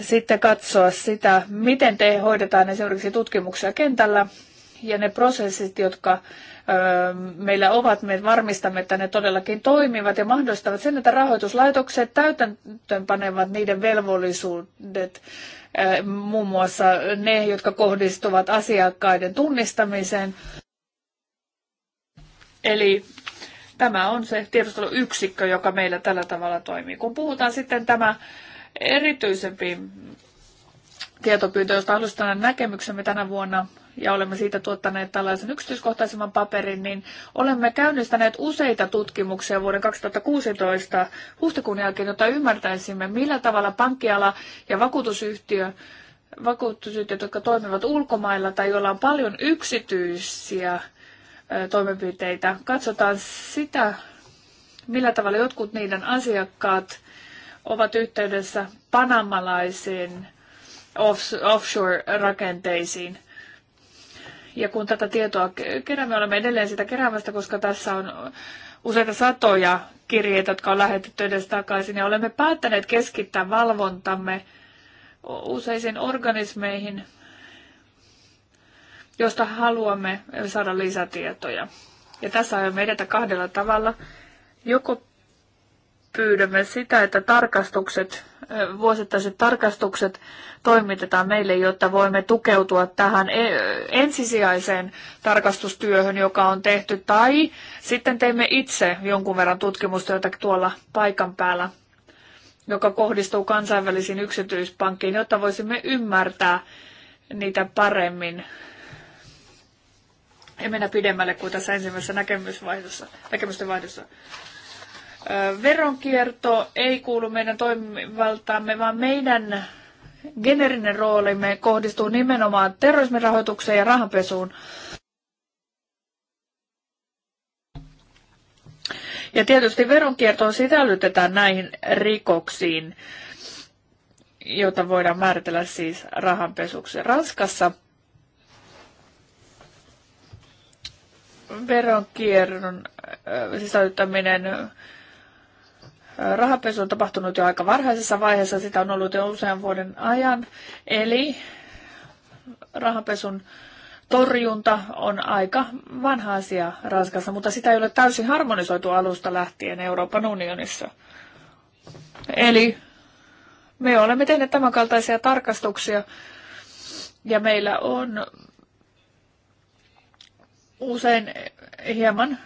Speaker 3: sitten katsoa sitä, miten te hoidetaan esimerkiksi tutkimuksia kentällä ja ne prosessit, jotka meillä ovat, me varmistamme, että ne todellakin toimivat ja mahdollistavat sen, että rahoituslaitokset täytäntöönpanevat niiden velvollisuudet, muun muassa ne, jotka kohdistuvat asiakkaiden tunnistamiseen. Eli tämä on se tiedusteluyksikkö, joka meillä tällä tavalla toimii. Kun puhutaan sitten tämä erityisempi tietopyyntö, josta halusimme näkemyksemme tänä vuonna ja olemme siitä tuottaneet tällaisen yksityiskohtaisemman paperin, niin olemme käynnistäneet useita tutkimuksia vuoden 2016 huhtikuun jälkeen, jotta ymmärtäisimme, millä tavalla pankkiala ja vakuutusyhtiö vakuutusyhtiöt, jotka toimivat ulkomailla tai joilla on paljon yksityisiä toimenpiteitä. Katsotaan sitä, millä tavalla jotkut niiden asiakkaat ovat yhteydessä panamalaisiin offshore-rakenteisiin. Ja kun tätä tietoa keräämme, olemme edelleen sitä keräämästä, koska tässä on useita satoja kirjeitä, jotka on lähetetty edes takaisin, ja olemme päättäneet keskittää valvontamme useisiin organismeihin, josta haluamme saada lisätietoja. Ja tässä aiomme edetä kahdella tavalla. Joko pyydämme sitä, että tarkastukset, vuosittaiset tarkastukset toimitetaan meille, jotta voimme tukeutua tähän ensisijaiseen tarkastustyöhön, joka on tehty, tai sitten teemme itse jonkun verran tutkimustyötä tuolla paikan päällä, joka kohdistuu kansainvälisiin yksityispankkiin, jotta voisimme ymmärtää niitä paremmin ja mennä pidemmälle kuin tässä ensimmäisessä näkemysvaihdossa, näkemysten vaihdossa. Veronkierto ei kuulu meidän toimivaltaamme, vaan meidän generinen roolimme kohdistuu nimenomaan terrorismin rahoitukseen ja rahanpesuun. Ja tietysti veronkiertoon sisällytetään näihin rikoksiin, joita voidaan määritellä siis rahanpesuksi. Ranskassa veronkierron sisällyttäminen Rahapesu on tapahtunut jo aika varhaisessa vaiheessa, sitä on ollut jo usean vuoden ajan. Eli rahapesun torjunta on aika vanha asia Ranskassa, mutta sitä ei ole täysin harmonisoitu alusta lähtien Euroopan unionissa. Eli me olemme tehneet tämänkaltaisia tarkastuksia ja meillä on usein hieman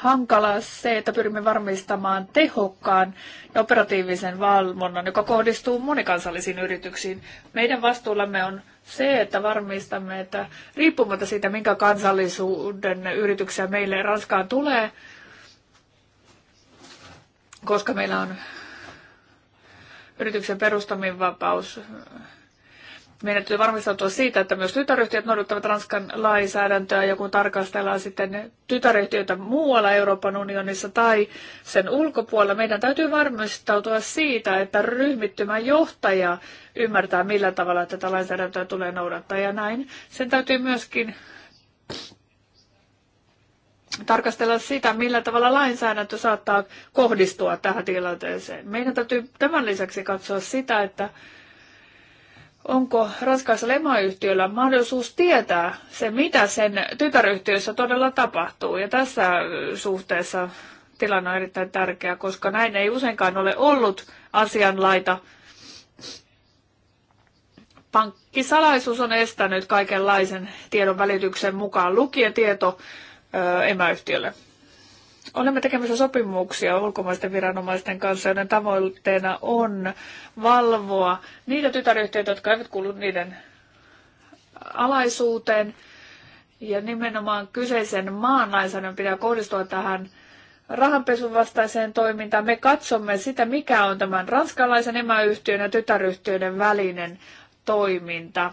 Speaker 3: hankalaa se, että pyrimme varmistamaan tehokkaan ja operatiivisen valvonnan, joka kohdistuu monikansallisiin yrityksiin. Meidän vastuullamme on se, että varmistamme, että riippumatta siitä, minkä kansallisuuden yrityksiä meille Ranskaan tulee, koska meillä on yrityksen perustaminen vapaus meidän täytyy varmistautua siitä, että myös tytäryhtiöt noudattavat Ranskan lainsäädäntöä ja kun tarkastellaan sitten tytäryhtiöitä muualla Euroopan unionissa tai sen ulkopuolella, meidän täytyy varmistautua siitä, että ryhmittymän johtaja ymmärtää millä tavalla tätä lainsäädäntöä tulee noudattaa ja näin. Sen täytyy myöskin tarkastella sitä, millä tavalla lainsäädäntö saattaa kohdistua tähän tilanteeseen. Meidän täytyy tämän lisäksi katsoa sitä, että onko Ranskassa lemayhtiöllä mahdollisuus tietää se, mitä sen tytäryhtiössä todella tapahtuu. Ja tässä suhteessa tilanne on erittäin tärkeä, koska näin ei useinkaan ole ollut asianlaita. Pankkisalaisuus on estänyt kaikenlaisen tiedon välityksen mukaan tieto emäyhtiölle. Olemme tekemässä sopimuksia ulkomaisten viranomaisten kanssa, joiden tavoitteena on valvoa niitä tytäryhtiöitä, jotka eivät kuulu niiden alaisuuteen. Ja nimenomaan kyseisen maan lainsäädännön pitää kohdistua tähän rahanpesun vastaiseen toimintaan. Me katsomme sitä, mikä on tämän ranskalaisen emäyhtiön ja tytäryhtiöiden välinen toiminta.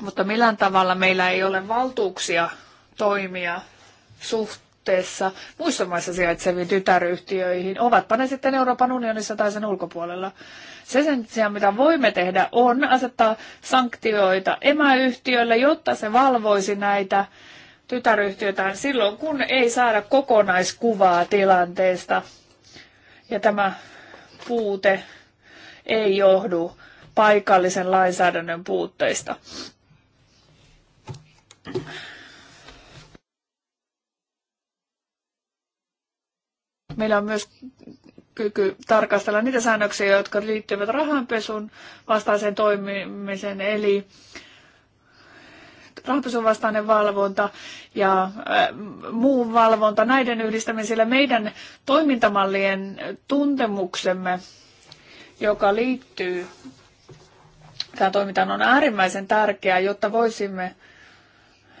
Speaker 3: Mutta millään tavalla meillä ei ole valtuuksia toimia suhteessa muissa maissa sijaitseviin tytäryhtiöihin, ovatpa ne sitten Euroopan unionissa tai sen ulkopuolella. Se sen sijaan, mitä voimme tehdä, on asettaa sanktioita emäyhtiölle, jotta se valvoisi näitä tytäryhtiötään silloin, kun ei saada kokonaiskuvaa tilanteesta. Ja tämä puute ei johdu paikallisen lainsäädännön puutteista. Meillä on myös kyky tarkastella niitä säännöksiä, jotka liittyvät rahanpesun vastaiseen toimimiseen, eli rahanpesun vastainen valvonta ja äh, muu valvonta näiden yhdistämisellä meidän toimintamallien tuntemuksemme, joka liittyy tähän toimintaan on äärimmäisen tärkeää, jotta voisimme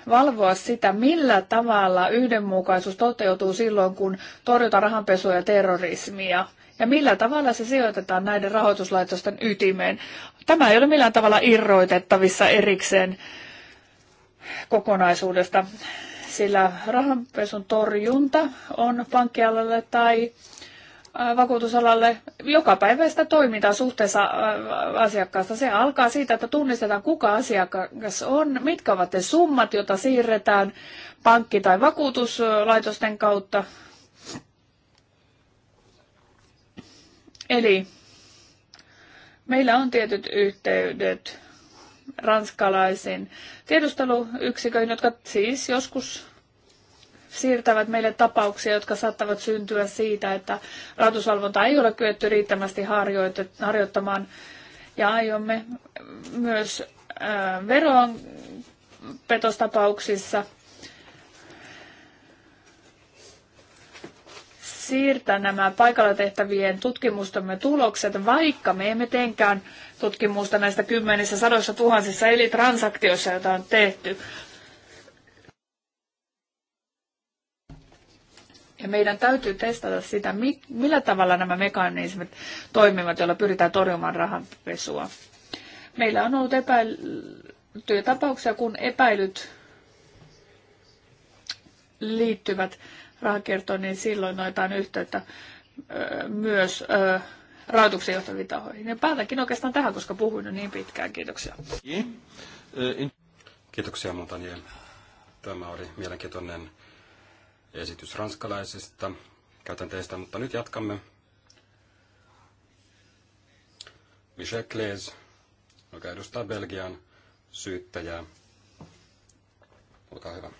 Speaker 3: valvoa sitä, millä tavalla yhdenmukaisuus toteutuu silloin, kun torjutaan rahanpesua ja terrorismia. Ja millä tavalla se sijoitetaan näiden rahoituslaitosten ytimeen. Tämä ei ole millään tavalla irroitettavissa erikseen kokonaisuudesta, sillä rahanpesun torjunta on pankkialalle tai vakuutusalalle jokapäiväistä toimintaa suhteessa äh, asiakkaasta. Se alkaa siitä, että tunnistetaan kuka asiakas on, mitkä ovat ne summat, joita siirretään pankki- tai vakuutuslaitosten kautta. Eli meillä on tietyt yhteydet ranskalaisiin tiedusteluyksiköihin, jotka siis joskus siirtävät meille tapauksia, jotka saattavat syntyä siitä, että rahoitusvalvonta ei ole kyetty riittävästi harjoittamaan. Ja aiomme myös äh, petostapauksissa siirtää nämä paikalla tehtävien tutkimustamme tulokset, vaikka me emme teenkään tutkimusta näistä kymmenissä, sadoissa, tuhansissa eli transaktioissa, joita on tehty, Ja meidän täytyy testata sitä, millä tavalla nämä mekanismit toimivat, joilla pyritään torjumaan rahanpesua. Meillä on ollut epäiltyjä tapauksia, kun epäilyt liittyvät rahakiertoon, niin silloin noitaan yhteyttä myös rahoituksen johtaviin tahoihin. Ja päätänkin oikeastaan tähän, koska puhuin jo niin pitkään. Kiitoksia.
Speaker 2: Kiitoksia, Montaniel. Tämä oli mielenkiintoinen esitys ranskalaisista käytänteistä, mutta nyt jatkamme. Michel Claes, joka edustaa Belgian syyttäjää. Olkaa hyvä.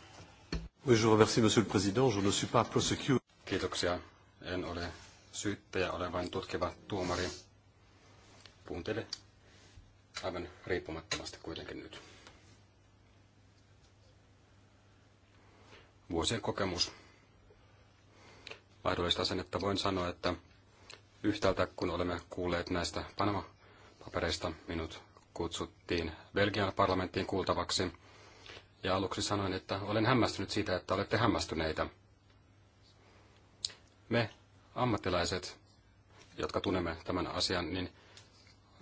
Speaker 1: Oui, je remercie, monsieur le président. Je ne suis pas prosecu... Kiitoksia.
Speaker 2: En ole syyttäjä, olen vain tutkiva tuomari. Puhun teille aivan riippumattomasti kuitenkin nyt. Vuosien kokemus laadullista asennetta voin sanoa, että yhtäältä kun olemme kuulleet näistä Panama-papereista, minut kutsuttiin Belgian parlamenttiin kuultavaksi. Ja aluksi sanoin, että olen hämmästynyt siitä, että olette hämmästyneitä. Me ammattilaiset, jotka tunnemme tämän asian, niin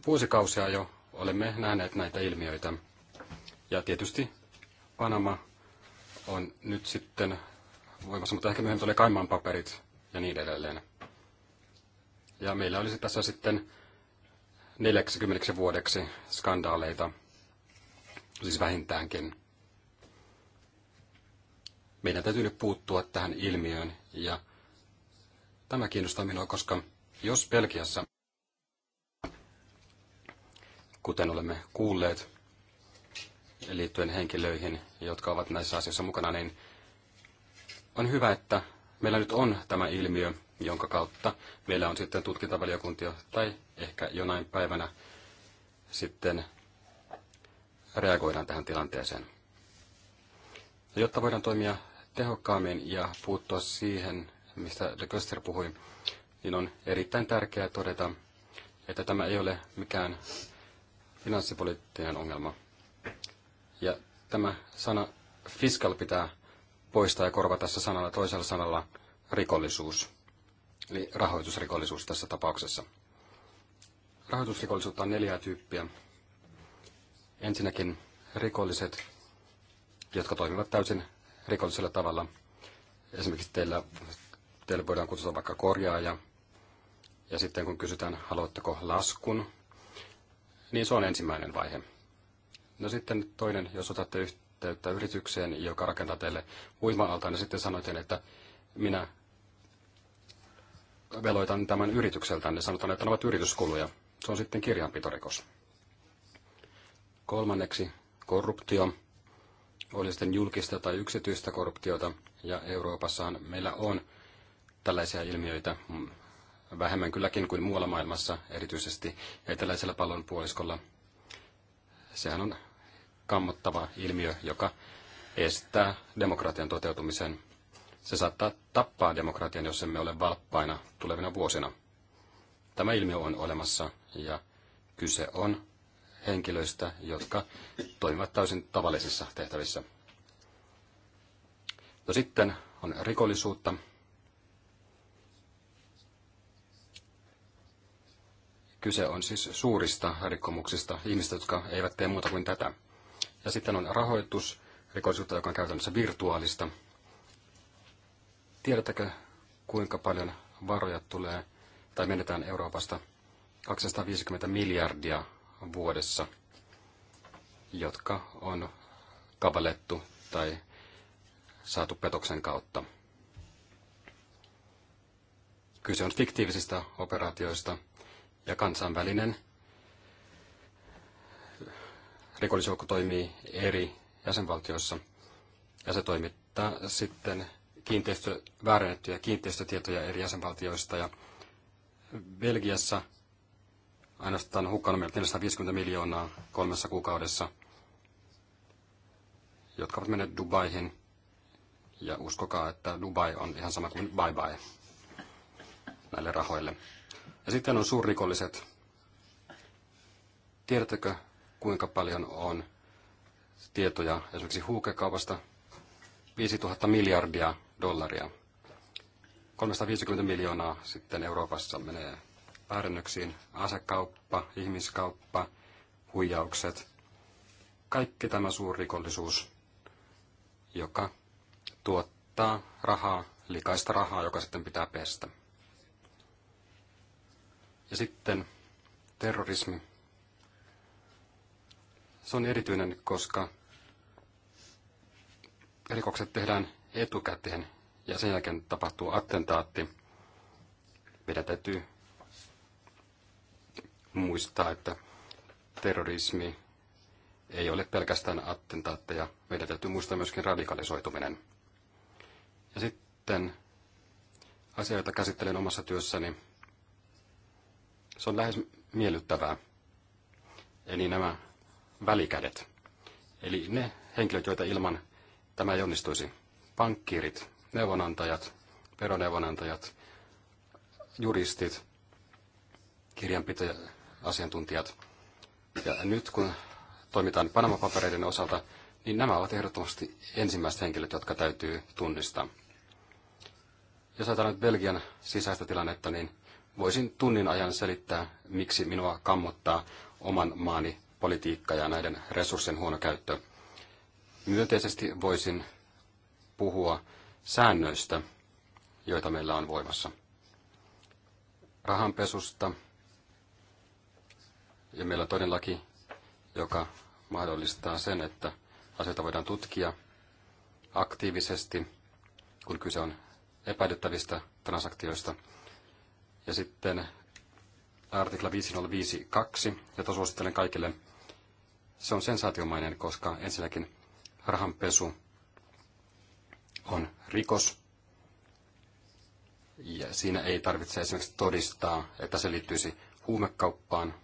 Speaker 2: vuosikausia jo olemme nähneet näitä ilmiöitä. Ja tietysti Panama on nyt sitten voimassa, mutta ehkä myöhemmin tulee Kaimaan paperit ja niin edelleen. Ja meillä olisi tässä sitten 40 vuodeksi skandaaleita, siis vähintäänkin. Meidän täytyy nyt puuttua tähän ilmiöön ja tämä kiinnostaa minua, koska jos Belgiassa, kuten olemme kuulleet liittyen henkilöihin, jotka ovat näissä asioissa mukana, niin on hyvä, että meillä nyt on tämä ilmiö, jonka kautta meillä on sitten tutkintavaliokuntia tai ehkä jonain päivänä sitten reagoidaan tähän tilanteeseen. Ja jotta voidaan toimia tehokkaammin ja puuttua siihen, mistä De Köster puhui, niin on erittäin tärkeää todeta, että tämä ei ole mikään finanssipoliittinen ongelma. Ja tämä sana fiscal pitää poistaa ja korvata tässä sanalla toisella sanalla rikollisuus, eli rahoitusrikollisuus tässä tapauksessa. Rahoitusrikollisuutta on neljää tyyppiä. Ensinnäkin rikolliset, jotka toimivat täysin rikollisella tavalla. Esimerkiksi teillä, teillä voidaan kutsua vaikka korjaaja, ja sitten kun kysytään, haluatteko laskun, niin se on ensimmäinen vaihe. No sitten toinen, jos otatte yhteyttä yhteyttä yritykseen, joka rakentaa teille uima-altaan, ja sitten sanoitte, että minä veloitan tämän yritykseltään, niin sanotaan, että ne ovat yrityskuluja. Se on sitten kirjanpitorikos. Kolmanneksi korruptio. Oli sitten julkista tai yksityistä korruptiota, ja Euroopassahan meillä on tällaisia ilmiöitä mm, vähemmän kylläkin kuin muualla maailmassa, erityisesti eteläisellä pallonpuoliskolla. Sehän on kammottava ilmiö, joka estää demokratian toteutumisen. Se saattaa tappaa demokratian, jos emme ole valppaina tulevina vuosina. Tämä ilmiö on olemassa ja kyse on henkilöistä, jotka toimivat täysin tavallisissa tehtävissä. No sitten on rikollisuutta. Kyse on siis suurista rikkomuksista, ihmistä, jotka eivät tee muuta kuin tätä. Ja sitten on rikollisuutta, joka on käytännössä virtuaalista. Tiedättekö, kuinka paljon varoja tulee tai menetään Euroopasta 250 miljardia vuodessa, jotka on kavalettu tai saatu petoksen kautta. Kyse on fiktiivisistä operaatioista ja kansainvälinen rikollisjoukko toimii eri jäsenvaltioissa ja se toimittaa sitten kiinteistö, väärennettyjä kiinteistötietoja eri jäsenvaltioista ja Belgiassa ainoastaan hukkana 450 miljoonaa kolmessa kuukaudessa, jotka ovat menneet Dubaihin. Ja uskokaa, että Dubai on ihan sama kuin bye bye näille rahoille. Ja sitten on suurrikolliset. Tiedättekö, kuinka paljon on tietoja esimerkiksi huukekaupasta. 5000 miljardia dollaria. 350 miljoonaa sitten Euroopassa menee väärennöksiin. Asekauppa, ihmiskauppa, huijaukset. Kaikki tämä suurrikollisuus, joka tuottaa rahaa, likaista rahaa, joka sitten pitää pestä. Ja sitten terrorismi. Se on erityinen, koska rikokset tehdään etukäteen ja sen jälkeen tapahtuu attentaatti. Meidän täytyy muistaa, että terrorismi ei ole pelkästään attentaatteja. Meidän täytyy muistaa myöskin radikalisoituminen. Ja sitten asia, jota käsittelen omassa työssäni, se on lähes miellyttävää. Eli nämä välikädet. Eli ne henkilöt, joita ilman tämä ei onnistuisi. Pankkiirit, neuvonantajat, veroneuvonantajat, juristit, kirjanpitoasiantuntijat. Ja nyt kun toimitaan Panama-papereiden osalta, niin nämä ovat ehdottomasti ensimmäiset henkilöt, jotka täytyy tunnistaa. Jos ajatellaan nyt Belgian sisäistä tilannetta, niin voisin tunnin ajan selittää, miksi minua kammottaa oman maani politiikka ja näiden resurssien huono käyttö. Myönteisesti voisin puhua säännöistä, joita meillä on voimassa. Rahanpesusta, ja meillä on toinen laki, joka mahdollistaa sen, että asioita voidaan tutkia aktiivisesti, kun kyse on epäilyttävistä transaktioista. Ja sitten artikla 5052, jota suosittelen kaikille, se on sensaatiomainen, koska ensinnäkin rahanpesu on rikos. Ja siinä ei tarvitse esimerkiksi todistaa, että se liittyisi huumekauppaan.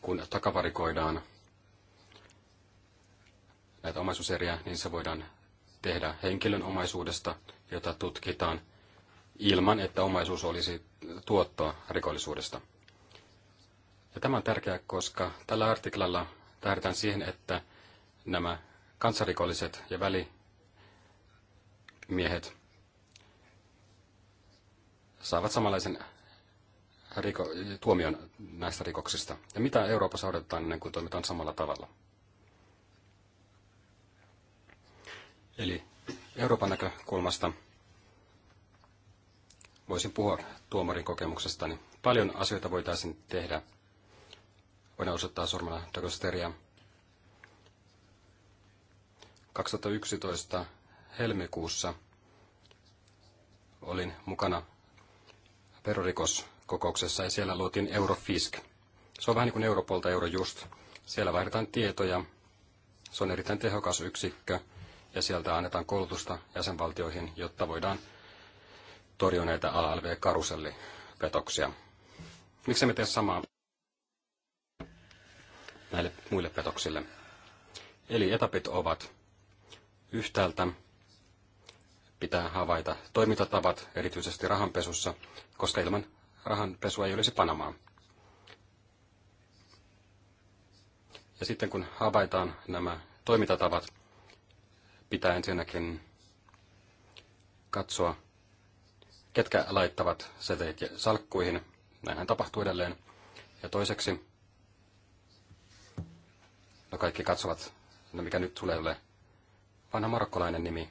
Speaker 2: Kun takavarikoidaan näitä omaisuuseriä, niin se voidaan tehdä henkilön omaisuudesta, jota tutkitaan ilman, että omaisuus olisi tuottoa rikollisuudesta. Ja tämä on tärkeää, koska tällä artiklalla tähdetään siihen, että nämä kansarikolliset ja välimiehet saavat samanlaisen riko, tuomion näistä rikoksista. Ja mitä Euroopassa odotetaan ennen kuin toimitaan samalla tavalla? Eli Euroopan näkökulmasta voisin puhua tuomarin kokemuksestani. Paljon asioita voitaisiin tehdä. Voidaan osoittaa sormella Dagosteria. 2011 helmikuussa olin mukana verorikoskokouksessa ja siellä luotiin Eurofisk. Se on vähän niin kuin Europol tai Eurojust. Siellä vaihdetaan tietoja. Se on erittäin tehokas yksikkö ja sieltä annetaan koulutusta jäsenvaltioihin, jotta voidaan torjua näitä ALV-karusellipetoksia. Miksi me tee samaa näille muille petoksille? Eli etapit ovat yhtäältä pitää havaita toimintatavat, erityisesti rahanpesussa, koska ilman rahanpesua ei olisi Panamaa. Ja sitten kun havaitaan nämä toimintatavat, pitää ensinnäkin katsoa, ketkä laittavat setelit salkkuihin. Näinhän tapahtuu edelleen. Ja toiseksi, no kaikki katsovat, no mikä nyt tulee ole vanha marokkolainen nimi,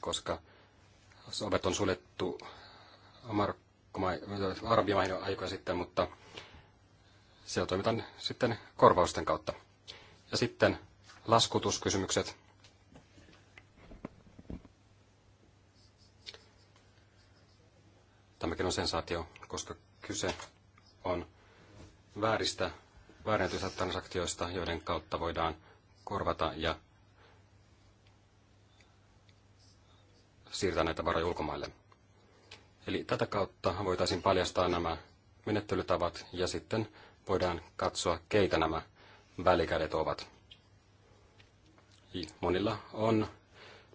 Speaker 2: koska ovet on suljettu arabimaihin aikoja sitten, mutta siellä toimitaan sitten korvausten kautta. Ja sitten laskutuskysymykset. tämäkin on sensaatio, koska kyse on vääristä, väärennetyistä transaktioista, joiden kautta voidaan korvata ja siirtää näitä varoja ulkomaille. Eli tätä kautta voitaisiin paljastaa nämä menettelytavat ja sitten voidaan katsoa, keitä nämä välikädet ovat. Monilla on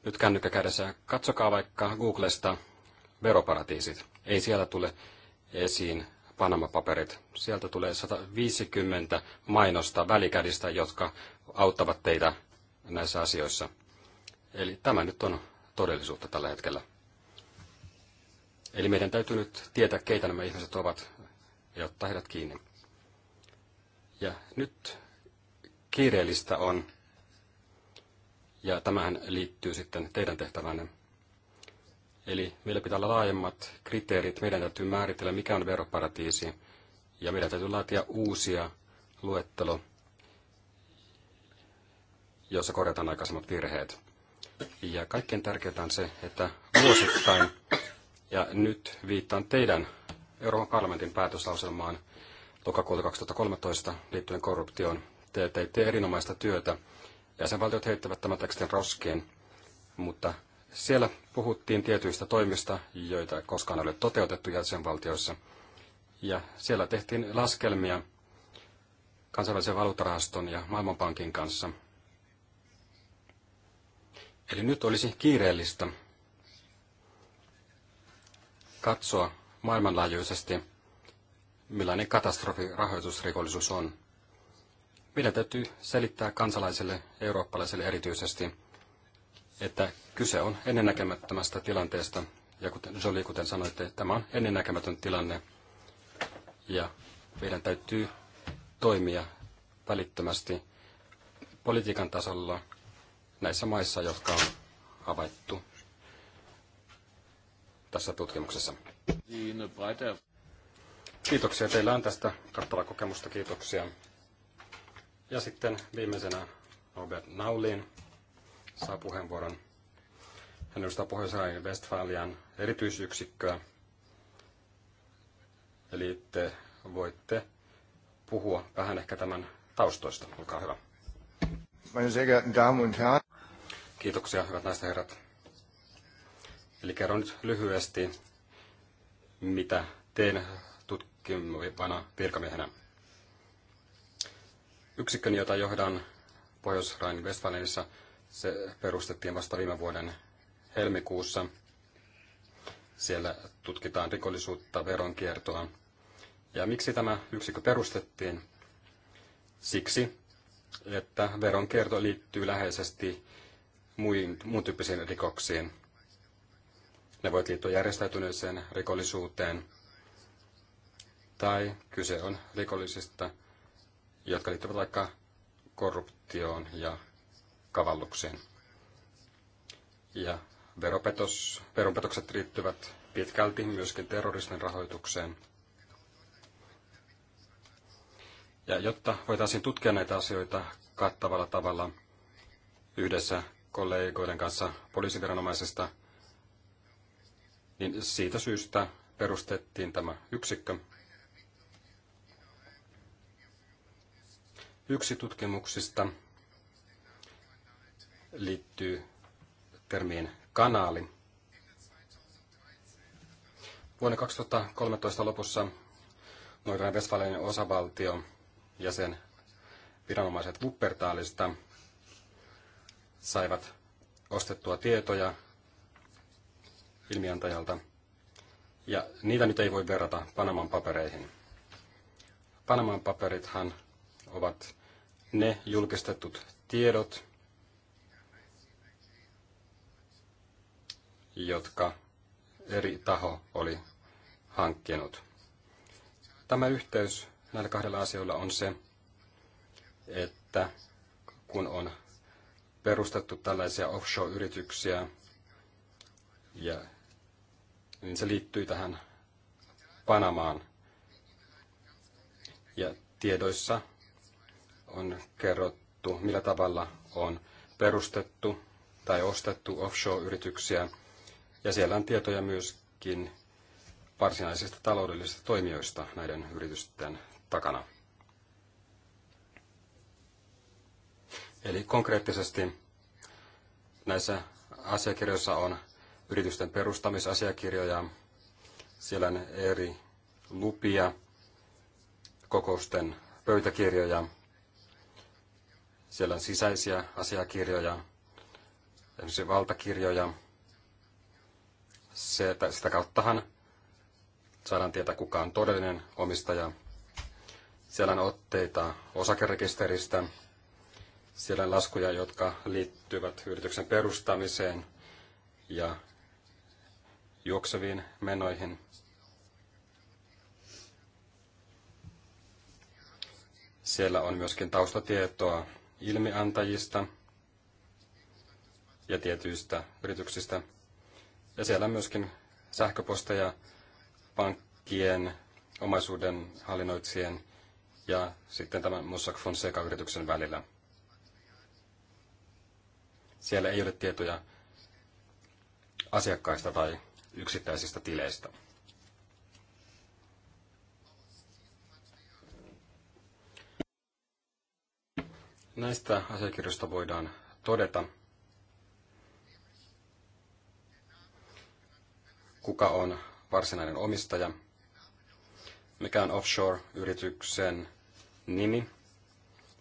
Speaker 2: nyt kännykkä kädessä. Katsokaa vaikka Googlesta veroparatiisit. Ei siellä tule esiin Panama-paperit. Sieltä tulee 150 mainosta välikädistä, jotka auttavat teitä näissä asioissa. Eli tämä nyt on todellisuutta tällä hetkellä. Eli meidän täytyy nyt tietää, keitä nämä ihmiset ovat ja ottaa heidät kiinni. Ja nyt kiireellistä on, ja tämähän liittyy sitten teidän tehtävänne, Eli meillä pitää olla laajemmat kriteerit. Meidän täytyy määritellä, mikä on veroparatiisi. Ja meidän täytyy laatia uusia luettelo, jossa korjataan aikaisemmat virheet. Ja kaikkein tärkeintä on se, että vuosittain, ja nyt viittaan teidän Euroopan parlamentin päätöslauselmaan lokakuuta 2013 liittyen korruptioon, te teitte erinomaista työtä. valtiot heittävät tämän tekstin roskiin, mutta siellä puhuttiin tietyistä toimista, joita koskaan ei ole toteutettu jäsenvaltioissa. Ja siellä tehtiin laskelmia kansainvälisen valuuttarahaston ja Maailmanpankin kanssa. Eli nyt olisi kiireellistä katsoa maailmanlaajuisesti, millainen katastrofi rahoitusrikollisuus on. Meidän täytyy selittää kansalaisille, eurooppalaisille erityisesti, että kyse on ennennäkemättömästä tilanteesta. Ja kuten Jolie, kuten sanoitte, tämä on ennennäkemätön tilanne. Ja meidän täytyy toimia välittömästi politiikan tasolla näissä maissa, jotka on havaittu tässä tutkimuksessa. Kiitoksia. Teillä on tästä kattava kokemusta. Kiitoksia. Ja sitten viimeisenä Robert Naulin saa puheenvuoron. Hän edustaa pohjois Westfalian erityisyksikköä. Eli te voitte puhua vähän ehkä tämän taustoista. Olkaa hyvä. Kiitoksia, hyvät naiset ja herrat. Eli kerron nyt lyhyesti, mitä tein tutkimuvana virkamiehenä. Yksikköni, jota johdan Pohjois-Rhein-Westfalenissa, se perustettiin vasta viime vuoden helmikuussa. Siellä tutkitaan rikollisuutta, veronkiertoa. Ja miksi tämä yksikkö perustettiin? Siksi, että veronkierto liittyy läheisesti muihin, muun tyyppisiin rikoksiin. Ne voivat liittyä järjestäytyneeseen rikollisuuteen tai kyse on rikollisista, jotka liittyvät vaikka korruptioon ja kavalluksiin. Ja veropetos, veronpetokset liittyvät pitkälti myöskin terrorismin rahoitukseen. Ja jotta voitaisiin tutkia näitä asioita kattavalla tavalla yhdessä kollegoiden kanssa poliisiviranomaisesta, niin siitä syystä perustettiin tämä yksikkö. Yksi tutkimuksista liittyy termiin kanaali. Vuonna 2013 lopussa Noiran Westfalenin osavaltio ja sen viranomaiset Wuppertaalista saivat ostettua tietoja ilmiantajalta, ja niitä nyt ei voi verrata Panaman papereihin. Panaman paperithan ovat ne julkistetut tiedot, jotka eri taho oli hankkinut. Tämä yhteys näillä kahdella asioilla on se, että kun on perustettu tällaisia offshore-yrityksiä, ja, niin se liittyy tähän Panamaan. Ja tiedoissa on kerrottu, millä tavalla on perustettu tai ostettu offshore-yrityksiä ja siellä on tietoja myöskin varsinaisista taloudellisista toimijoista näiden yritysten takana. Eli konkreettisesti näissä asiakirjoissa on yritysten perustamisasiakirjoja, siellä on eri lupia, kokousten pöytäkirjoja, siellä on sisäisiä asiakirjoja, esimerkiksi valtakirjoja, se, sitä kauttahan saadaan tietää, kuka on todellinen omistaja. Siellä on otteita osakerekisteristä. Siellä on laskuja, jotka liittyvät yrityksen perustamiseen ja juokseviin menoihin. Siellä on myöskin taustatietoa ilmiantajista ja tietyistä yrityksistä. Ja siellä on myöskin sähköposteja pankkien, omaisuuden hallinnoitsijien ja sitten tämän Mossack Fonseca-yrityksen välillä. Siellä ei ole tietoja asiakkaista tai yksittäisistä tileistä. Näistä asiakirjoista voidaan todeta, kuka on varsinainen omistaja, mikä on offshore-yrityksen nimi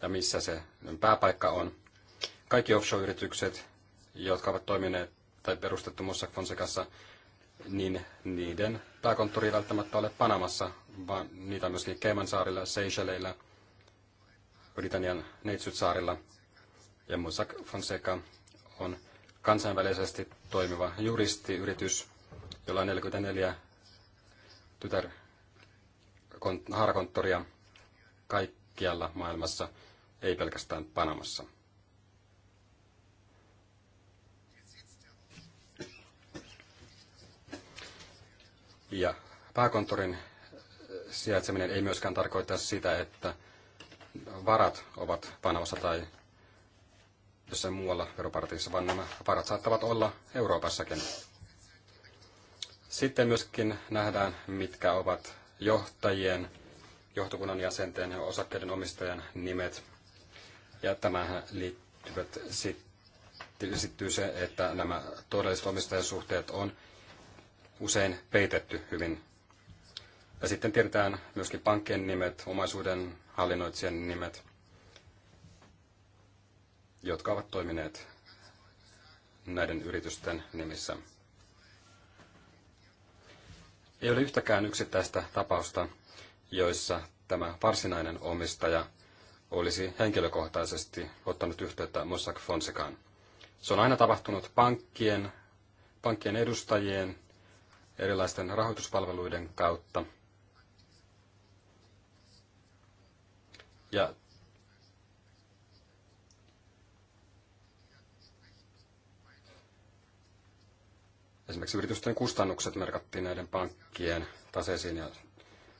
Speaker 2: ja missä se pääpaikka on. Kaikki offshore-yritykset, jotka ovat toimineet tai perustettu Mossack Fonsecassa, niin niiden pääkonttori ei välttämättä ole Panamassa, vaan niitä on myöskin Caymansaarilla, Seychelleillä, Britannian Neitsytsaarilla. Ja Mossack Fonseca on kansainvälisesti toimiva juristiyritys, jolla on 44 tytär haarakonttoria kaikkialla maailmassa, ei pelkästään Panamassa. Ja pääkonttorin äh, sijaitseminen ei myöskään tarkoita sitä, että varat ovat Panamassa tai jossain muualla veroparatiisissa, vaan nämä varat saattavat olla Euroopassakin. Sitten myöskin nähdään, mitkä ovat johtajien, johtokunnan jäsenten ja osakkeiden omistajan nimet. Ja tämähän liittyvät sitten se, että nämä todelliset omistajasuhteet on usein peitetty hyvin. Ja sitten tiedetään myöskin pankkien nimet, omaisuuden hallinnoitsijan nimet, jotka ovat toimineet näiden yritysten nimissä. Ei ole yhtäkään yksittäistä tapausta, joissa tämä varsinainen omistaja olisi henkilökohtaisesti ottanut yhteyttä Mossack Fonsecaan. Se on aina tapahtunut pankkien, pankkien edustajien, erilaisten rahoituspalveluiden kautta. Ja Esimerkiksi yritysten kustannukset merkattiin näiden pankkien taseisiin. Ja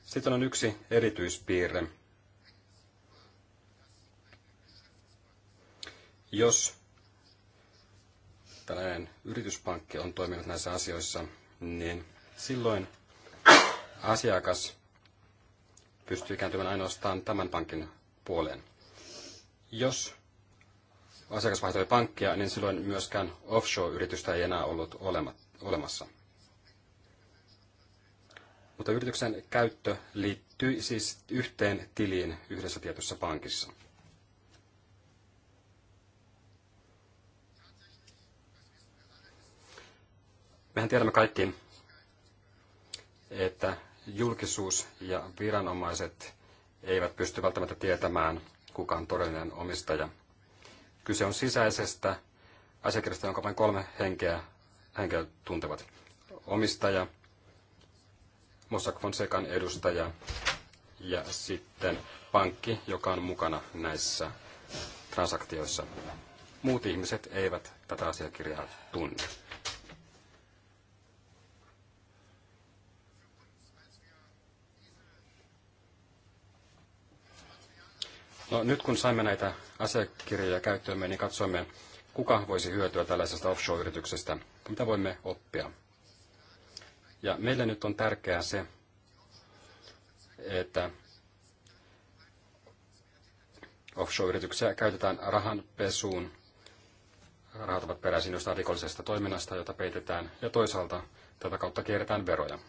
Speaker 2: sitten on yksi erityispiirre. Jos tällainen yrityspankki on toiminut näissä asioissa, niin silloin asiakas pystyy kääntymään ainoastaan tämän pankin puoleen. Jos asiakas vaihtoi pankkia, niin silloin myöskään offshore-yritystä ei enää ollut olemat olemassa. Mutta yrityksen käyttö liittyy siis yhteen tiliin yhdessä tietyssä pankissa. Mehän tiedämme kaikki, että julkisuus ja viranomaiset eivät pysty välttämättä tietämään, kuka on todellinen omistaja. Kyse on sisäisestä asiakirjasta, jonka vain kolme henkeä henkilöt tuntevat. Omistaja, Mossack Fonsecan edustaja ja sitten pankki, joka on mukana näissä transaktioissa. Muut ihmiset eivät tätä asiakirjaa tunne. No, nyt kun saimme näitä asiakirjoja käyttöömme, niin katsoimme, kuka voisi hyötyä tällaisesta offshore-yrityksestä mitä voimme oppia. Ja meille nyt on tärkeää se, että offshore-yrityksiä käytetään rahanpesuun. Rahat ovat peräisin jostain rikollisesta toiminnasta, jota peitetään, ja toisaalta tätä kautta kierretään veroja.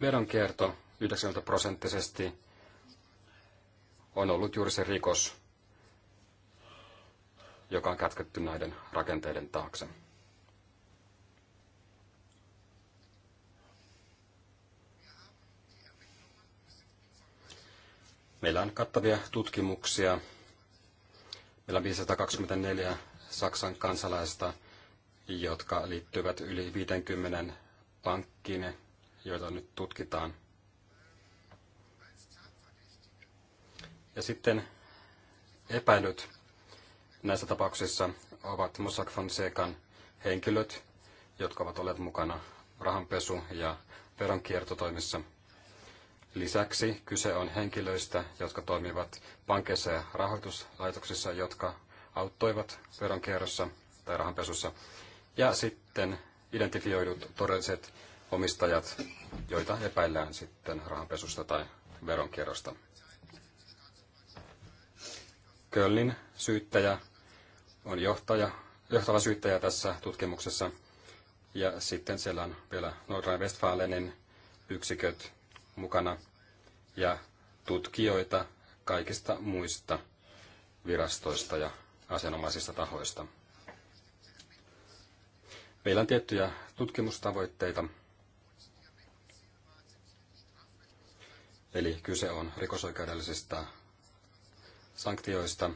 Speaker 2: Veronkierto 90 prosenttisesti on ollut juuri se rikos, joka on kätketty näiden rakenteiden taakse. Meillä on kattavia tutkimuksia. Meillä on 524 Saksan kansalaista, jotka liittyvät yli 50 pankkiin, joita nyt tutkitaan. Ja sitten epäilyt näissä tapauksissa ovat Mossack Fonsecan henkilöt, jotka ovat olleet mukana rahanpesu- ja veronkiertotoimissa. Lisäksi kyse on henkilöistä, jotka toimivat pankeissa ja rahoituslaitoksissa, jotka auttoivat veronkierrossa tai rahanpesussa. Ja sitten identifioidut todelliset omistajat, joita epäillään sitten rahanpesusta tai veronkierrosta. Köllin syyttäjä on johtaja, johtava syyttäjä tässä tutkimuksessa. Ja sitten siellä on vielä Nordrhein-Westfalenin yksiköt mukana ja tutkijoita kaikista muista virastoista ja asianomaisista tahoista. Meillä on tiettyjä tutkimustavoitteita. Eli kyse on rikosoikeudellisista sanktioista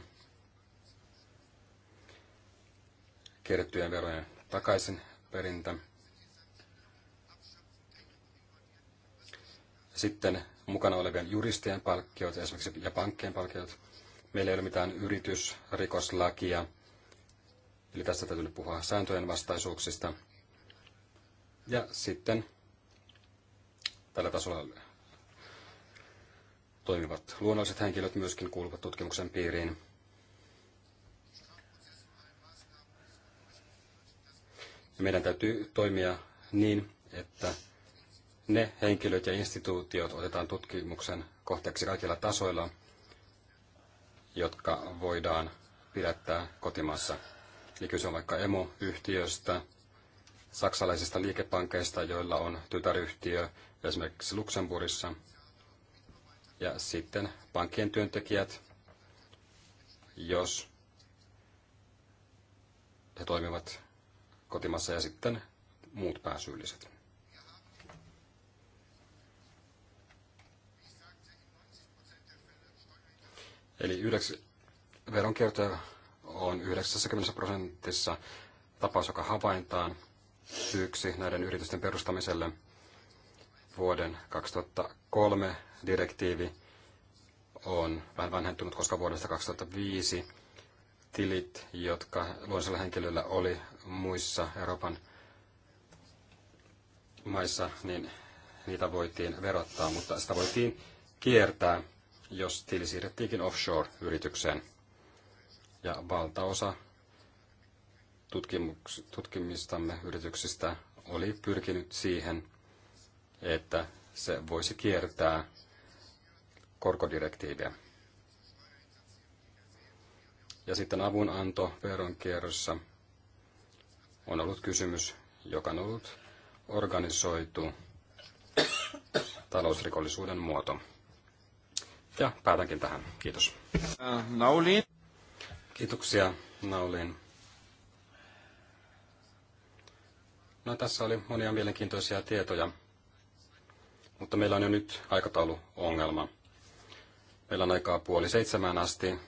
Speaker 2: kerättyjen verojen takaisin perintä. Sitten mukana olevien juristien palkkiot esimerkiksi ja pankkien palkkiot. Meillä ei ole mitään yritysrikoslakia, eli tässä täytyy puhua sääntöjen vastaisuuksista. Ja sitten tällä tasolla toimivat luonnolliset henkilöt myöskin kuuluvat tutkimuksen piiriin. Ja meidän täytyy toimia niin, että ne henkilöt ja instituutiot otetaan tutkimuksen kohteeksi kaikilla tasoilla, jotka voidaan pidättää kotimaassa. Eli kyse on vaikka emoyhtiöstä, saksalaisista liikepankeista, joilla on tytäryhtiö esimerkiksi Luxemburgissa. Ja sitten pankkien työntekijät, jos he toimivat kotimassa ja sitten muut pääsyylliset. Eli yhdeksi, veronkierto on 90 prosentissa tapaus, joka havaintaan syyksi näiden yritysten perustamiselle. Vuoden 2003 direktiivi on vähän vanhentunut, koska vuodesta 2005 tilit, jotka luonnollisella henkilöllä oli muissa Euroopan maissa, niin niitä voitiin verottaa, mutta sitä voitiin kiertää, jos tili siirrettiinkin offshore-yritykseen. Ja valtaosa tutkimistamme yrityksistä oli pyrkinyt siihen, että se voisi kiertää korkodirektiiviä. Ja sitten avunanto veronkierrossa – on ollut kysymys, joka on ollut organisoitu talousrikollisuuden muoto. Ja päätänkin tähän. Kiitos. Nauliin. Kiitoksia Nauliin. No tässä oli monia mielenkiintoisia tietoja, mutta meillä on jo nyt aikatauluongelma. Meillä on aikaa puoli seitsemään asti,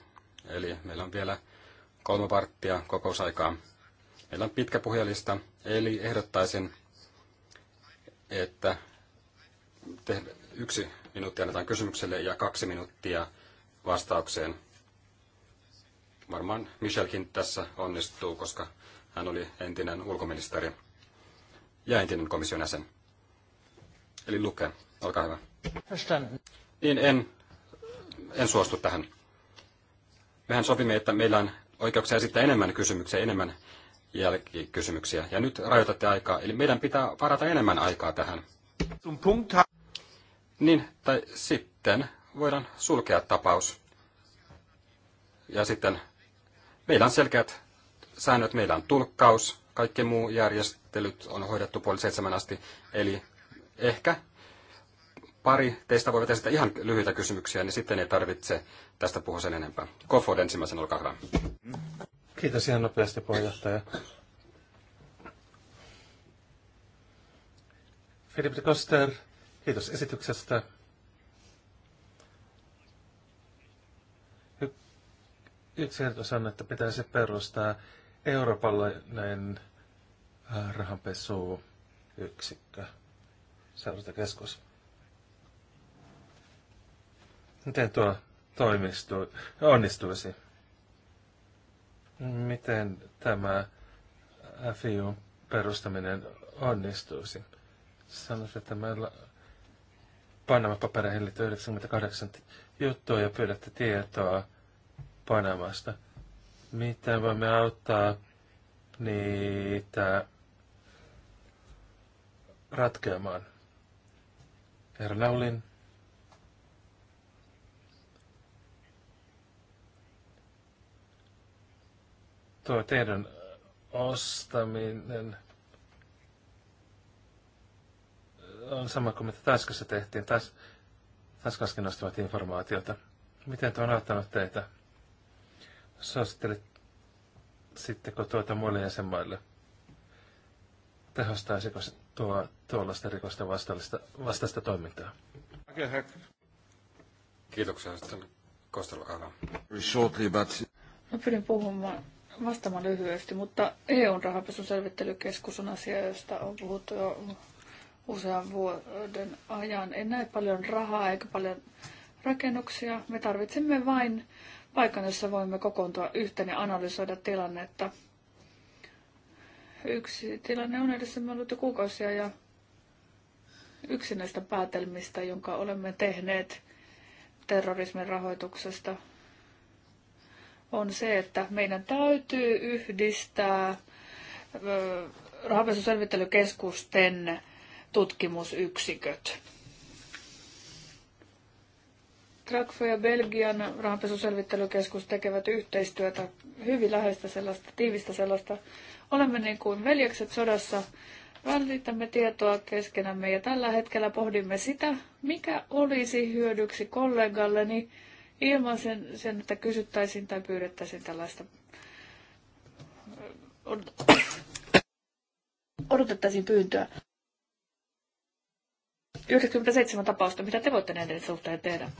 Speaker 2: eli meillä on vielä kolme varttia kokousaikaa. Meillä on pitkä puhelista, eli ehdottaisin, että yksi minuutti annetaan kysymykselle ja kaksi minuuttia vastaukseen. Varmaan Michelkin tässä onnistuu, koska hän oli entinen ulkoministeri ja entinen komission jäsen. Eli lukee, olkaa hyvä. Niin, en, en suostu tähän. Mehän sopimme, että meillä on oikeuksia esittää enemmän kysymyksiä, enemmän jälkikysymyksiä. Ja nyt rajoitatte aikaa, eli meidän pitää varata enemmän aikaa tähän. Niin, tai sitten voidaan sulkea tapaus. Ja sitten meillä on selkeät säännöt, meillä on tulkkaus, kaikki muu järjestelyt on hoidettu puoli seitsemän asti. Eli ehkä pari teistä voi esittää ihan lyhyitä kysymyksiä, niin sitten ei tarvitse tästä puhua sen enempää. Kofod ensimmäisen, olkaa hyvä.
Speaker 1: Kiitos ihan nopeasti puheenjohtaja. Filip de Koster, kiitos esityksestä. Yksi ehdotus on, että pitäisi perustaa eurooppalainen äh, rahanpesuyksikkö, seurantakeskus. Miten tuo toimistu, onnistuisi? Miten tämä FIUn perustaminen onnistuisi? Sanoit, että meillä Panama-papereihin liittyy 98 juttua ja pyydätte tietoa Panamasta. Miten voimme auttaa niitä ratkeamaan? Herra Naulin tuo tiedon ostaminen on sama kuin mitä Tanskassa tehtiin. Tans, Tanskaskin nostivat informaatiota. Miten tuo on auttanut teitä? Suosittelitteko tuota muille jäsenmaille? Tehostaisiko tuo, tuollaista rikosta vastaista, vastaista toimintaa?
Speaker 2: Kiitoksia sitten Kostelokaiva.
Speaker 1: Shortly, but...
Speaker 3: Mä pyrin puhumaan vastaamaan lyhyesti, mutta EUn rahapesun selvittelykeskus on asia, josta on puhuttu jo usean vuoden ajan. En näe paljon rahaa eikä paljon rakennuksia. Me tarvitsemme vain paikan, jossa voimme kokoontua yhteen ja analysoida tilannetta. Yksi tilanne on edessämme ollut jo kuukausia ja yksi näistä päätelmistä, jonka olemme tehneet terrorismin rahoituksesta – on se, että meidän täytyy yhdistää rahapesuselvittelykeskusten tutkimusyksiköt. Trakfo ja Belgian rahanpesuselvittelykeskus tekevät yhteistyötä, hyvin läheistä sellaista, tiivistä sellaista. Olemme niin kuin veljekset sodassa, välitämme tietoa keskenämme ja tällä hetkellä pohdimme sitä, mikä olisi hyödyksi kollegalleni, ilman sen, sen että kysyttäisiin tai pyydettäisiin tällaista odotettaisiin pyyntöä. 97 tapausta, mitä te voitte näiden suhteen tehdä?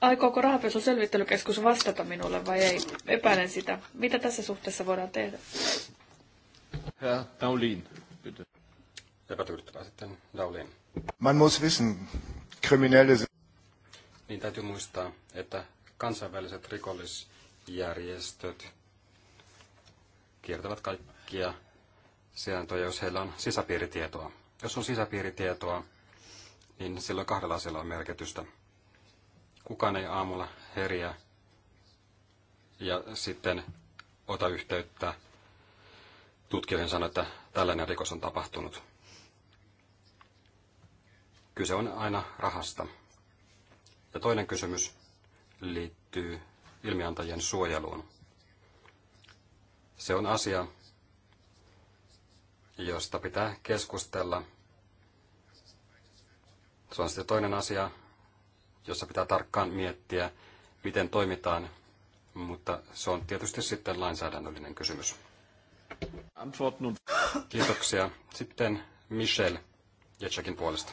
Speaker 3: Aikooko rahapesun selvittelykeskus vastata minulle vai ei? Epäilen sitä. Mitä tässä suhteessa voidaan tehdä?
Speaker 2: Herra Daulin, bitte. Epätyydyttävää sitten Daulin.
Speaker 3: Man muss wissen, kriminelle... sind...
Speaker 2: Niin täytyy muistaa, että kansainväliset rikollisjärjestöt kiertävät kaikkia sijaintoja, jos heillä on sisäpiiritietoa. Jos on sisäpiiritietoa, niin silloin kahdella asialla on merkitystä. Kukaan ei aamulla heriä ja sitten ota yhteyttä tutkijoihin sanoa, että tällainen rikos on tapahtunut. Kyse on aina rahasta. Ja toinen kysymys liittyy ilmiantajien suojeluun. Se on asia, josta pitää keskustella. Se on sitten toinen asia, jossa pitää tarkkaan miettiä, miten toimitaan, mutta se on tietysti sitten lainsäädännöllinen kysymys. Kiitoksia. Sitten Michelle, Jetsäkin
Speaker 1: puolesta.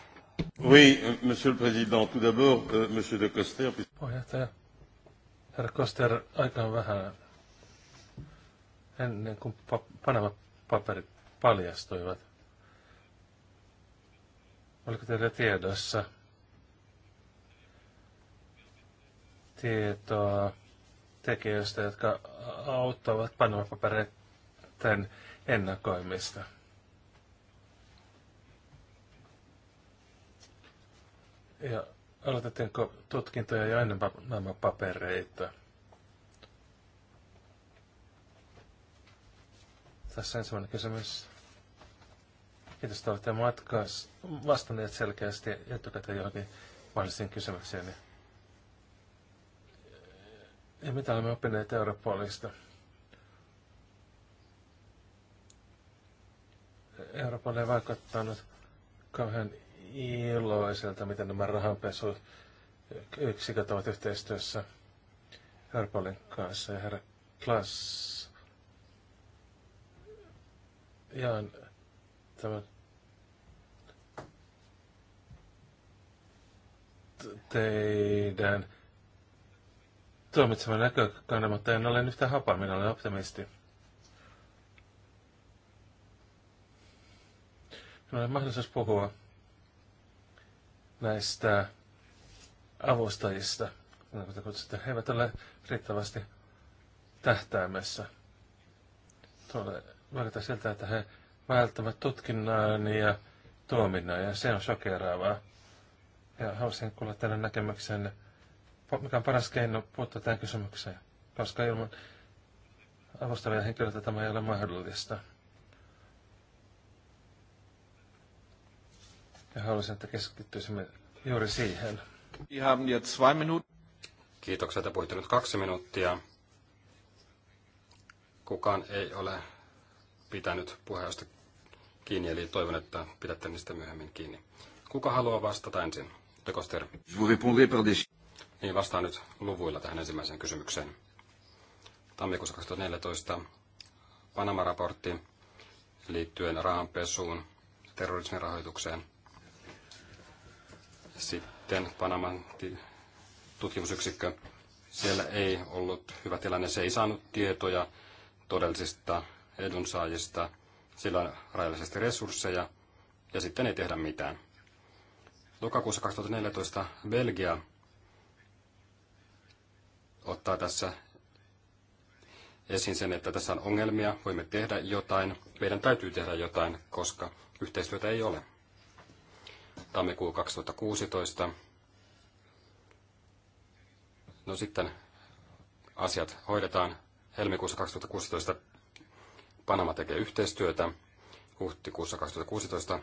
Speaker 1: Oui, euh, monsieur le président. Tout d'abord, euh, monsieur de Coster. Puheenjohtaja, herra Koster, aika on vähän ennen kuin pa- Panama-paperit paljastuivat. Oliko teillä tiedossa tietoa tekijöistä, jotka auttavat Panama-papereiden ennakoimista? Ja aloitettiinko tutkintoja jo ennen nämä papereita? Tässä ensimmäinen kysymys. Kiitos, että olette matkaas vastanneet selkeästi etukäteen johonkin mahdollisiin kysymyksiin. Ja mitä olemme oppineet Europolista? Euroopalle ei vaikuttanut kauhean iloiselta, miten nämä yksiköt ovat yhteistyössä Herpolin kanssa ja herra Klaas. Jaan tämän teidän tuomitsevan näkökannan, mutta en ole yhtään hapaa, minä olen optimisti. Minulla on mahdollisuus puhua näistä avustajista, kutsutte, he eivät ole riittävästi tähtäimessä. Tulee välitä siltä, että he välttävät tutkinnan ja tuominnan, ja se on shokeraavaa. Ja haluaisin kuulla teidän näkemyksenne, mikä on paras keino puuttua tähän kysymykseen, koska ilman avustavia henkilöitä tämä ei ole mahdollista. Ja haluaisin, että keskittyisimme juuri siihen. Ihan ja zwei minuuttia. Kiitoksia,
Speaker 2: että puhuitte nyt kaksi minuuttia. Kukaan ei ole pitänyt puheesta kiinni, eli toivon, että pidätte niistä myöhemmin kiinni. Kuka haluaa vastata ensin? Dekoster. Niin, vastaan nyt luvuilla tähän ensimmäiseen kysymykseen. Tammikuussa 2014 Panama-raportti liittyen rahanpesuun, terrorismin rahoitukseen. Sitten Panaman tutkimusyksikkö. Siellä ei ollut hyvä tilanne. Se ei saanut tietoja todellisista edunsaajista. Sillä on rajallisesti resursseja ja sitten ei tehdä mitään. Lokakuussa 2014 Belgia ottaa tässä esiin sen, että tässä on ongelmia, voimme tehdä jotain, meidän täytyy tehdä jotain, koska yhteistyötä ei ole tammikuu 2016. No sitten asiat hoidetaan. Helmikuussa 2016 Panama tekee yhteistyötä. Huhtikuussa 2016,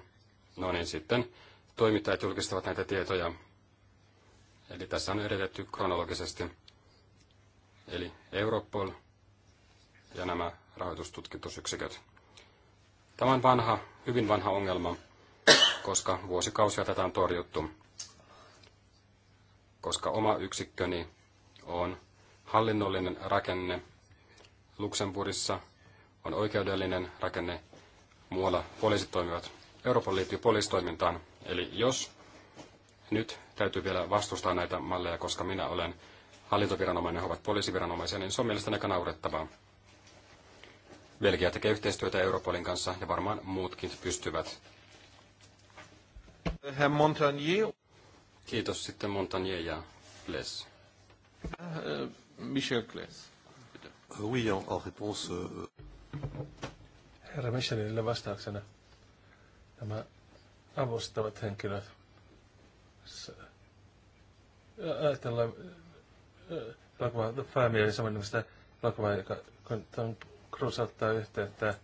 Speaker 2: no niin sitten toimittajat julkistavat näitä tietoja. Eli tässä on edetetty kronologisesti. Eli Europol ja nämä rahoitustutkimusyksiköt. Tämä on vanha, hyvin vanha ongelma koska vuosikausia tätä on torjuttu. Koska oma yksikköni on hallinnollinen rakenne Luxemburgissa, on oikeudellinen rakenne, muualla poliisit toimivat. Euroopan liittyy poliisitoimintaan, eli jos nyt täytyy vielä vastustaa näitä malleja, koska minä olen hallintoviranomainen, he ovat poliisiviranomaisia, niin se on mielestäni aika naurettavaa. Belgia tekee yhteistyötä Europolin kanssa ja varmaan muutkin pystyvät Herr Montagnier. Kiitos sitten Montagnier ja Kles.
Speaker 1: Äh, Michel Kles. Euh, oui, en, réponse... Euh, euh. Herra Michelille vastauksena nämä avustavat henkilöt. Ajatellaan elokuva The Family, eli samoin nimistä elokuva, joka kun Tom Cruise ottaa yhteyttä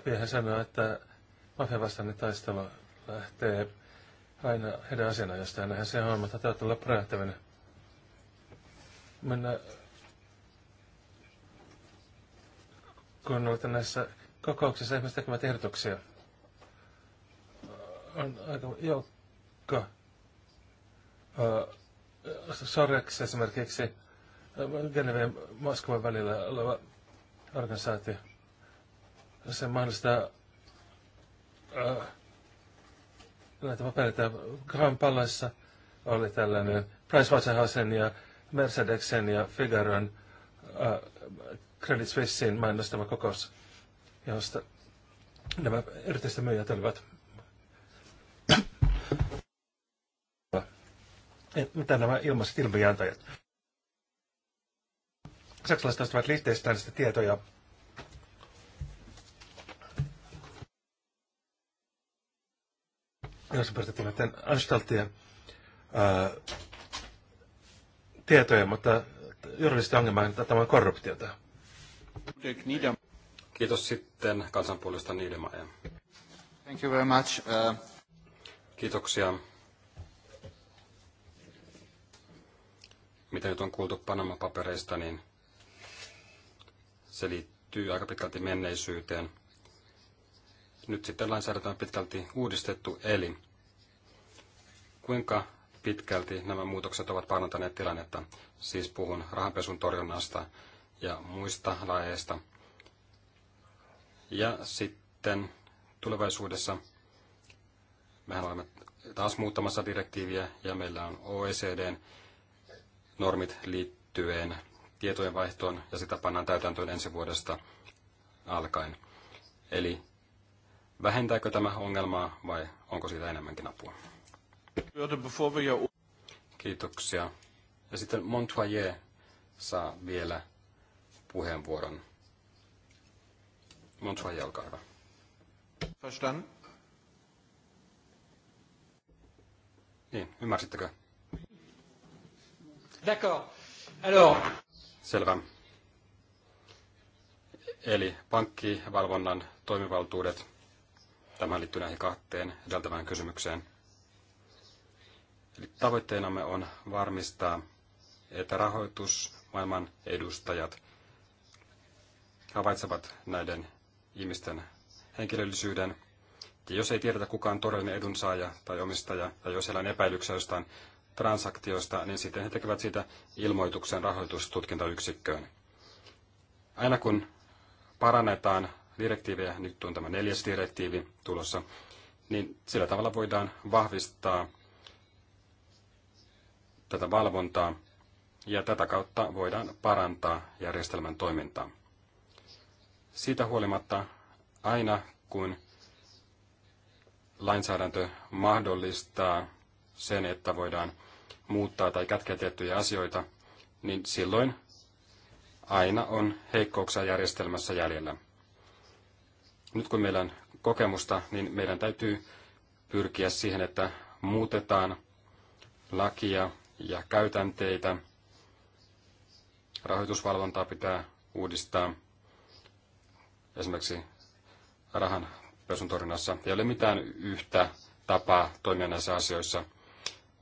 Speaker 1: FBI sanoo, että mafian vastainen taistelu lähtee aina heidän asianajastaan. Nähän se on, mutta täytyy olla prähtävänä. Mennään. kun olette näissä kokouksissa ihmiset tekemät ehdotuksia. On aika joukka. Soreks esimerkiksi Geneven ja Moskovan välillä oleva organisaatio. Se mahdollistaa näitä ah. papereita Grand Palaissa oli tällainen Pricewaterhousen ja Mercedesen ja Figaron äh, Credit Suissein mainostama kokous, josta nämä erityistä myyjät olivat. Eh, mitä nämä ilmaiset ilmiantajat? Saksalaiset ostavat liitteistään sitä tietoja jos pystyttiin näiden Anstaltien tietoja, mutta juridisesti ongelma on tämä korruptiota.
Speaker 2: Kiitos sitten kansanpuolesta Niidemaja. Thank you very much. Uh... Kiitoksia. Mitä nyt on kuultu Panama-papereista, niin se liittyy aika pitkälti menneisyyteen – nyt sitten lainsäädäntö on pitkälti uudistettu, eli kuinka pitkälti nämä muutokset ovat parantaneet tilannetta. Siis puhun rahanpesun torjunnasta ja muista laeista. Ja sitten tulevaisuudessa mehän olemme taas muuttamassa direktiiviä ja meillä on OECDn normit liittyen tietojen vaihtoon ja sitä pannaan täytäntöön ensi vuodesta alkaen. Eli Vähentääkö tämä ongelmaa vai onko siitä enemmänkin apua? Kiitoksia. Ja sitten Montoyer saa vielä puheenvuoron. Montoyer, olkaa hyvä. Verstanden? Niin, ymmärsittekö? D'accord. Alors... Selvä. Eli pankkivalvonnan toimivaltuudet Tämä liittyy näihin kahteen edeltävään kysymykseen. Eli tavoitteenamme on varmistaa, että rahoitusmaailman edustajat havaitsevat näiden ihmisten henkilöllisyyden. Ja jos ei tiedetä kukaan todellinen edunsaaja tai omistaja, tai jos heillä on epäilyksiä jostain transaktiosta, niin sitten he tekevät siitä ilmoituksen rahoitustutkintayksikköön. Aina kun parannetaan direktiivejä, nyt on tämä neljäs direktiivi tulossa, niin sillä tavalla voidaan vahvistaa tätä valvontaa ja tätä kautta voidaan parantaa järjestelmän toimintaa. Siitä huolimatta aina kun lainsäädäntö mahdollistaa sen, että voidaan muuttaa tai kätkeä tiettyjä asioita, niin silloin aina on heikkouksia järjestelmässä jäljellä nyt kun meillä on kokemusta, niin meidän täytyy pyrkiä siihen, että muutetaan lakia ja käytänteitä. Rahoitusvalvontaa pitää uudistaa esimerkiksi rahan pesun torjunnassa. Ei ole mitään yhtä tapaa toimia näissä asioissa.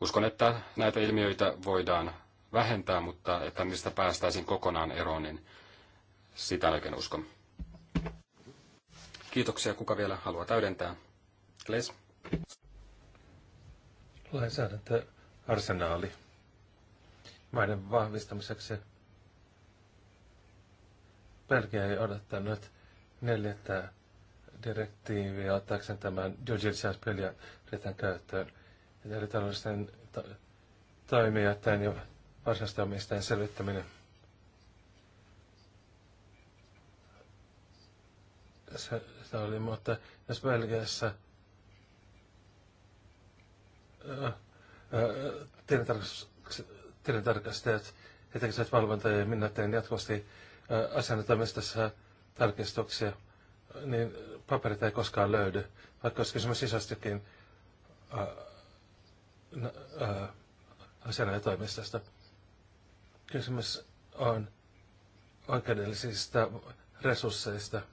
Speaker 2: Uskon, että näitä ilmiöitä voidaan vähentää, mutta että niistä päästäisiin kokonaan eroon, niin sitä en oikein uskon. Kiitoksia. Kuka vielä haluaa täydentää? Les?
Speaker 1: Lainsäädäntö arsenaali maiden vahvistamiseksi. Belgia ei odottanut neljättä direktiiviä ottaakseen tämän due diligence-periaatteen käyttöön. Eli taloudellisten to- toimijoiden ja varsinaisten omistajien selvittäminen. Se, se oli, mutta jos Belgiassa äh, äh, tilintarkastajat he tekisivät valvontaa ja minä tein jatkuvasti äh, asianotoimistossa tarkistuksia, niin paperit ei koskaan löydy, vaikka olisi kysymys isostikin asianajotoimistosta. Kysymys on oikeudellisista resursseista –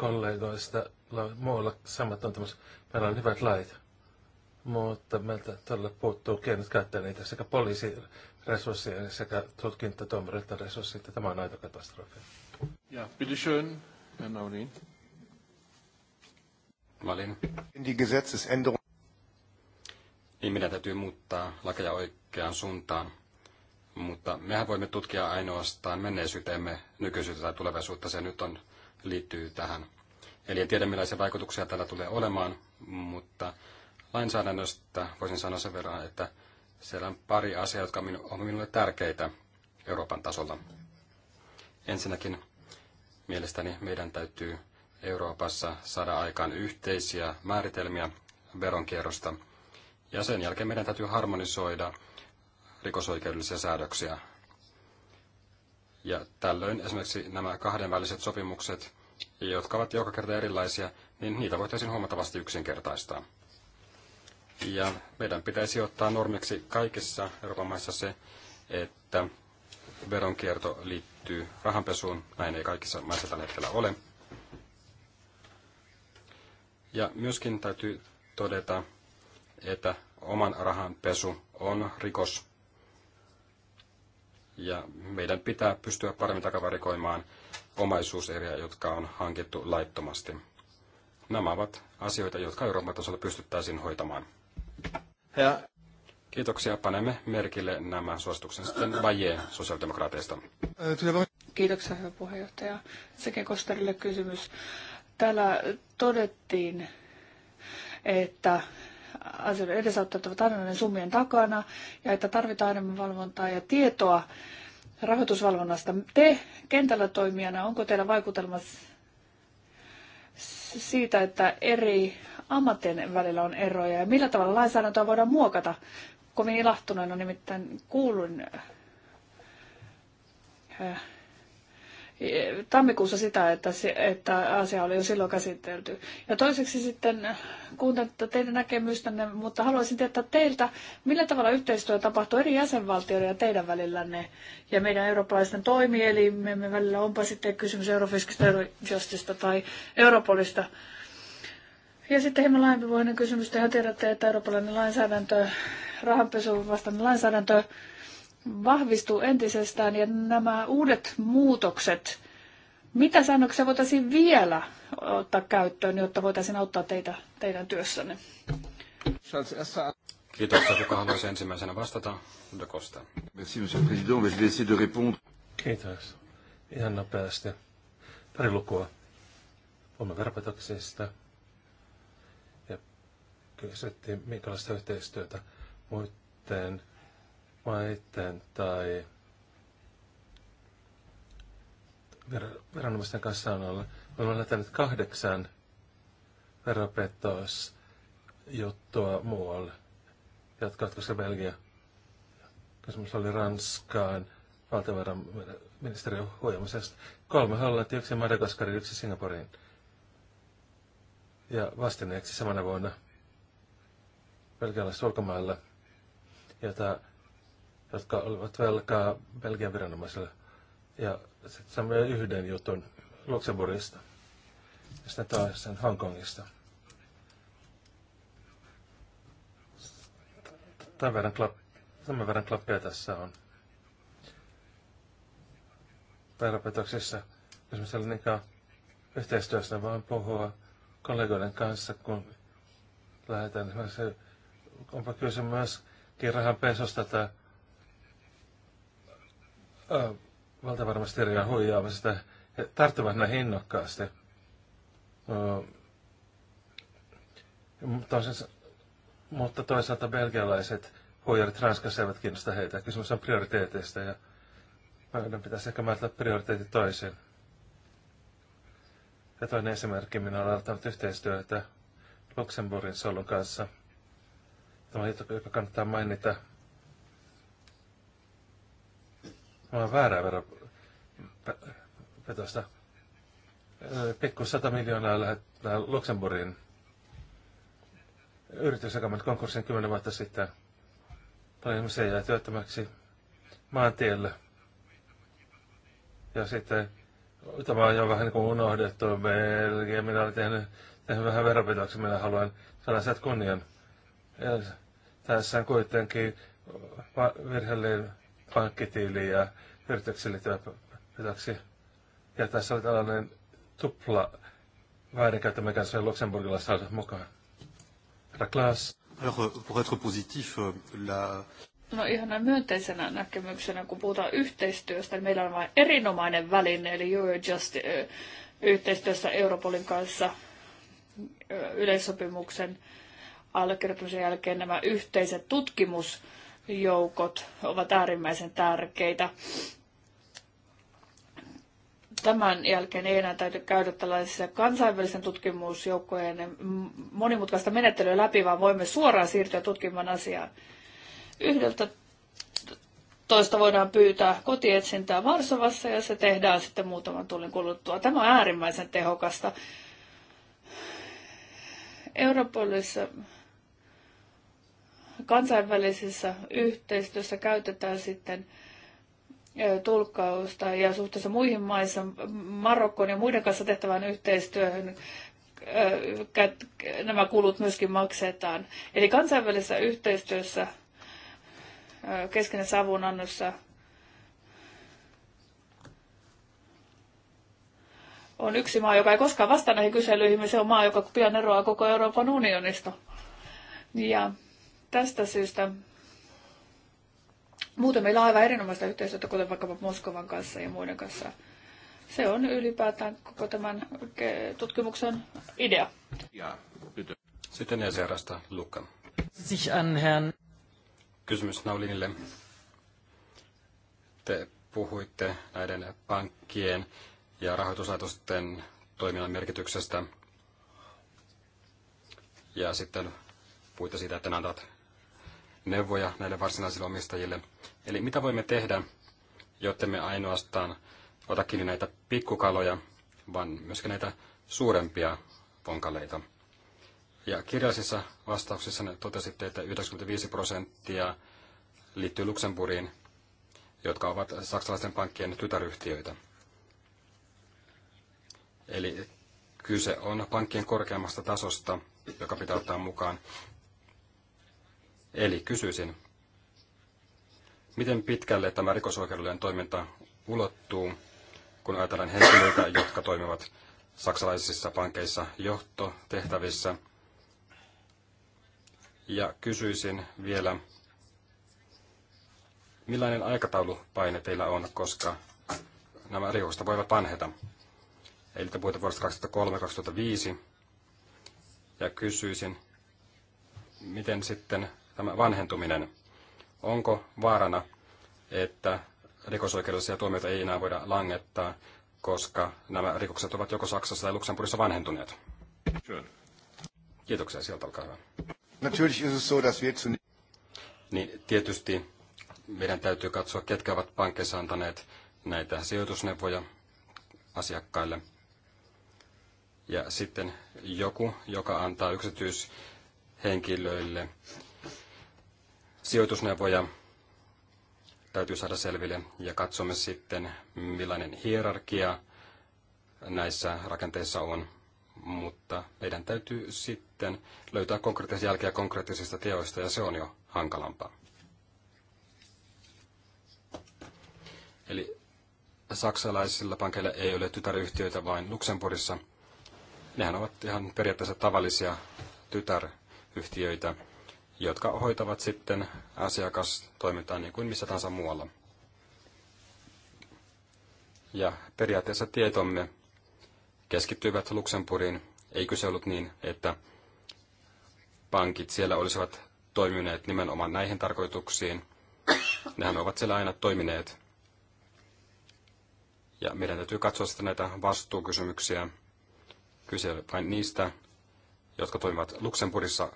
Speaker 1: kollegoista muilla samat on tuntemus. Meillä on hyvät lait, mutta meiltä todella puuttuu keinot käyttää niitä sekä poliisiresurssia sekä tutkintatoimareiden resurssit. Tämä on aito katastrofi. Ja, schön, Herr Maulin. Malin. Die Gesetzesänderung.
Speaker 2: Niin meidän täytyy muuttaa lakeja oikeaan suuntaan. Mutta mehän voimme tutkia ainoastaan menneisyytemme, nykyisyyttä tai tulevaisuutta. Se nyt on liittyy tähän. Eli en tiedä, millaisia vaikutuksia tällä tulee olemaan, mutta lainsäädännöstä voisin sanoa sen verran, että siellä on pari asiaa, jotka ovat minulle tärkeitä Euroopan tasolla. Ensinnäkin mielestäni meidän täytyy Euroopassa saada aikaan yhteisiä määritelmiä veronkierrosta, ja sen jälkeen meidän täytyy harmonisoida rikosoikeudellisia säädöksiä ja tällöin esimerkiksi nämä kahdenväliset sopimukset, jotka ovat joka kerta erilaisia, niin niitä voitaisiin huomattavasti yksinkertaistaa. Ja meidän pitäisi ottaa normiksi kaikissa Euroopan maissa se, että veronkierto liittyy rahanpesuun. Näin ei kaikissa maissa tällä hetkellä ole. Ja myöskin täytyy todeta, että oman rahan pesu on rikos, ja meidän pitää pystyä paremmin takavarikoimaan omaisuuseriä, jotka on hankittu laittomasti. Nämä ovat asioita, jotka Euroopan tasolla pystyttäisiin hoitamaan. Ja. Kiitoksia. Panemme merkille nämä suosituksen sitten Vaje sosiaalidemokraateista.
Speaker 3: Kiitoksia, hyvä puheenjohtaja. Sekä Kosterille kysymys. Täällä todettiin, että asioiden edesauttavat aina summien takana ja että tarvitaan enemmän valvontaa ja tietoa rahoitusvalvonnasta. Te kentällä toimijana, onko teillä vaikutelma siitä, että eri ammattien välillä on eroja ja millä tavalla lainsäädäntöä voidaan muokata? Kovin ilahtuneena nimittäin kuulun äh, tammikuussa sitä, että, että asia oli jo silloin käsitelty. Ja toiseksi sitten kuuntelen teidän näkemystänne, mutta haluaisin tietää teiltä, millä tavalla yhteistyö tapahtuu eri jäsenvaltioiden ja teidän välillänne ja meidän eurooppalaisten toimielimemme välillä, onpa sitten kysymys Eurofiskista, Eurojustista tai Europolista. Ja sitten hieman laajempi kysymys. Tehän tiedätte, että eurooppalainen lainsäädäntö, rahanpesuvastainen lainsäädäntö vahvistuu entisestään ja nämä uudet muutokset, mitä säännöksiä voitaisiin vielä ottaa käyttöön, jotta voitaisiin auttaa teitä teidän työssänne?
Speaker 2: Kiitos, Kuka haluaisi ensimmäisenä vastata?
Speaker 1: De Costa. Merci, monsieur le président. Je vais de répondre. Kiitos. Ihan nopeasti. Pari lukua verpetoksista. ja kysyttiin, minkälaista yhteistyötä muiden maiden tai viranomaisten kanssa on ollut. Olen lähtenyt kahdeksan veropetos juttua muualle. Jatkaatko se Belgia? Kysymys oli Ranskaan valtiovarainministeriön huojamisesta. Kolme Hollanti, yksi Madagaskari, yksi Singaporeen. Ja vastineeksi samana vuonna belgialaiset ulkomailla, jota jotka olivat velkaa Belgian viranomaiselle. Ja sitten saimme yhden jutun Luxemburgista ja sitten taas sen Hongkongista. Tämän verran, klap, tämän verran klappia tässä on. Veropetoksissa esimerkiksi oli niinkään yhteistyössä vaan puhua kollegoiden kanssa, kun lähdetään esimerkiksi onpa kyse myöskin rahanpesosta tai valtavarmasteriä huijaamisesta. He tarttuvat näihin innokkaasti. Toisaalta, mutta toisaalta belgialaiset huijarit Ranskassa eivät kiinnosta heitä. Kysymys on prioriteeteista ja meidän pitäisi ehkä määrittää prioriteetit toisin. Ja toinen esimerkki, minä olen aloittanut yhteistyötä Luxemburgin solun kanssa. Tämä on joka kannattaa mainita – Mä on väärää petosta. Pikku 100 miljoonaa lähettää Luxemburgin yritys, joka meni konkurssin 10 vuotta sitten. Paljon ihmisiä jää työttömäksi maantielle. Ja sitten tämä on jo vähän niin kuin unohdettu. Belgia, minä olen tehnyt, tehnyt vähän veropetoksia, minä haluan sieltä kunnian. Ja tässä on kuitenkin virheellinen pankkitili ja yrityksille työpetoksi. Ja tässä oli tällainen tupla väärinkäyttömekanismi Luxemburgilla mukaan. Herra Klaas. Alors, euh, pour être positif, euh, la...
Speaker 3: No ihana myönteisenä näkemyksenä, kun puhutaan yhteistyöstä, niin meillä on vain erinomainen väline, eli Just yhteistyössä Europolin kanssa yleissopimuksen allekirjoituksen jälkeen nämä yhteiset tutkimus joukot ovat äärimmäisen tärkeitä. Tämän jälkeen ei enää täytyy käydä tällaisia kansainvälisen tutkimusjoukkojen monimutkaista menettelyä läpi, vaan voimme suoraan siirtyä tutkimaan asiaa. Yhdeltä toista voidaan pyytää kotietsintää Varsovassa ja se tehdään sitten muutaman tunnin kuluttua. Tämä on äärimmäisen tehokasta. Europolissa kansainvälisessä yhteistyössä käytetään sitten tulkkausta ja suhteessa muihin maissa, Marokkoon ja muiden kanssa tehtävään yhteistyöhön nämä kulut myöskin maksetaan. Eli kansainvälisessä yhteistyössä keskinäisessä avunannossa on yksi maa, joka ei koskaan vastaa näihin kyselyihin, se on maa, joka pian eroaa koko Euroopan unionista. Ja Tästä syystä Muuten meillä on aivan erinomaista yhteistyötä, kuten vaikkapa Moskovan kanssa ja muiden kanssa. Se on ylipäätään koko tämän tutkimuksen idea. Ja,
Speaker 2: Sitten ECRstä Lukka. Kysymys Naulinille. Te puhuitte näiden pankkien ja rahoituslaitosten toiminnan merkityksestä. Ja sitten puhuitte siitä, että ne antavat neuvoja näille varsinaisille omistajille. Eli mitä voimme tehdä, jotta me ainoastaan ota kiinni näitä pikkukaloja, vaan myöskin näitä suurempia ponkaleita. Ja kirjallisissa vastauksissa totesitte, että 95 prosenttia liittyy Luxemburgiin, jotka ovat saksalaisten pankkien tytäryhtiöitä. Eli kyse on pankkien korkeammasta tasosta, joka pitää ottaa mukaan. Eli kysyisin, miten pitkälle tämä rikosoikeudellinen toiminta ulottuu, kun ajatellaan henkilöitä, jotka toimivat saksalaisissa pankeissa johtotehtävissä. Ja kysyisin vielä, millainen aikataulupaine teillä on, koska nämä rikokset voivat vanheta. Eli te puhutte vuodesta 2003-2005. Ja kysyisin, miten sitten tämä vanhentuminen. Onko vaarana, että rikosoikeudellisia tuomioita ei enää voida langettaa, koska nämä rikokset ovat joko Saksassa tai Luxemburgissa vanhentuneet? Kiitoksia, sieltä olkaa hyvä. Niin tietysti meidän täytyy katsoa, ketkä ovat pankkeissa antaneet näitä sijoitusneuvoja asiakkaille. Ja sitten joku, joka antaa yksityishenkilöille sijoitusneuvoja täytyy saada selville ja katsomme sitten, millainen hierarkia näissä rakenteissa on. Mutta meidän täytyy sitten löytää konkreettisia jälkeä konkreettisista teoista ja se on jo hankalampaa. Eli saksalaisilla pankeilla ei ole tytäryhtiöitä vain Luxemburgissa. Nehän ovat ihan periaatteessa tavallisia tytäryhtiöitä jotka hoitavat sitten asiakastoimintaa niin kuin missä tahansa muualla. Ja periaatteessa tietomme keskittyivät Luxemburgiin. Ei kyse ollut niin, että pankit siellä olisivat toimineet nimenomaan näihin tarkoituksiin. Nehän ovat siellä aina toimineet. Ja meidän täytyy katsoa sitten näitä vastuukysymyksiä. Kyse vain niistä, jotka toimivat Luxemburgissa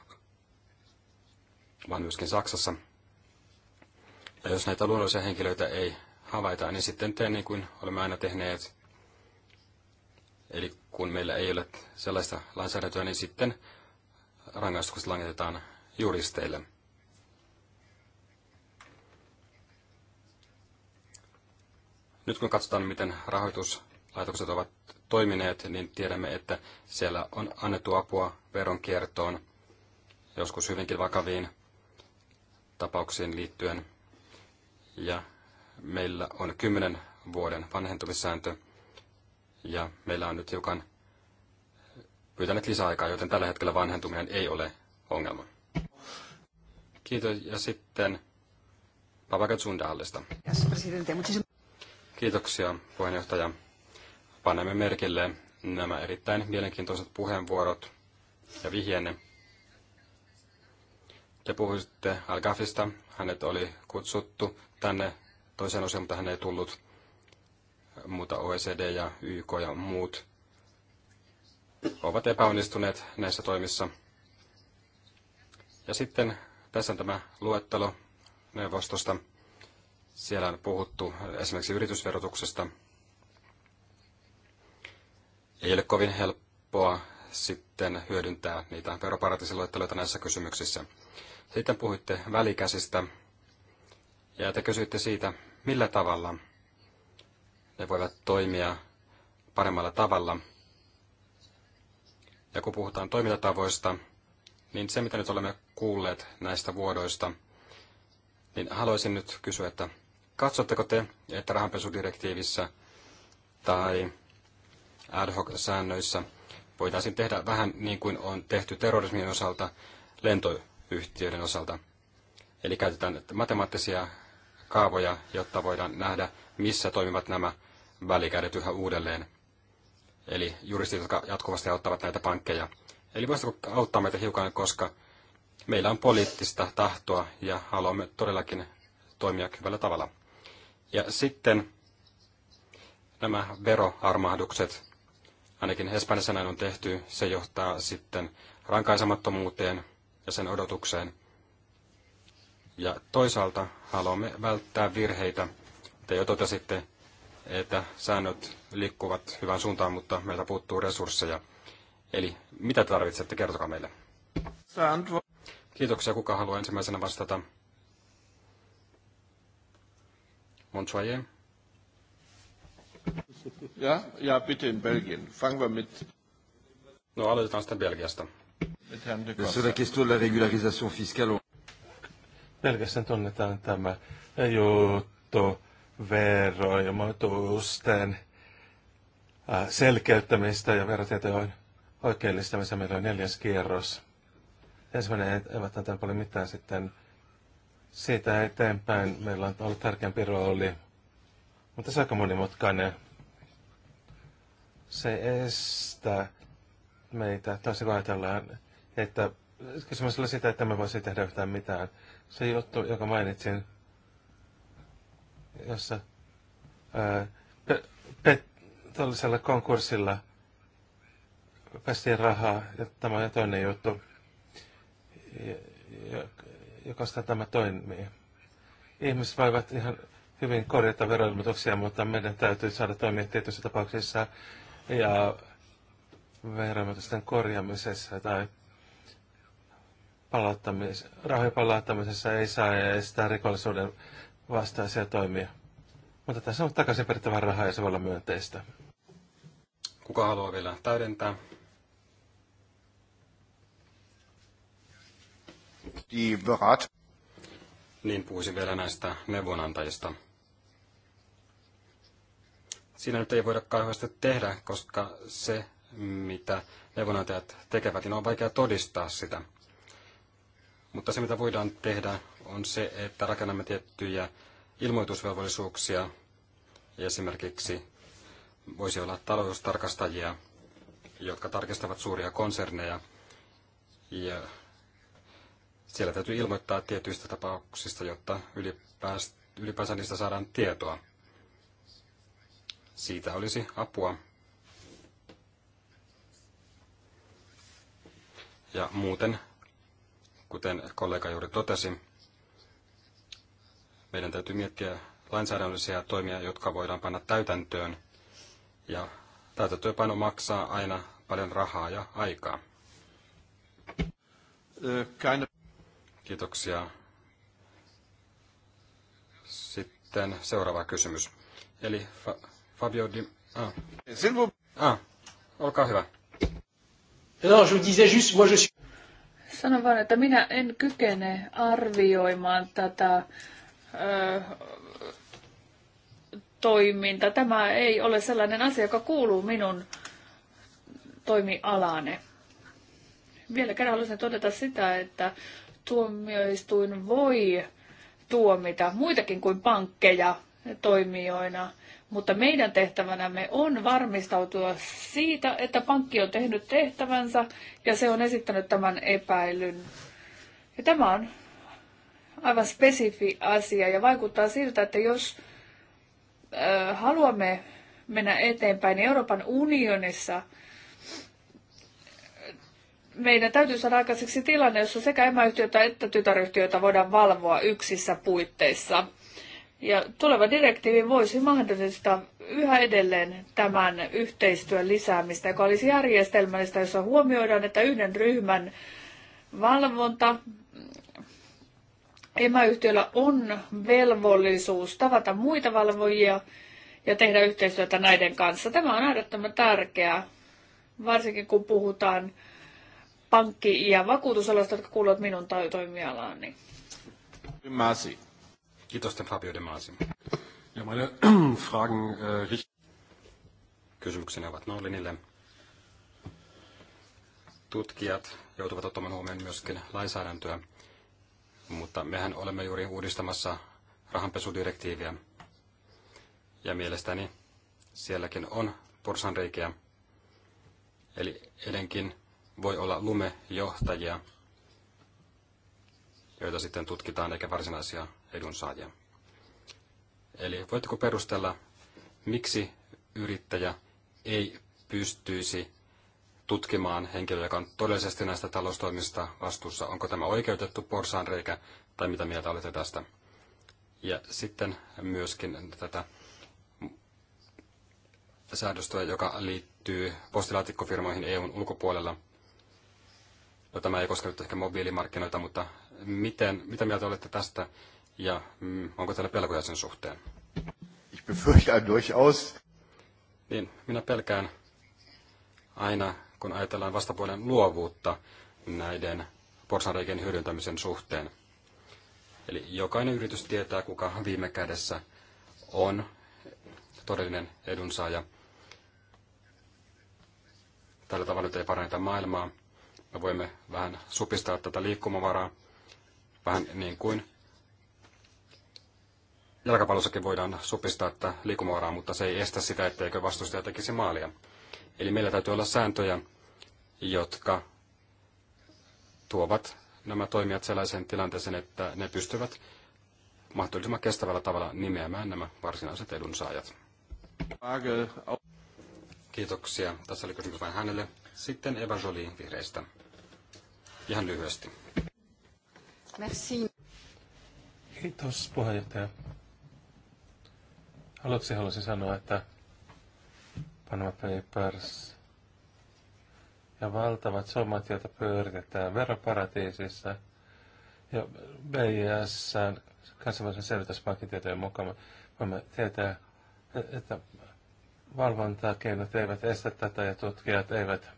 Speaker 2: vaan myöskin Saksassa. Ja jos näitä luonnollisia henkilöitä ei havaita, niin sitten teen niin kuin olemme aina tehneet. Eli kun meillä ei ole sellaista lainsäädäntöä, niin sitten rangaistukset langetetaan juristeille. Nyt kun katsotaan, miten rahoituslaitokset ovat toimineet, niin tiedämme, että siellä on annettu apua veronkiertoon, joskus hyvinkin vakaviin tapauksiin liittyen. Ja meillä on kymmenen vuoden vanhentumissääntö ja meillä on nyt hiukan pyytänyt lisäaikaa, joten tällä hetkellä vanhentuminen ei ole ongelma. Kiitos ja sitten Papagatsundaalista. Kiitoksia puheenjohtaja. Panemme merkille nämä erittäin mielenkiintoiset puheenvuorot ja vihjenne. Te puhuitte Al-Gafista. Hänet oli kutsuttu tänne toiseen osaan, mutta hän ei tullut. Muuta OECD ja YK ja muut ovat epäonnistuneet näissä toimissa. Ja sitten tässä on tämä luettelo neuvostosta. Siellä on puhuttu esimerkiksi yritysverotuksesta. Ei ole kovin helppoa sitten hyödyntää niitä veroparatiisiluetteloita näissä kysymyksissä. Sitten puhuitte välikäsistä ja te kysyitte siitä, millä tavalla ne voivat toimia paremmalla tavalla. Ja kun puhutaan toimintatavoista, niin se mitä nyt olemme kuulleet näistä vuodoista, niin haluaisin nyt kysyä, että katsotteko te, että rahanpesudirektiivissä tai ad hoc-säännöissä voitaisiin tehdä vähän niin kuin on tehty terrorismin osalta lento yhtiöiden osalta. Eli käytetään matemaattisia kaavoja, jotta voidaan nähdä, missä toimivat nämä välikädet yhä uudelleen. Eli juristit, jotka jatkuvasti auttavat näitä pankkeja. Eli voisitko auttaa meitä hiukan, koska meillä on poliittista tahtoa ja haluamme todellakin toimia hyvällä tavalla. Ja sitten nämä veroarmahdukset, ainakin Espanjassa näin on tehty, se johtaa sitten rankaisemattomuuteen, ja sen odotukseen. Ja toisaalta haluamme välttää virheitä. Te jo totesitte, että säännöt liikkuvat hyvään suuntaan, mutta meiltä puuttuu resursseja. Eli mitä tarvitsette, kertokaa meille. Kiitoksia, kuka haluaa ensimmäisenä vastata? Montsoyer. Ja, ja bitte in Belgien. Fangen wir mit. No, aloitetaan sitten Belgiasta.
Speaker 1: Sur la question de la régularisation fiscale. Pelkästään tunnetaan tämä juttu vero- ja matuusten äh, selkeyttämistä ja verotietojen oikeellistamista. Meillä on neljäs kierros. Ensimmäinen eivät antaa paljon mitään sitten siitä eteenpäin. Meillä on ollut tärkeämpi rooli, mutta se on aika monimutkainen. Se estää meitä, toisin kuin ajatellaan, että kysymys sitä, että me voisi tehdä yhtään mitään. Se juttu, joka mainitsin, jossa ää, pe, pe, tuollisella konkurssilla pestiin rahaa, ja tämä on toinen juttu, joka sitä tämä toimii. Ihmiset voivat ihan hyvin korjata veroilmoituksia, mutta meidän täytyy saada toimia tietyissä tapauksissa ja veromuutosten korjaamisessa tai palauttamis, rahojen palauttamisessa ei saa estää rikollisuuden vastaisia toimia. Mutta tässä on takaisin perittävää rahaa ja se voi olla myönteistä.
Speaker 2: Kuka haluaa vielä täydentää? Die Berat. Niin puhuisin vielä näistä neuvonantajista. Siinä nyt ei voida kauheasti tehdä, koska se mitä neuvonantajat tekevät, niin on vaikea todistaa sitä. Mutta se, mitä voidaan tehdä, on se, että rakennamme tiettyjä ilmoitusvelvollisuuksia. Esimerkiksi voisi olla taloustarkastajia, jotka tarkistavat suuria konserneja. Ja siellä täytyy ilmoittaa tietyistä tapauksista, jotta ylipäänsä niistä saadaan tietoa. Siitä olisi apua Ja muuten, kuten kollega juuri totesi, meidän täytyy miettiä lainsäädännöllisiä toimia, jotka voidaan panna täytäntöön. Ja täytäntöönpano maksaa aina paljon rahaa ja aikaa. Kiitoksia. Sitten seuraava kysymys. Eli Fa- Fabio Di... Ah. Ah, olkaa hyvä. Non, je vous disais juste, moi je suis...
Speaker 3: Sanon vaan, että minä en kykene arvioimaan tätä ö, toiminta. Tämä ei ole sellainen asia, joka kuuluu minun toimialaani. Vielä kerran haluaisin todeta sitä, että tuomioistuin voi tuomita muitakin kuin pankkeja toimijoina – mutta meidän tehtävänämme on varmistautua siitä, että pankki on tehnyt tehtävänsä ja se on esittänyt tämän epäilyn. Ja tämä on aivan spesifi asia ja vaikuttaa siltä, että jos ö, haluamme mennä eteenpäin niin Euroopan unionissa, meidän täytyy saada aikaiseksi tilanne, jossa sekä emäyhtiötä että tytäryhtiötä voidaan valvoa yksissä puitteissa. Ja tuleva direktiivi voisi mahdollistaa yhä edelleen tämän yhteistyön lisäämistä, joka olisi järjestelmällistä, jossa huomioidaan, että yhden ryhmän valvonta emäyhtiöllä on velvollisuus tavata muita valvojia ja tehdä yhteistyötä näiden kanssa. Tämä on äärettömän tärkeää, varsinkin kun puhutaan pankki- ja vakuutusalasta, jotka kuuluvat minun toimialaani.
Speaker 2: Masi. Kiitos, Fabio De Masi. Ja meine *clears throat* Fragen äh, Kysymykseni ovat Nollinille. Tutkijat joutuvat ottamaan huomioon myöskin lainsäädäntöä, mutta mehän olemme juuri uudistamassa rahanpesudirektiiviä. Ja mielestäni sielläkin on porsanreikiä, eli edenkin voi olla lumejohtajia, joita sitten tutkitaan eikä varsinaisia edunsaajia. Eli voitteko perustella, miksi yrittäjä ei pystyisi tutkimaan henkilöä, joka on todellisesti näistä taloustoimista vastuussa? Onko tämä oikeutettu porsaanreikä tai mitä mieltä olette tästä? Ja sitten myöskin tätä säädöstöä, joka liittyy postilaatikkofirmoihin EUn ulkopuolella. No, tämä ei koske nyt ehkä mobiilimarkkinoita, mutta miten, mitä mieltä olette tästä ja mm, onko teillä pelkoja sen suhteen? Ich befürchte *laughs* durchaus. Niin, minä pelkään aina, kun ajatellaan vastapuolen luovuutta näiden porsanreikien hyödyntämisen suhteen. Eli jokainen yritys tietää, kuka viime kädessä on todellinen edunsaaja. Tällä tavalla nyt ei paranneta maailmaa. Me voimme vähän supistaa tätä liikkumavaraa, vähän niin kuin jalkapallossakin voidaan supistaa että liikumavaraa, mutta se ei estä sitä, etteikö vastustaja tekisi maalia. Eli meillä täytyy olla sääntöjä, jotka tuovat nämä toimijat sellaiseen tilanteeseen, että ne pystyvät mahdollisimman kestävällä tavalla nimeämään nämä varsinaiset edunsaajat. Kiitoksia. Tässä oli kysymys vain hänelle. Sitten Eva Jolie vihreistä. Ihan
Speaker 4: lyhyesti. Merci.
Speaker 1: Kiitos puheenjohtaja. Aluksi haluaisin sanoa, että Panama Papers ja valtavat somat, joita pyöritetään veroparatiisissa ja BIS, kansainvälisen selvityspankin tietojen mukaan, voimme tietää, että valvontakeinot eivät estä tätä ja tutkijat eivät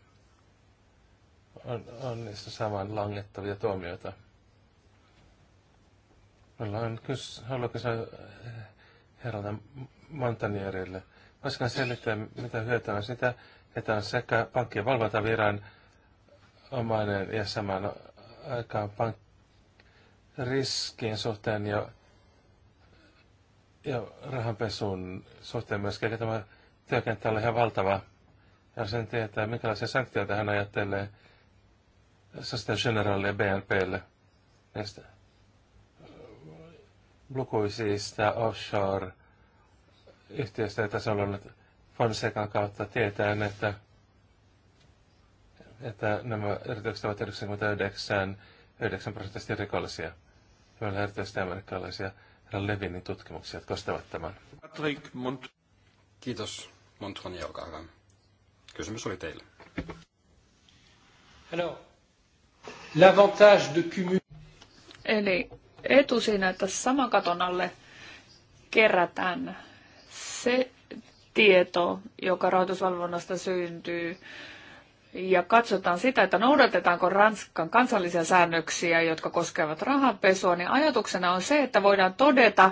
Speaker 1: on, on niissä saman langettavia tuomioita. Meillä on kyse, haluan kysyä herralle Montanierille. Voisiko selittää, mitä hyötyä on sitä, että on sekä pankkien valvontaviran omainen ja saman aikaan pank- riskien suhteen ja, ja rahanpesun suhteen myöskin. Eli tämä työkenttä on ihan valtava. Ja sen tietää, minkälaisia sanktioita hän ajattelee Generalille ja BNPlle. Näistä lukuisista offshore-yhtiöistä, joita se on ollut Fonsecan kautta, tietää, että, että nämä yritykset ovat 99 9 prosenttisesti rikollisia. Meillä on erityisesti amerikkalaisia herran Levinin tutkimuksia, jotka ostavat tämän. Patrick Mont... Kiitos.
Speaker 2: Montroni, olkaa hyvä. Kysymys oli teille. Hello.
Speaker 3: L'avantage de cumul... Eli etu siinä, että saman katon alle kerätään se tieto, joka rahoitusvalvonnasta syntyy, ja katsotaan sitä, että noudatetaanko Ranskan kansallisia säännöksiä, jotka koskevat rahanpesua, niin ajatuksena on se, että voidaan todeta,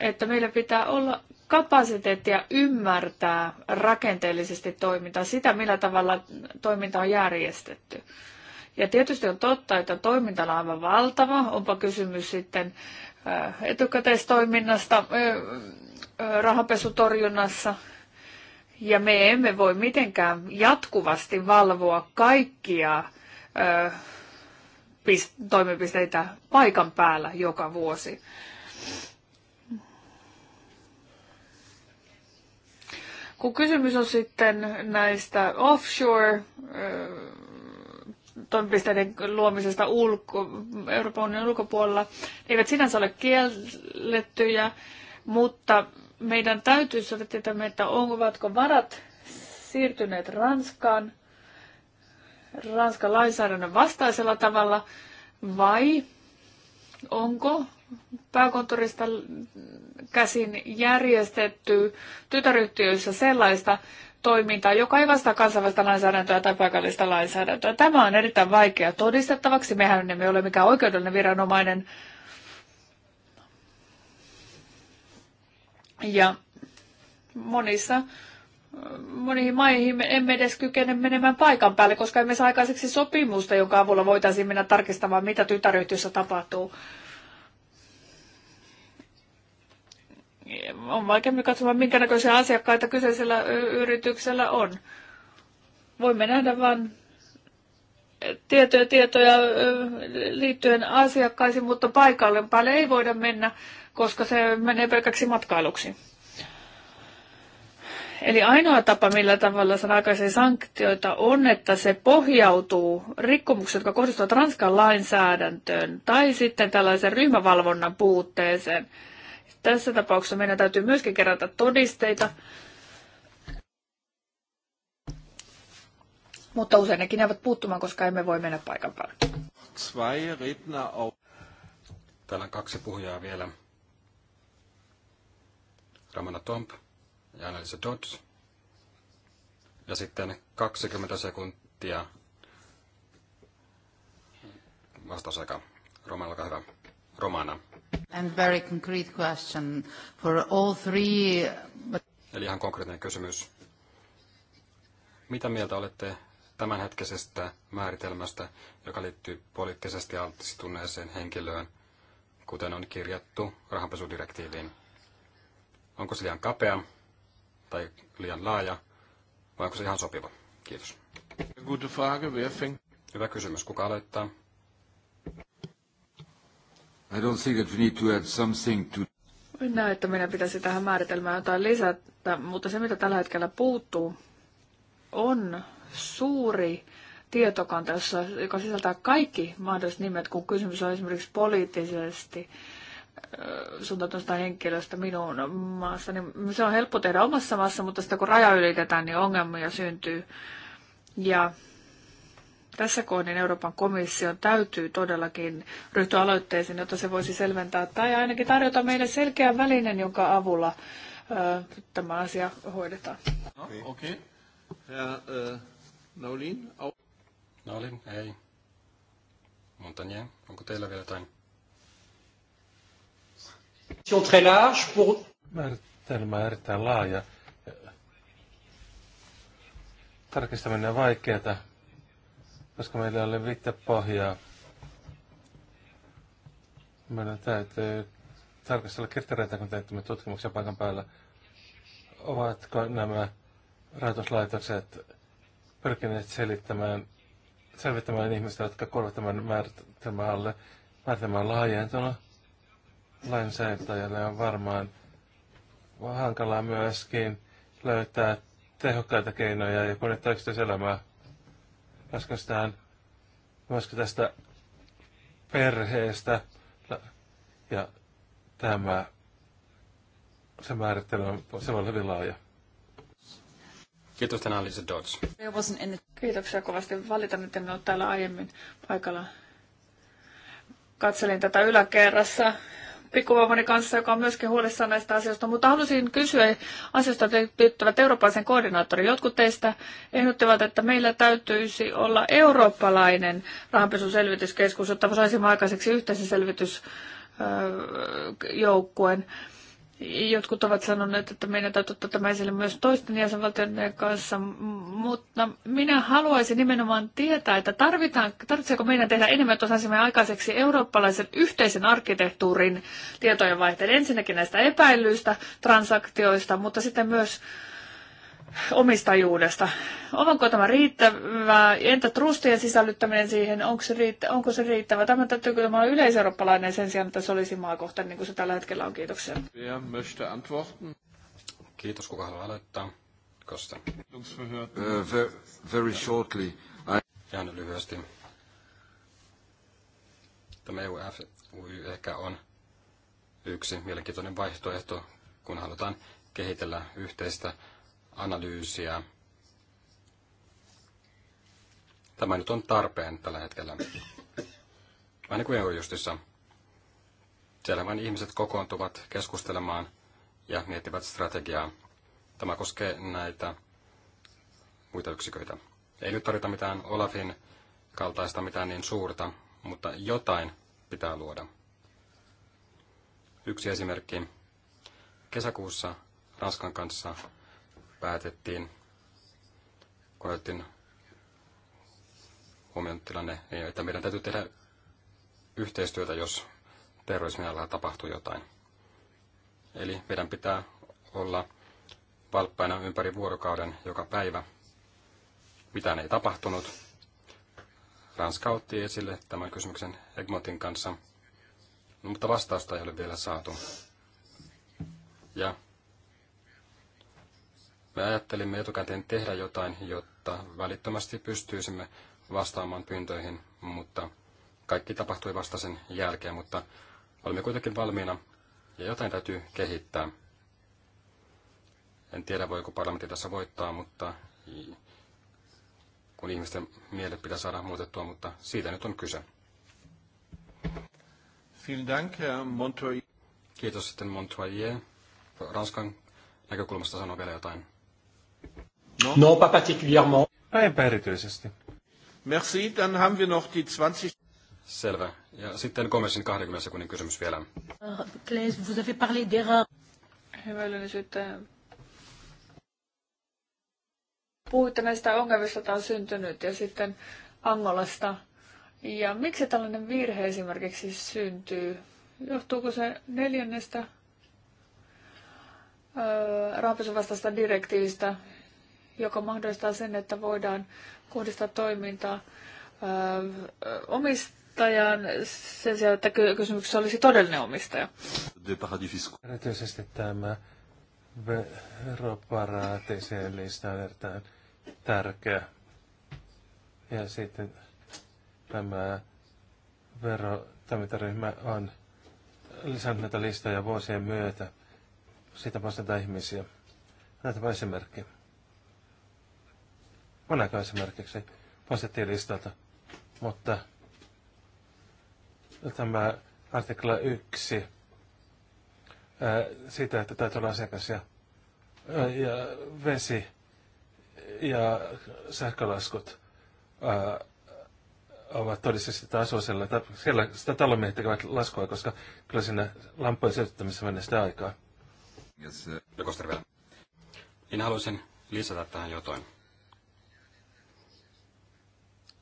Speaker 3: että meillä pitää olla kapasiteettia ymmärtää rakenteellisesti toimintaa, sitä millä tavalla toiminta on järjestetty. Ja tietysti on totta, että toiminta on aivan valtava, onpa kysymys sitten äh, etukäteistoiminnasta, äh, äh, rahapesutorjunnassa. Ja me emme voi mitenkään jatkuvasti valvoa kaikkia toimipisteitä paikan päällä joka vuosi. Kun kysymys on sitten näistä offshore toimipisteiden luomisesta ulko, Euroopan unionin ulkopuolella eivät sinänsä ole kiellettyjä, mutta meidän täytyy saada tietää, että ovatko varat siirtyneet Ranskaan Ranskan lainsäädännön vastaisella tavalla vai onko pääkonttorista käsin järjestetty tytäryhtiöissä sellaista toimintaa, joka ei vastaa kansainvälistä lainsäädäntöä tai paikallista lainsäädäntöä. Tämä on erittäin vaikea todistettavaksi. Mehän emme ole mikään oikeudellinen viranomainen. Ja monissa moniin maihin me emme edes kykene menemään paikan päälle, koska emme saa aikaiseksi sopimusta, jonka avulla voitaisiin mennä tarkistamaan, mitä tytäryhtiössä tapahtuu. on vaikeampi katsomaan, minkä näköisiä asiakkaita kyseisellä yrityksellä on. Voimme nähdä vain tietoja tietoja liittyen asiakkaisiin, mutta paikalle päälle ei voida mennä, koska se menee pelkäksi matkailuksi. Eli ainoa tapa, millä tavalla sen sanktioita on, että se pohjautuu rikkomuksiin, jotka kohdistuvat Ranskan lainsäädäntöön tai sitten tällaisen ryhmävalvonnan puutteeseen – tässä tapauksessa meidän täytyy myöskin kerätä todisteita, mutta usein nekin jäävät puuttumaan, koska emme voi mennä paikan päälle.
Speaker 2: Täällä on kaksi puhujaa vielä. Ramona Tomp ja Annelise Dodds. Ja sitten 20 sekuntia vastausaika. Romana, olkaa hyvä. Romana.
Speaker 4: And very concrete question for all three.
Speaker 2: Eli ihan konkreettinen kysymys. Mitä mieltä olette tämänhetkisestä määritelmästä, joka liittyy poliittisesti altistuneeseen henkilöön, kuten on kirjattu rahanpesudirektiiviin? Onko se liian kapea tai liian laaja vai onko se ihan sopiva? Kiitos. Hyvä kysymys. Kuka aloittaa? I don't think that we need to add
Speaker 3: something to... En näe, että meidän pitäisi tähän määritelmään jotain lisätä, mutta se mitä tällä hetkellä puuttuu on suuri tietokanta, jossa, joka sisältää kaikki mahdolliset nimet, kun kysymys on esimerkiksi poliittisesti suuntautuneesta henkilöstä minun maassa, niin se on helppo tehdä omassa maassa, mutta sitten kun raja ylitetään, niin ongelmia syntyy. Ja tässä kohdin Euroopan komission täytyy todellakin ryhtyä aloitteeseen, jotta se voisi selventää tai ainakin tarjota meille selkeän välinen, jonka avulla tämä asia hoidetaan.
Speaker 4: No, okei. Okay. Naulin? Naulin, ei.
Speaker 2: Montagnier, onko teillä vielä jotain?
Speaker 1: Très large pour... Määritelmä on erittäin laaja. Tarkistaminen on vaikeaa, koska meillä ei ole viittä pohjaa, meidän täytyy tarkastella kriteereitä, kun teemme tutkimuksia paikan päällä. Ovatko nämä rahoituslaitokset pyrkineet selittämään, selvittämään ihmistä, jotka kuuluvat tämän määritelmän alle, määritelmän laajentuna lainsäätäjälle on varmaan hankalaa myöskin löytää tehokkaita keinoja ja kunnioittaa yksityiselämää raskastaan myöskin tästä perheestä. Ja tämä, se määrittely on, se on hyvin laaja. Kiitos tänään Lisa Dodds.
Speaker 3: Kiitoksia kovasti. Valitan, että en ole täällä aiemmin paikalla. Katselin tätä yläkerrassa pikkuvauvani kanssa, joka on myöskin huolissaan näistä asioista, mutta halusin kysyä asioista liittyvät eurooppalaisen koordinaattori Jotkut teistä ehdottivat, että meillä täytyisi olla eurooppalainen rahanpesuselvityskeskus, jotta saisimme aikaiseksi yhteisen selvitysjoukkueen. Jotkut ovat sanoneet, että meidän täytyy ottaa tämä esille myös toisten jäsenvaltioiden kanssa, mutta minä haluaisin nimenomaan tietää, että tarvitaan, tarvitseeko meidän tehdä enemmän, että saisimme aikaiseksi eurooppalaisen yhteisen arkkitehtuurin tietojenvaihteen ensinnäkin näistä epäilyistä, transaktioista, mutta sitten myös omistajuudesta. Onko tämä riittävää? Entä trustien sisällyttäminen siihen? Onko se, riittä, onko se riittävä? Tämä täytyy kyllä olla yleiseurooppalainen sen sijaan, että se olisi maakohtainen, niin kuin se tällä hetkellä on. Kiitoksia.
Speaker 2: Kiitos, kuka haluaa aloittaa. Kosta. Uh, very shortly. I... Ihan lyhyesti. Tämä EUF ehkä on yksi mielenkiintoinen vaihtoehto, kun halutaan kehitellä yhteistä analyysiä. Tämä nyt on tarpeen tällä hetkellä. Aina kuin Eurojustissa. Siellä vain ihmiset kokoontuvat keskustelemaan ja miettivät strategiaa. Tämä koskee näitä muita yksiköitä. Ei nyt tarvita mitään Olafin kaltaista mitään niin suurta, mutta jotain pitää luoda. Yksi esimerkki. Kesäkuussa Ranskan kanssa päätettiin, kun otettiin huomioon tilanne, niin että meidän täytyy tehdä yhteistyötä, jos terrorismialalla tapahtuu jotain. Eli meidän pitää olla valppaina ympäri vuorokauden joka päivä. Mitään ei tapahtunut. Ranska otti esille tämän kysymyksen Egmontin kanssa, mutta vastausta ei ole vielä saatu. Ja me ajattelimme etukäteen tehdä jotain, jotta välittömästi pystyisimme vastaamaan pyyntöihin, mutta kaikki tapahtui vasta sen jälkeen, mutta olemme kuitenkin valmiina ja jotain täytyy kehittää. En tiedä, voiko parlamentti tässä voittaa, mutta kun ihmisten mielet pitää saada muutettua, mutta siitä nyt on kyse. Kiitos sitten Montoyer. Ranskan näkökulmasta sanoo vielä jotain. No, no
Speaker 1: pas particulièrement. Eipä erityisesti.
Speaker 2: Merci, dann haben wir noch die 20... Selvä. Ja sitten Gomesin 20 sekunnin kysymys vielä.
Speaker 3: Claes, vous avez parlé d'erreur. Hyvä Hyvällisyyttä. Puhuitte näistä ongelmista, joita on syntynyt, ja sitten Angolasta. Ja miksi tällainen virhe esimerkiksi syntyy? Johtuuko se neljännestä öö, rahanpesun direktiivistä, joka mahdollistaa sen, että voidaan kohdistaa toimintaa omistajan sen sijaan, että kysymyksessä olisi todellinen omistaja.
Speaker 1: Erityisesti tämä veroparaatiseen lista on erittäin tärkeä. Ja sitten tämä verotoimintaryhmä on lisännyt näitä listoja vuosien myötä. Siitä vastataan ihmisiä. Näytäpä esimerkki. Monaco esimerkiksi positiivistalta, mutta tämä artikla 1 siitä, että täytyy olla asiakas ja, ja vesi ja sähkölaskut ää, ovat todellisesti tasoa siellä, siellä sitä talomiehet tekevät laskua, koska kyllä siinä lampojen syöttämisessä menee sitä aikaa.
Speaker 2: Yes. Minä haluaisin lisätä tähän jotain.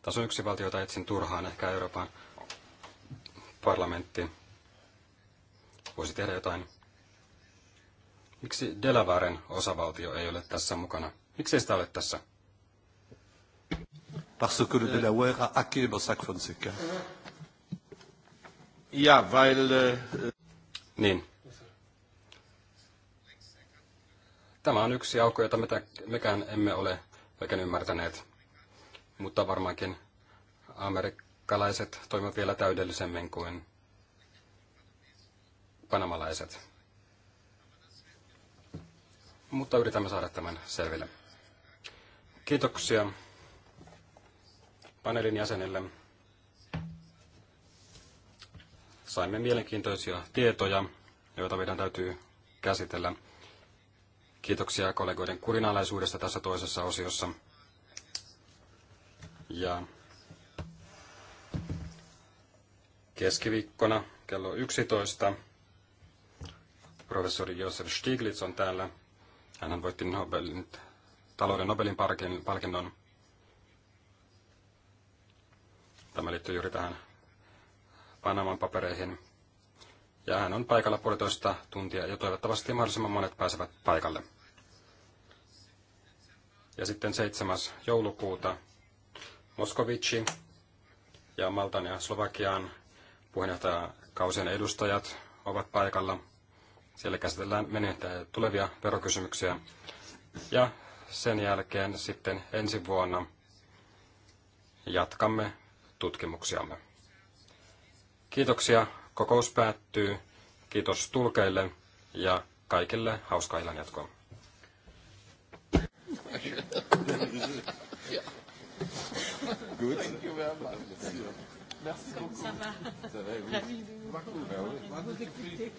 Speaker 2: Taso yksi valtiota etsin turhaan, ehkä Euroopan parlamentti voisi tehdä jotain. Miksi Delawaren osavaltio ei ole tässä mukana? Miksi sitä ole tässä? Parce que le Delaware a hacké Mossack Fonseca. Ja, weil... Äh, niin. Tämä on yksi aukko, jota mekään emme ole oikein ymmärtäneet mutta varmaankin amerikkalaiset toimivat vielä täydellisemmin kuin panamalaiset. Mutta yritämme saada tämän selville. Kiitoksia paneelin jäsenille. Saimme mielenkiintoisia tietoja, joita meidän täytyy käsitellä. Kiitoksia kollegoiden kurinalaisuudesta tässä toisessa osiossa. Ja keskiviikkona kello 11 professori Josef Stiglitz on täällä. Hän voitti Nobelin, talouden Nobelin palkinnon. Tämä liittyy juuri tähän Panaman papereihin. Ja hän on paikalla puolitoista tuntia ja toivottavasti mahdollisimman monet pääsevät paikalle. Ja sitten 7. joulukuuta Moskovici ja Maltan ja Slovakian puheenjohtajakausien edustajat ovat paikalla. Siellä käsitellään menettäjä tulevia verokysymyksiä. Ja sen jälkeen sitten ensi vuonna jatkamme tutkimuksiamme. Kiitoksia. Kokous päättyy. Kiitos tulkeille ja kaikille hauskaa illan jatkoa
Speaker 4: good. Thank you very much. Merci beaucoup. Ça
Speaker 1: va. Ça va, oui. Ravi de vous, vous écouter.